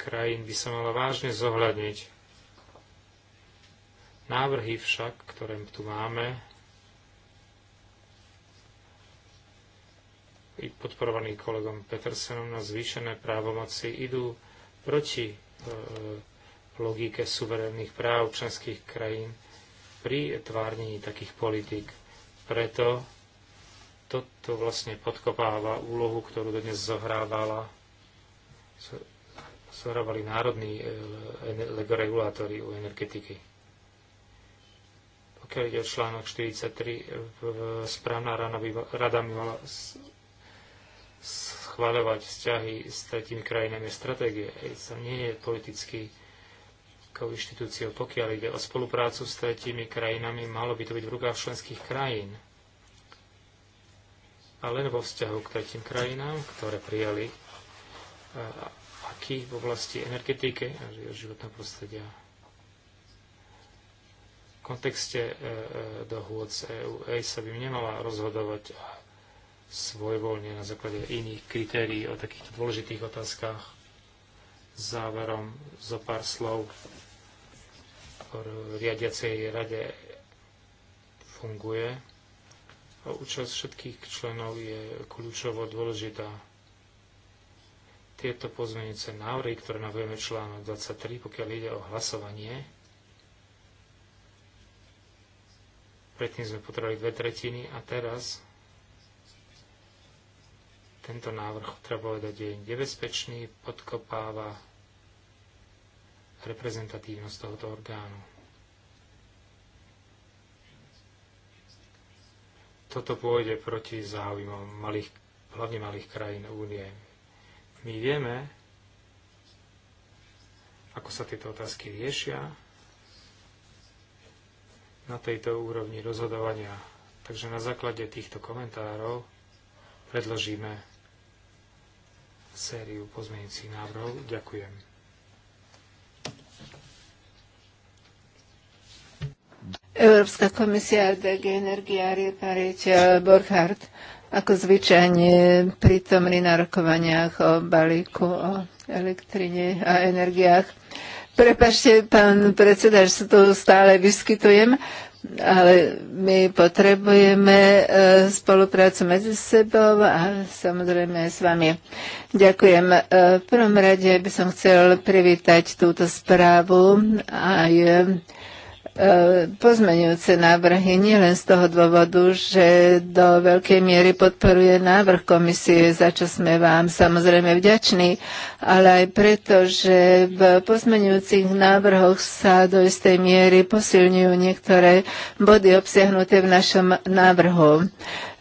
krajín by sa mala vážne zohľadniť. Návrhy však, ktoré tu máme, i podporovaný kolegom Petersenom na zvýšené právomoci idú proti e, e logike suverénnych práv členských krajín pri tvárnení takých politik. Preto toto vlastne podkopáva úlohu, ktorú dnes zohrávala zohrávali národní e, regulátory u energetiky pokiaľ ide o článok 43, e, správna rada by mala schváľovať vzťahy s tretími krajinami stratégie. to nie je politický inštitúciou. Pokiaľ ide o spoluprácu s tretími krajinami, malo by to byť v rukách členských krajín. A len vo vzťahu k tretím krajinám, ktoré prijali e, aký v oblasti energetiky a životného prostredia. V kontexte e, e, dohôd z EU e sa by nemala rozhodovať svojvoľne na základe iných kritérií o takýchto dôležitých otázkach. Záverom zo pár slov o riadiacej rade funguje. A účasť všetkých členov je kľúčovo dôležitá tieto pozmenice návrhy, ktoré navrhujeme článok 23, pokiaľ ide o hlasovanie, predtým sme potrebovali dve tretiny a teraz tento návrh, treba povedať, je nebezpečný, podkopáva reprezentatívnosť tohoto orgánu. Toto pôjde proti záujmom malých, hlavne malých krajín únie. My vieme, ako sa tieto otázky riešia, na tejto úrovni rozhodovania. Takže na základe týchto komentárov predložíme sériu pozmeňujúcich návrhov. Ďakujem. Európska komisia DG Energia riaditeľ Borchardt ako zvyčajne prítomný na rokovaniach o balíku o elektrine a energiách. Prepašte, pán predseda, že sa tu stále vyskytujem, ale my potrebujeme e, spoluprácu medzi sebou a samozrejme aj s vami. Ďakujem. E, v prvom rade by som chcel privítať túto správu aj E, pozmeňujúce návrhy nielen z toho dôvodu, že do veľkej miery podporuje návrh komisie, za čo sme vám samozrejme vďační, ale aj preto, že v pozmeňujúcich návrhoch sa do istej miery posilňujú niektoré body obsiahnuté v našom návrhu.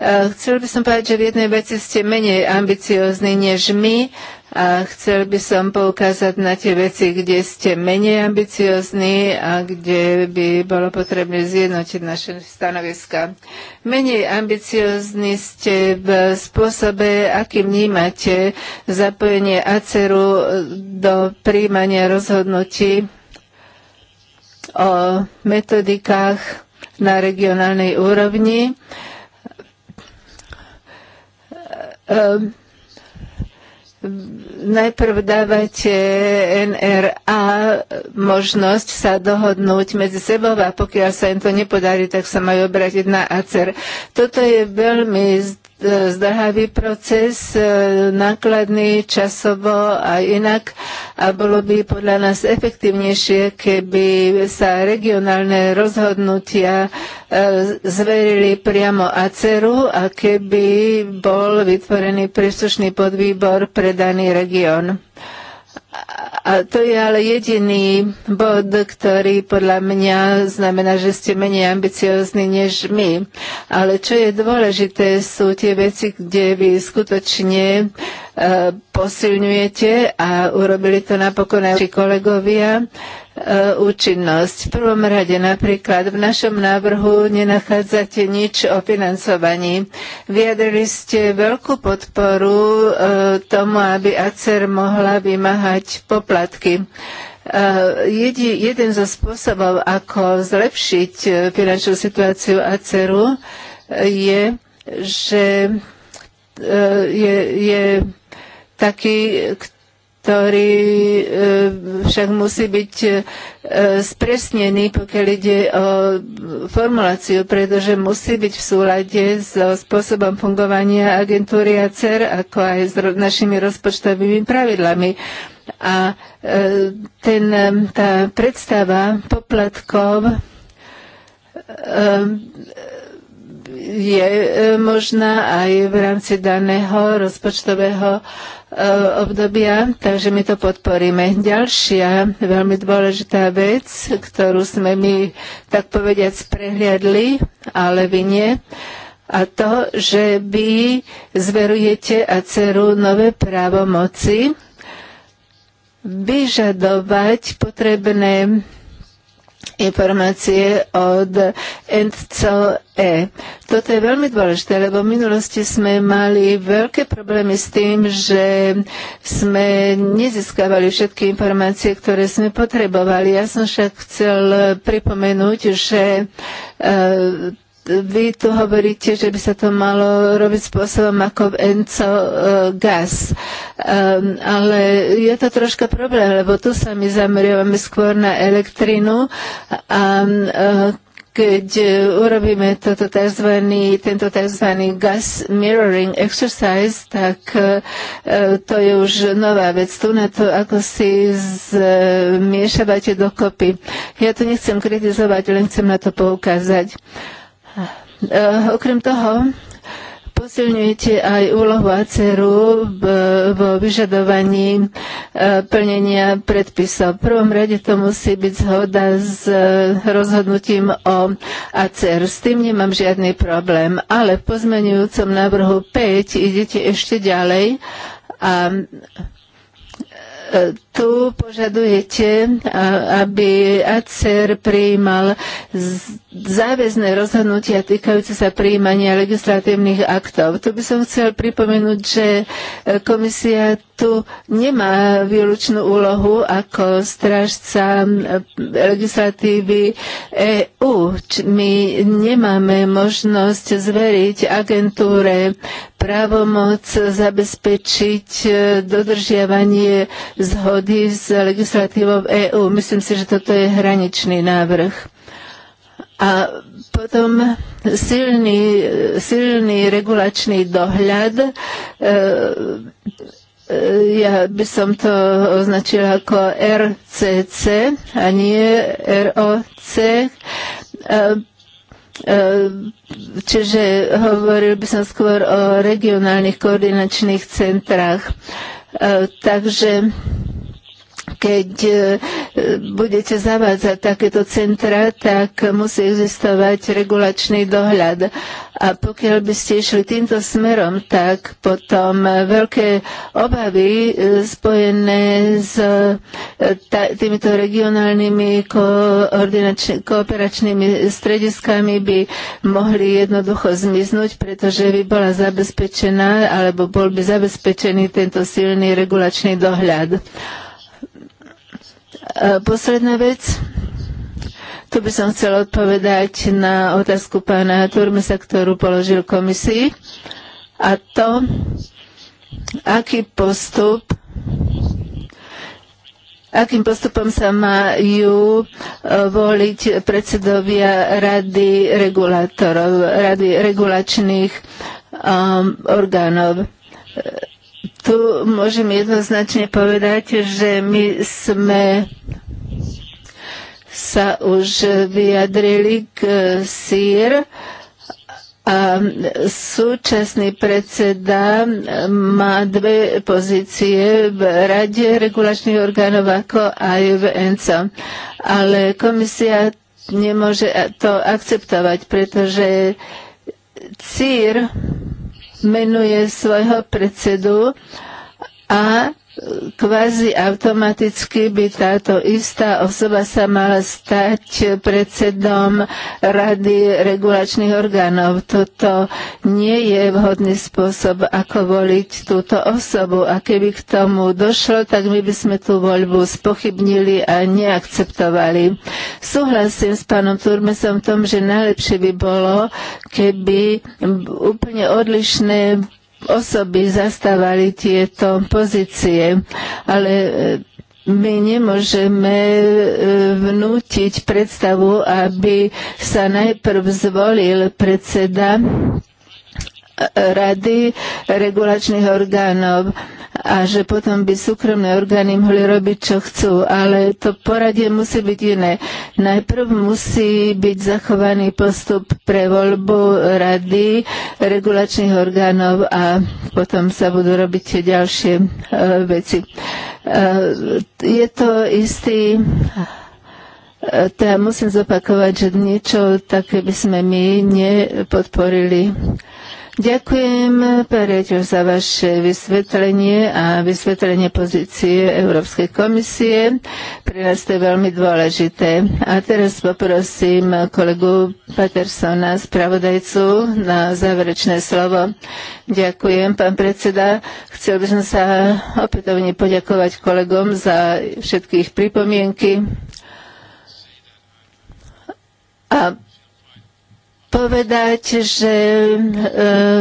E, chcel by som povedať, že v jednej veci ste menej ambiciózni než my, a chcel by som poukázať na tie veci, kde ste menej ambiciozní a kde by bolo potrebné zjednotiť naše stanoviska. Menej ambiciozní ste v spôsobe, akým vnímate zapojenie ACERu do príjmania rozhodnutí o metodikách na regionálnej úrovni. Um, najprv dávate NRA možnosť sa dohodnúť medzi sebou a pokiaľ sa im to nepodarí, tak sa majú obrátiť na ACER. Toto je veľmi zdrhavý proces, e, nákladný časovo a inak a bolo by podľa nás efektívnejšie, keby sa regionálne rozhodnutia e, zverili priamo ACERu a keby bol vytvorený príslušný podvýbor pre daný región. A to je ale jediný bod, ktorý podľa mňa znamená, že ste menej ambiciozni než my. Ale čo je dôležité, sú tie veci, kde vy skutočne e, posilňujete a urobili to napokon aj kolegovia Eh, účinnosť. V prvom rade napríklad v našom návrhu nenachádzate nič o financovaní. Vyjadrili ste veľkú podporu eh, tomu, aby ACER mohla vymáhať poplatky. Eh, jedi, jeden zo spôsobov, ako zlepšiť finančnú situáciu ACERu, je, že je, je taký, ktorý e, však musí byť e, spresnený, pokiaľ ide o formuláciu, pretože musí byť v súlade so spôsobom fungovania agentúry a CER, ako aj s našimi rozpočtovými pravidlami. A e, ten, tá predstava poplatkov je e, možná aj v rámci daného rozpočtového e, obdobia, takže my to podporíme. Ďalšia veľmi dôležitá vec, ktorú sme my, tak povediať, prehliadli, ale vy nie, a to, že vy zverujete a ceru nové právomoci vyžadovať potrebné informácie od NCE. Toto je veľmi dôležité, lebo v minulosti sme mali veľké problémy s tým, že sme nezískavali všetky informácie, ktoré sme potrebovali. Ja som však chcel pripomenúť, že e, vy tu hovoríte, že by sa to malo robiť spôsobom ako v Enco uh, Gas. Um, ale je to troška problém, lebo tu sa my zameriavame skôr na elektrinu a e, keď urobíme toto tzv. tento tzv. gas mirroring exercise, tak e, to je už nová vec. Tu na to, ako si zmiešavate dokopy. Ja to nechcem kritizovať, len chcem na to poukázať. Eh, okrem toho, posilňujete aj úlohu ACERu vo vyžadovaní eh, plnenia predpisov. V prvom rade to musí byť zhoda s eh, rozhodnutím o ACER. S tým nemám žiadny problém, ale v pozmenujúcom návrhu 5 idete ešte ďalej a tu požadujete, aby ACER prijímal záväzné rozhodnutia týkajúce sa prijímania legislatívnych aktov. Tu by som chcel pripomenúť, že e, komisia tu nemá výlučnú úlohu ako strážca e, legislatívy EU. My nemáme možnosť zveriť agentúre právomoc zabezpečiť e, dodržiavanie zhod súlady s legislatívou EÚ. Myslím si, že toto je hraničný návrh. A potom silný, silný regulačný dohľad. E, e, ja by som to označila ako RCC a nie ROC. E, čiže hovoril by som skôr o regionálnych koordinačných centrách. Takže keď e, budete zavádzať takéto centra, tak musí existovať regulačný dohľad. A pokiaľ by ste išli týmto smerom, tak potom veľké obavy e, spojené s e, týmito regionálnymi kooperačnými strediskami by mohli jednoducho zmiznúť, pretože by bola zabezpečená alebo bol by zabezpečený tento silný regulačný dohľad. E, posledná vec. Tu by som chcela odpovedať na otázku pána Turmesa, ktorú položil komisii. A to, aký postup akým postupom sa majú e, voliť predsedovia rady regulátorov, rady regulačných um, orgánov tu môžem jednoznačne povedať, že my sme sa už vyjadrili k sír a súčasný predseda má dve pozície v Rade regulačných orgánov ako aj v ENCO. Ale komisia nemôže to akceptovať, pretože CIR menuje svojho predsedu a kvázi automaticky by táto istá osoba sa mala stať predsedom Rady regulačných orgánov. Toto nie je vhodný spôsob, ako voliť túto osobu. A keby k tomu došlo, tak my by sme tú voľbu spochybnili a neakceptovali. Súhlasím s pánom Turmesom v tom, že najlepšie by bolo, keby úplne odlišné osoby zastávali tieto pozície, ale e, my nemôžeme e, vnútiť predstavu, aby sa najprv zvolil predseda rady regulačných orgánov a že potom by súkromné orgány mohli robiť, čo chcú. Ale to poradie musí byť iné. Najprv musí byť zachovaný postup pre voľbu rady regulačných orgánov a potom sa budú robiť tie ďalšie e, veci. E, je to istý e, teda musím zopakovať, že niečo také by sme my nepodporili. Ďakujem Pereťo za vaše vysvetlenie a vysvetlenie pozície Európskej komisie. Pre nás to je veľmi dôležité. A teraz poprosím kolegu Patersona, spravodajcu, na záverečné slovo. Ďakujem, pán predseda. Chcel by som sa opätovne poďakovať kolegom za všetky ich pripomienky. A povedať, že e,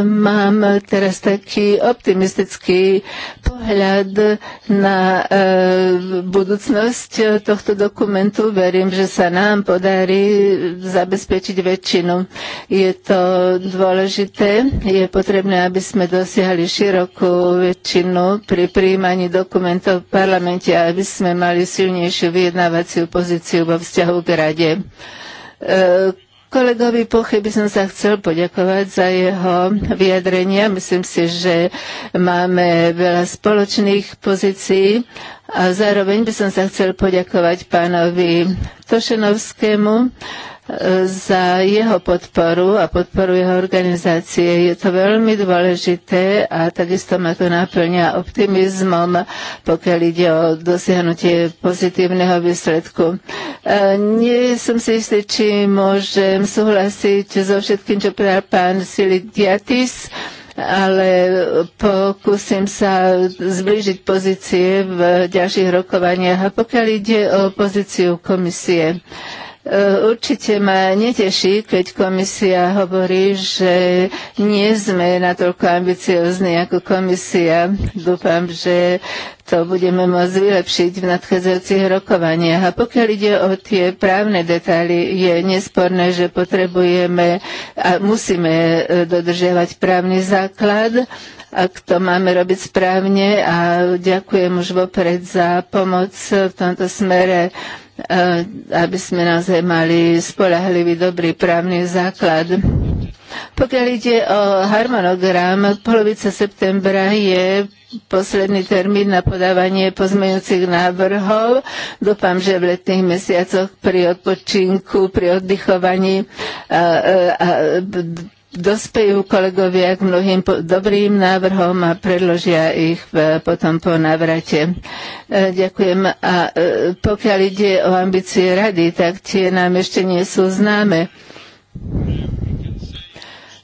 mám teraz taký optimistický pohľad na e, budúcnosť tohto dokumentu. Verím, že sa nám podarí zabezpečiť väčšinu. Je to dôležité. Je potrebné, aby sme dosiahli širokú väčšinu pri príjmaní dokumentov v parlamente aby sme mali silnejšiu vyjednávaciu pozíciu vo vzťahu k rade. E, Kolegovi Poche by som sa chcel poďakovať za jeho vyjadrenia. Myslím si, že máme veľa spoločných pozícií a zároveň by som sa chcel poďakovať pánovi Tošenovskému za jeho podporu a podporu jeho organizácie. Je to veľmi dôležité a takisto ma to naplňa optimizmom, pokiaľ ide o dosiahnutie pozitívneho výsledku. E, nie som si istý, či môžem súhlasiť so všetkým, čo povedal pán Silidiatis ale pokúsim sa zblížiť pozície v ďalších rokovaniach. A pokiaľ ide o pozíciu komisie, E, určite ma neteší, keď komisia hovorí, že nie sme natoľko ambiciozni ako komisia. Dúfam, že to budeme môcť vylepšiť v nadchádzajúcich rokovaniach. A pokiaľ ide o tie právne detaily, je nesporné, že potrebujeme a musíme e, dodržiavať právny základ, ak to máme robiť správne a ďakujem už vopred za pomoc v tomto smere. Eh, aby sme naozaj mali spolahlivý, dobrý právny základ. Pokiaľ ide o harmonogram, polovica septembra je posledný termín na podávanie pozmeňujúcich návrhov. Dúfam, že v letných mesiacoch pri odpočinku, pri oddychovaní eh, eh, a, a, a dospejú kolegovia k mnohým dobrým návrhom a predložia ich e, potom po návrate. E, ďakujem. A e, pokiaľ ide o ambície rady, tak tie nám ešte nie sú známe.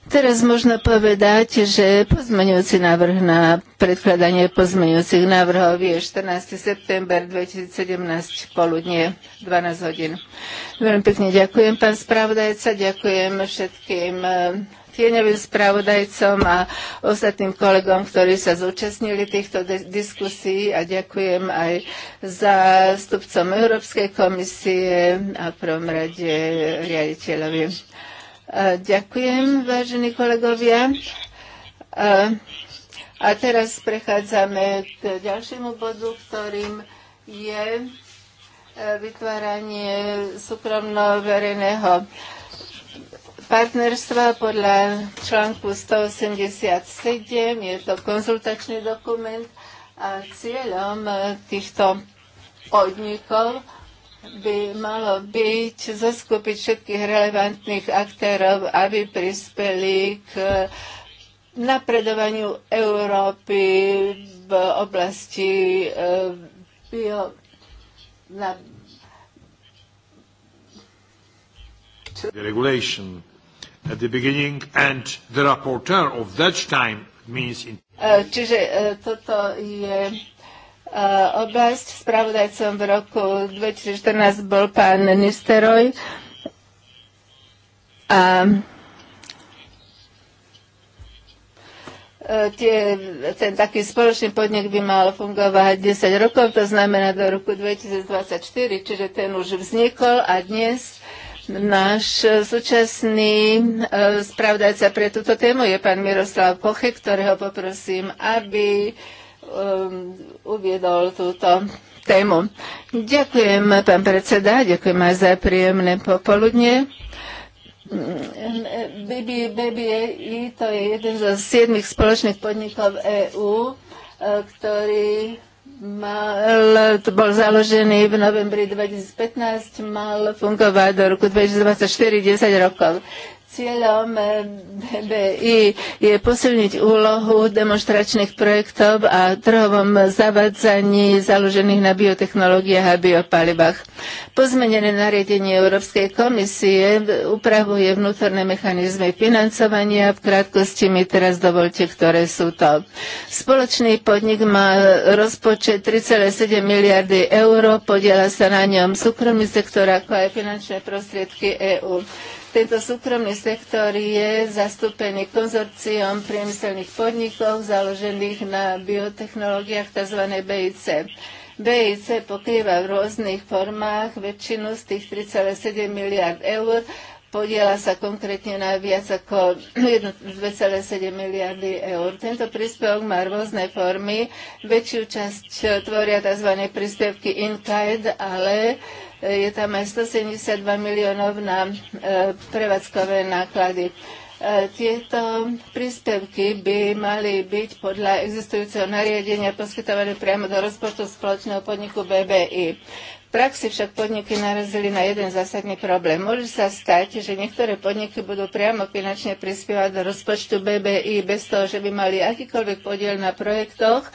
Teraz možno povedať, že pozmeňujúci návrh na predkladanie pozmeňujúcich návrhov je 14. september 2017 poludne 12 hodín. Veľmi pekne ďakujem, pán spravodajca, ďakujem všetkým tieňovým spravodajcom a ostatným kolegom, ktorí sa zúčastnili týchto diskusí a ďakujem aj zástupcom Európskej komisie a v prvom rade riaditeľovi. Ďakujem, vážení kolegovia. A teraz prechádzame k ďalšiemu bodu, ktorým je e, vytváranie súkromno-verejného partnerstva podľa článku 187. Je to konzultačný dokument a cieľom e, týchto podnikov by malo byť zoskupiť všetkých relevantných aktérov, aby prispeli k napredovaniu Európy v oblasti e, bio, na, regulation at the beginning and the rapporteur of that time means in... E, čiže e, toto je e, oblasť. Spravodajcom v roku 2014 bol pán Nisteroj. A tie, ten taký spoločný podnik by mal fungovať 10 rokov, to znamená do roku 2024, čiže ten už vznikol a dnes uh, Náš e, súčasný e, spravdajca pre túto tému je pán Miroslav Poche, ktorého poprosím, aby um, uviedol túto tému. Ďakujem, pán predseda, ďakujem aj za príjemné popoludne. BBI, BBI to je jeden zo siedmých spoločných podnikov EÚ, e, ktorý mal, to bol založený v novembri 2015, mal fungovať do roku 2024, 10 rokov. Cieľom eh, BBI je posilniť úlohu demonstračných projektov a trhovom zavadzaní založených na biotechnológiách a biopalivách. Pozmenené nariadenie Európskej komisie upravuje vnútorné mechanizmy financovania. V krátkosti mi teraz dovolte, ktoré sú to. Spoločný podnik má rozpočet 3,7 miliardy eur, podiela sa na ňom súkromný sektor, ako aj finančné prostriedky EÚ. Tento súkromný sektor je zastúpený konzorciom priemyselných podnikov založených na biotechnológiách tzv. BIC. BIC pokrýva v rôznych formách väčšinu z tých 3,7 miliard eur podiela sa konkrétne na viac ako 2,7 miliardy eur. Tento príspevok má rôzne formy. Väčšiu časť tvoria tzv. príspevky in-kind, ale eh, je tam aj 172 miliónov na eh, prevádzkové náklady. Eh, tieto príspevky by mali byť podľa existujúceho nariadenia poskytované priamo do rozpočtu spoločného podniku BBI praxi však podniky narazili na jeden zásadný problém. Môže sa stať, že niektoré podniky budú priamo finančne prispievať do rozpočtu BBI bez toho, že by mali akýkoľvek podiel na projektoch,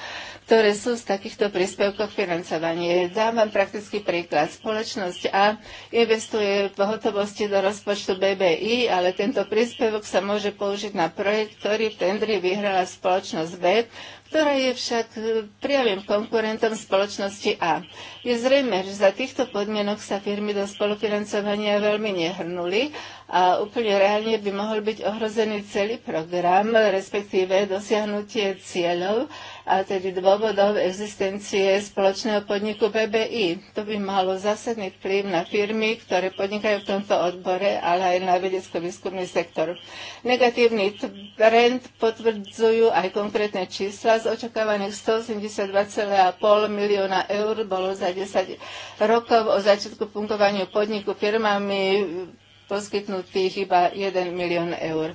ktoré sú z takýchto príspevkov financovanie. Dám vám praktický príklad. Spoločnosť A investuje v hotovosti do rozpočtu BBI, ale tento príspevok sa môže použiť na projekt, ktorý v tendri vyhrala spoločnosť B, ktorá je však e, priamým konkurentom spoločnosti A. Je zrejme, že za týchto podmienok sa firmy do spolufinancovania veľmi nehrnuli a úplne reálne by mohol byť ohrozený celý program, respektíve dosiahnutie cieľov, a tedy dôvodov existencie spoločného podniku BBI. To by malo zásadný vplyv na firmy, ktoré podnikajú v tomto odbore, ale aj na vedecko-výskumný sektor. Negatívny trend potvrdzujú aj konkrétne čísla. Z očakávaných 182,5 milióna eur bolo za 10 rokov o začiatku fungovania podniku firmami poskytnutých iba 1 milión eur.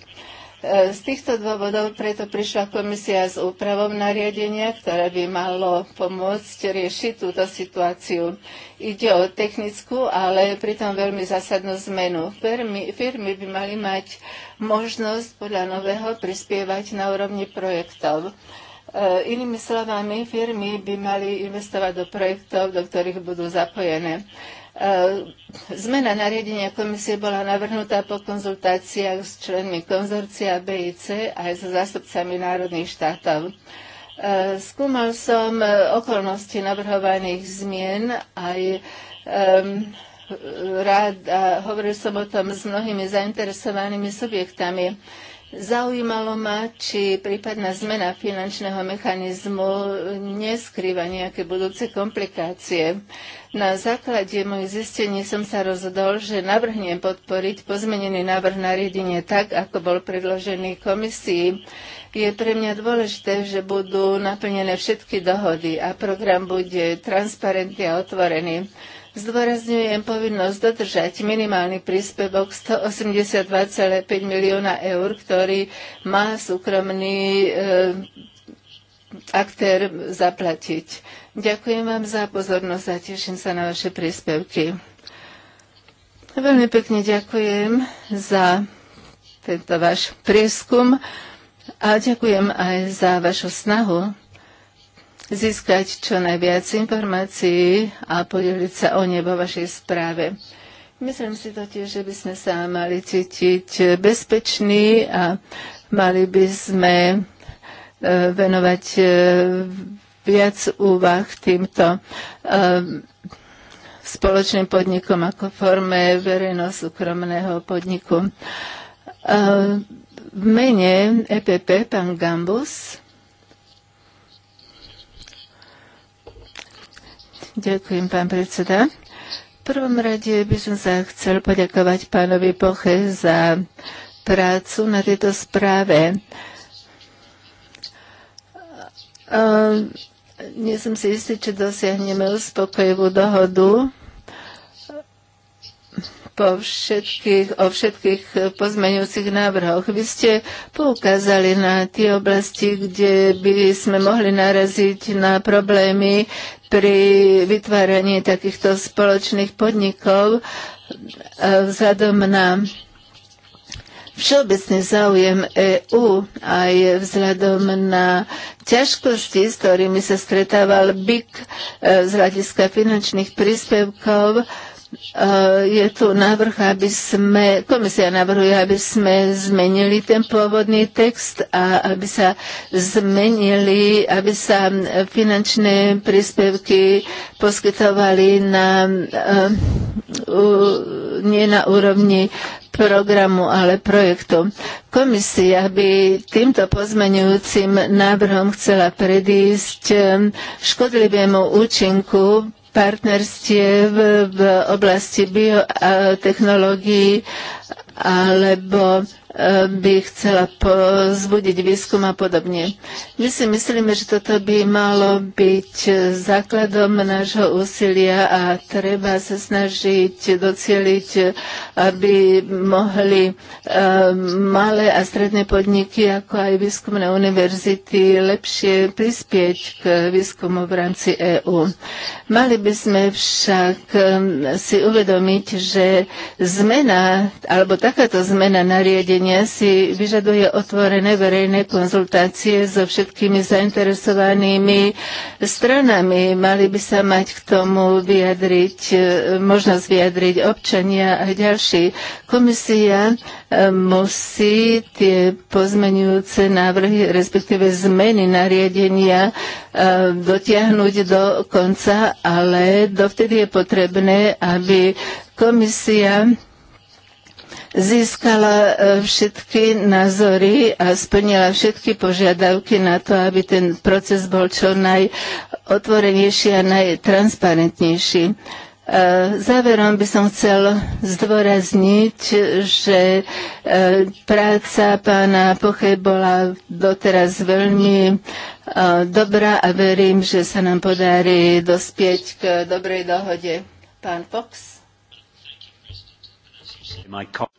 E, z týchto dôvodov preto prišla komisia s úpravom nariadenia, ktoré by malo pomôcť riešiť túto situáciu. Ide o technickú, ale pritom veľmi zásadnú zmenu. Firmy, firmy by mali mať možnosť podľa nového prispievať na úrovni projektov. E, inými slovami, firmy by mali investovať do projektov, do ktorých budú zapojené. E, zmena nariadenia komisie bola navrhnutá po konzultáciách s členmi konzorcia BIC aj so zástupcami národných štátov. E, skúmal som e, okolnosti navrhovaných zmien aj um, rád a hovoril som o tom s mnohými zainteresovanými subjektami. Zaujímalo ma, či prípadná zmena finančného mechanizmu neskrýva nejaké budúce komplikácie. Na základe mojich zistení som sa rozhodol, že navrhnem podporiť pozmenený návrh nariadenia tak, ako bol predložený komisii. Je pre mňa dôležité, že budú naplnené všetky dohody a program bude transparentný a otvorený. Zdôrazňujem povinnosť dodržať minimálny príspevok 182,5 milióna eur, ktorý má súkromný e, aktér zaplatiť. Ďakujem vám za pozornosť a teším sa na vaše príspevky. Veľmi pekne ďakujem za tento váš prieskum a ďakujem aj za vašu snahu získať čo najviac informácií a podeliť sa o ne vo vašej správe. Myslím si totiž, že by sme sa mali cítiť bezpeční a mali by sme e, venovať e, viac úvah týmto e, spoločným podnikom ako forme verejno-súkromného podniku. V mene EPP pán Gambus. Ďakujem, pán predseda. V prvom rade by som sa chcel poďakovať pánovi Poche za prácu na tejto správe. nie som si istý, či dosiahneme uspokojivú dohodu po všetkých, o všetkých pozmeňujúcich návrhoch. Vy ste poukázali na tie oblasti, kde by sme mohli naraziť na problémy pri vytváraní takýchto spoločných podnikov vzhľadom na všeobecný záujem EÚ aj vzhľadom na ťažkosti, s ktorými sa stretával BIK e, z hľadiska finančných príspevkov Eh, je tu návrh, aby sme, komisia navrhuje, aby sme zmenili ten pôvodný text a aby sa zmenili, aby sa finančné príspevky poskytovali na, eh, nie na úrovni programu, ale projektu. Komisia by týmto pozmenujúcim návrhom chcela predísť eh, škodlivému účinku v, v oblasti biotechnológií alebo by chcela pozbudiť výskum a podobne. My si myslíme, že toto by malo byť základom nášho úsilia a treba sa snažiť docieliť, aby mohli eh, malé a stredné podniky, ako aj výskumné univerzity, lepšie prispieť k výskumu v rámci EÚ. Mali by sme však eh, si uvedomiť, že zmena, alebo takáto zmena nariadenia nariadenia si vyžaduje otvorené verejné konzultácie so všetkými zainteresovanými stranami. Mali by sa mať k tomu vyjadriť, e, možnosť vyjadriť občania a ďalší. Komisia e, musí tie pozmenujúce návrhy, respektíve zmeny nariadenia e, dotiahnuť do konca, ale dovtedy je potrebné, aby komisia získala e, všetky názory a splnila všetky požiadavky na to, aby ten proces bol čo najotvorenejší a najtransparentnejší. E, záverom by som chcel zdôrazniť, že e, práca pána Poche bola doteraz veľmi dobrá a verím, že sa nám podarí dospieť k dobrej dohode. Pán Fox.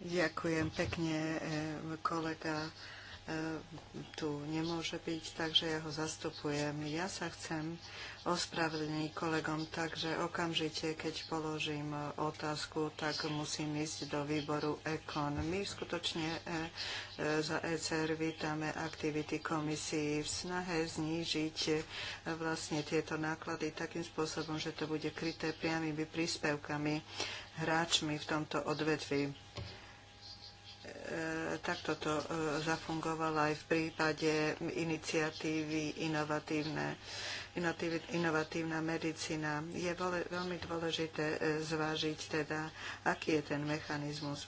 Ďakujem pekne, eh, kolega tu nemôže byť, takže ja ho zastupujem. Ja sa chcem ospravedlniť kolegom, takže okamžite, keď položím otázku, tak musím ísť do výboru EKON. My skutočne e, e, za ECR vítame aktivity komisii v snahe znížiť e, vlastne tieto náklady takým spôsobom, že to bude kryté priamými príspevkami hráčmi v tomto odvetvi E, takto to e, zafungovalo aj v prípade iniciatívy inovatívne, inovatívna medicína. Je veľmi dôležité e, zvážiť teda, aký je ten mechanizmus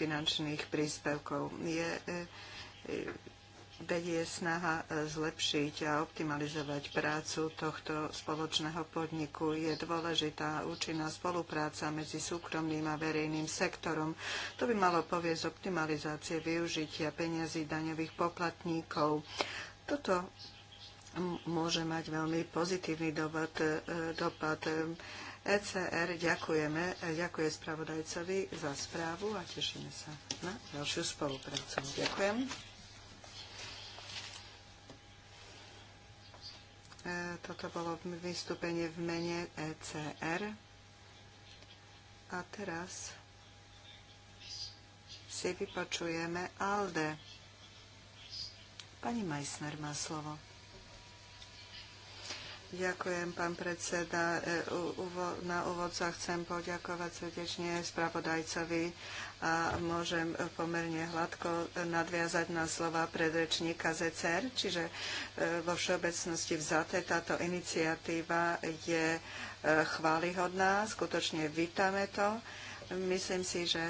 finančných príspevkov. Je kde je snaha e, zlepšiť a optimalizovať prácu tohto spoločného podniku. Je dôležitá účinná spolupráca medzi súkromným a verejným sektorom. To by malo povieť z optimalizácie využitia peňazí daňových poplatníkov. Toto môže mať veľmi pozitívny e, dopad, dopad e ECR ďakujeme, ďakuje spravodajcovi za správu a tešíme sa na ďalšiu spoluprácu. Ďakujem. E, toto bolo vystúpenie v mene ECR. A teraz si vypočujeme ALDE. Pani Meissner má slovo. Ďakujem, pán predseda. E, na úvod sa chcem poďakovať srdečne spravodajcovi a môžem pomerne hladko nadviazať na slova predrečníka ZCR, e čiže e, vo všeobecnosti vzaté táto iniciatíva je chválihodná, skutočne vítame to. Myslím si, že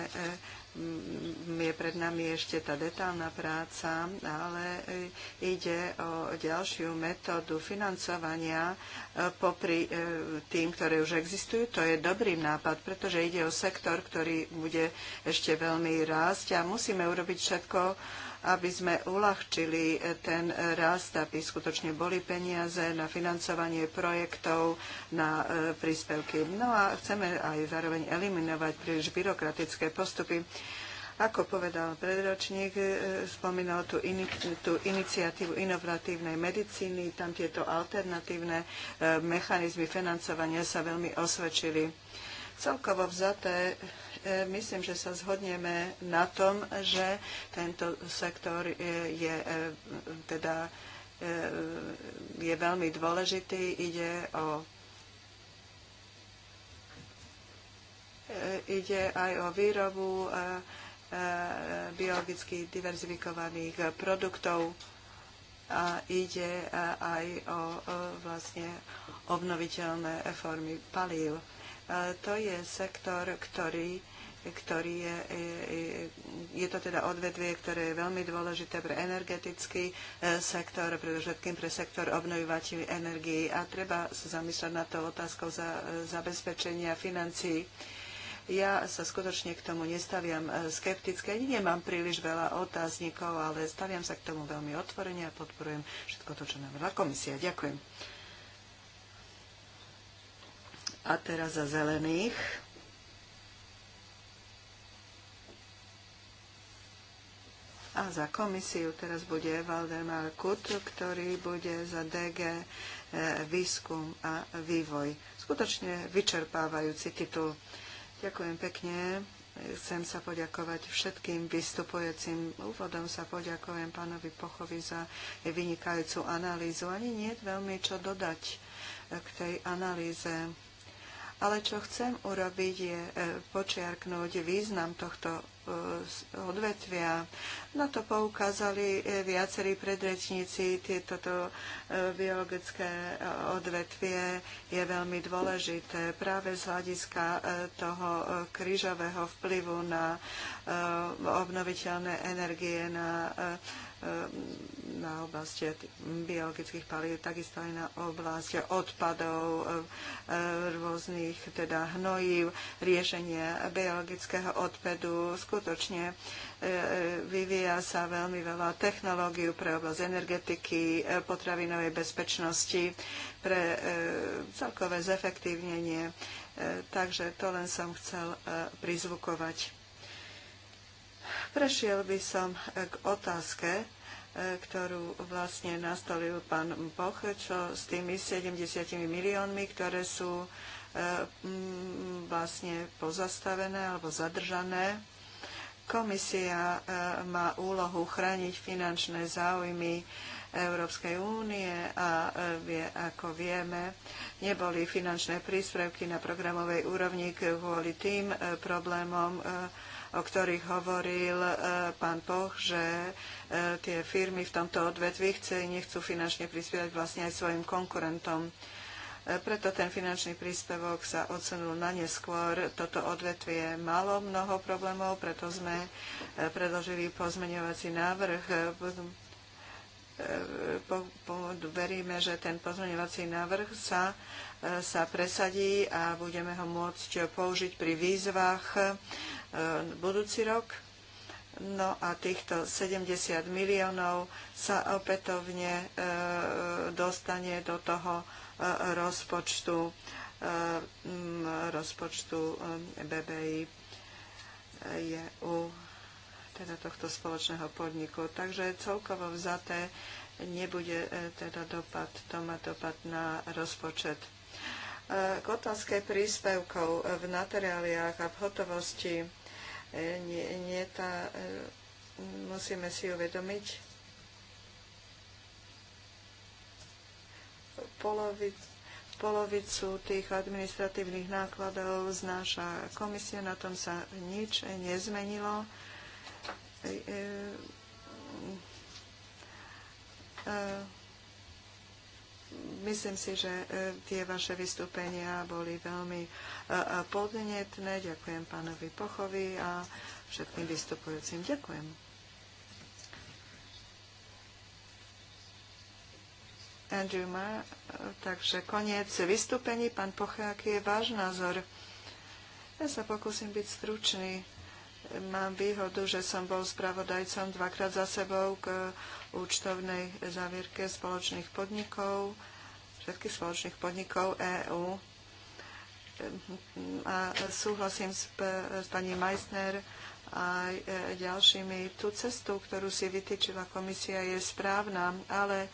je pred nami ešte tá detálna práca, ale ide o ďalšiu metódu financovania e, popri e, tým, ktoré už existujú. To je dobrý nápad, pretože ide o sektor, ktorý bude ešte veľmi rásť a musíme urobiť všetko, aby sme uľahčili e, ten e, rast, aby skutočne boli peniaze na financovanie projektov, na e, príspevky. No a chceme aj zároveň eliminovať príliš byrokratické postupy. Ako povedal predročník, spomínal tú, in, tú iniciatívu inovatívnej medicíny, tam tieto alternatívne mechanizmy financovania sa veľmi osvedčili. Celkovo vzaté E, myslím, že sa zhodneme na tom, že tento sektor e, je e, teda je veľmi dôležitý. Ide o ide aj o výrobu biologicky diverzifikovaných produktov a ide aj o vlastne obnoviteľné formy palív. To je sektor, ktorý ktorý je, e, e, je to teda odvetvie, ktoré je veľmi dôležité pre energetický e, sektor, predovšetkým pre sektor obnovovateľ energii a treba sa zamýšľať na to otázkou za, zabezpečenia financií. Ja sa skutočne k tomu nestaviam skepticky, ani nemám príliš veľa otáznikov, ale staviam sa k tomu veľmi otvorene a podporujem všetko to, čo nám komisia. Ďakujem. A teraz za zelených. A za komisiu teraz bude Valdemar Kut, ktorý bude za DG e, výskum a vývoj. Skutočne vyčerpávajúci titul. Ďakujem pekne. Chcem sa poďakovať všetkým vystupujúcim. Úvodom sa poďakujem pánovi Pochovi za vynikajúcu analýzu. Ani nie je veľmi čo dodať k tej analýze ale čo chcem urobiť je e, počiarknúť význam tohto e, odvetvia. Na to poukázali e, viacerí predrečníci. tieto biologické odvetvie je veľmi dôležité práve z hľadiska toho krížového vplyvu na obnoviteľné energie, na Ehm, na oblasti biologických palív, takisto aj na oblasti odpadov, ehm, rôznych teda hnojív, riešenie biologického odpadu. Skutočne e, e, vyvíja sa veľmi veľa technológií pre oblasť energetiky, e, potravinovej bezpečnosti, pre celkové zefektívnenie. Takže to len som chcel prizvukovať. Prešiel by som k otázke ktorú vlastne nastolil pán Boh, čo s tými 70 miliónmi, ktoré sú e, mm, vlastne pozastavené alebo zadržané. Komisia e, má úlohu chrániť finančné záujmy Európskej únie a e, vie, ako vieme, neboli finančné príspevky na programovej úrovni kvôli tým problémom, o ktorých hovoril e, pán Poch, že e, tie firmy v tomto odvetví chce, nechcú finančne prispievať vlastne aj svojim konkurentom. E, preto ten finančný príspevok sa odsunul na neskôr. Toto odvetvie malo mnoho problémov, preto sme predložili pozmeňovací návrh po, po, veríme, že ten pozmeňovací návrh sa, sa presadí a budeme ho môcť použiť pri výzvach E, budúci rok. No a týchto 70 miliónov sa opätovne e, dostane do toho e, rozpočtu, rozpočtu BBI u teda tohto spoločného podniku. Takže celkovo vzaté nebude teda dopad, to má dopad na rozpočet. K otázke príspevkov v materiáliách a v hotovosti E, nie, nie tá, e, musíme si uvedomiť, polovic, polovicu tých administratívnych nákladov znáša komisia, na tom sa nič nezmenilo. E, e, e, Myslím si, že e, tie vaše vystúpenia boli veľmi e, e, podnetné. Ďakujem pánovi Pochovi a všetkým vystupujúcim. Ďakujem. Andrew Ma, takže koniec vystúpení. Pán Pocha, aký je váš názor? Ja sa pokúsim byť stručný. Mám výhodu, že som bol spravodajcom dvakrát za sebou k účtovnej závierke spoločných podnikov, všetkých spoločných podnikov EÚ. Ehm, a súhlasím s, s pani Meissner a e, ďalšími. Tú cestu, ktorú si vytýčila komisia, je správna, ale e,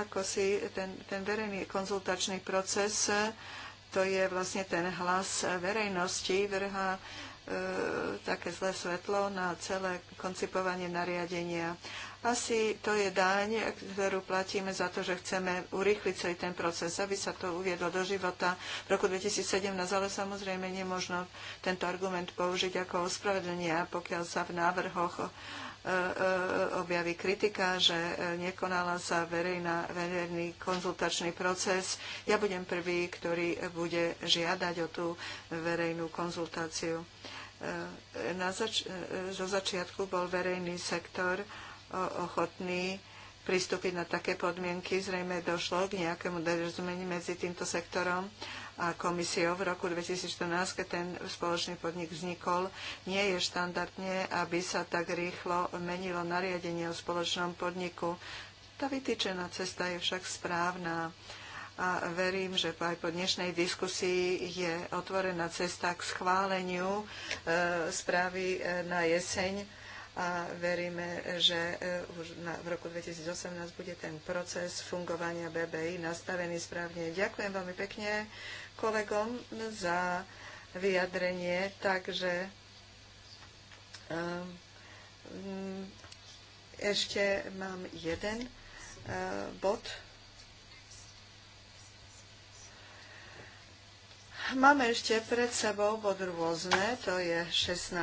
ako si ten, ten verejný konzultačný proces, e, to je vlastne ten hlas verejnosti, vrha E, také zlé svetlo na celé koncipovanie nariadenia. Asi to je daň, ktorú platíme za to, že chceme urýchliť celý ten proces, aby sa to uviedlo do života v roku 2017, ale samozrejme nemôžno tento argument použiť ako ospravedlenie, pokiaľ sa v návrhoch e, e, objaví kritika, že nekonala sa verejná, verejný konzultačný proces. Ja budem prvý, ktorý bude žiadať o tú verejnú konzultáciu. E, na zač- e, zo začiatku bol verejný sektor e, ochotný pristúpiť na také podmienky. Zrejme došlo k nejakému dorozumeniu medzi týmto sektorom a komisiou v roku 2014, keď ten spoločný podnik vznikol. Nie je štandardne, aby sa tak rýchlo menilo nariadenie o spoločnom podniku. Tá vytýčená cesta je však správna a verím, že aj po dnešnej diskusii je otvorená cesta k schváleniu e, správy e, na jeseň a veríme, že e, už v roku 2018 bude ten proces fungovania BBI nastavený správne. Ďakujem veľmi pekne kolegom za vyjadrenie, takže ešte mám jeden bod. Máme ešte pred sebou bod rôzne, to je 16.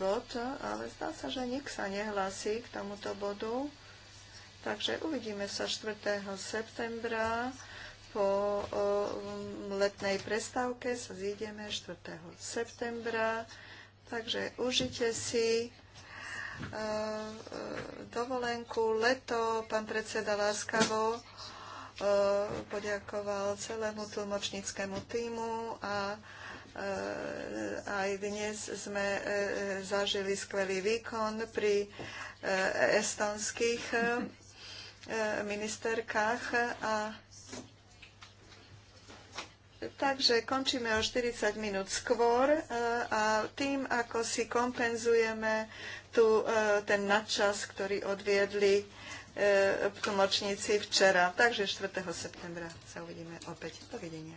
bod, ale zdá sa, že nik sa nehlási k tomuto bodu. Takže uvidíme sa 4. septembra. Po letnej prestávke sa zídeme 4. septembra. Takže užite si e, e, dovolenku, leto, pán predseda Láskavo poďakoval celému tlmočníckému týmu a e, aj dnes sme e, zažili skvelý výkon pri e, estonských ministerkách a Takže končíme o 40 minút skôr a tým, ako si kompenzujeme tu ten nadčas, ktorý odviedli E, tlmočníci včera. Takže 4. septembra sa uvidíme opäť. Dovidenia.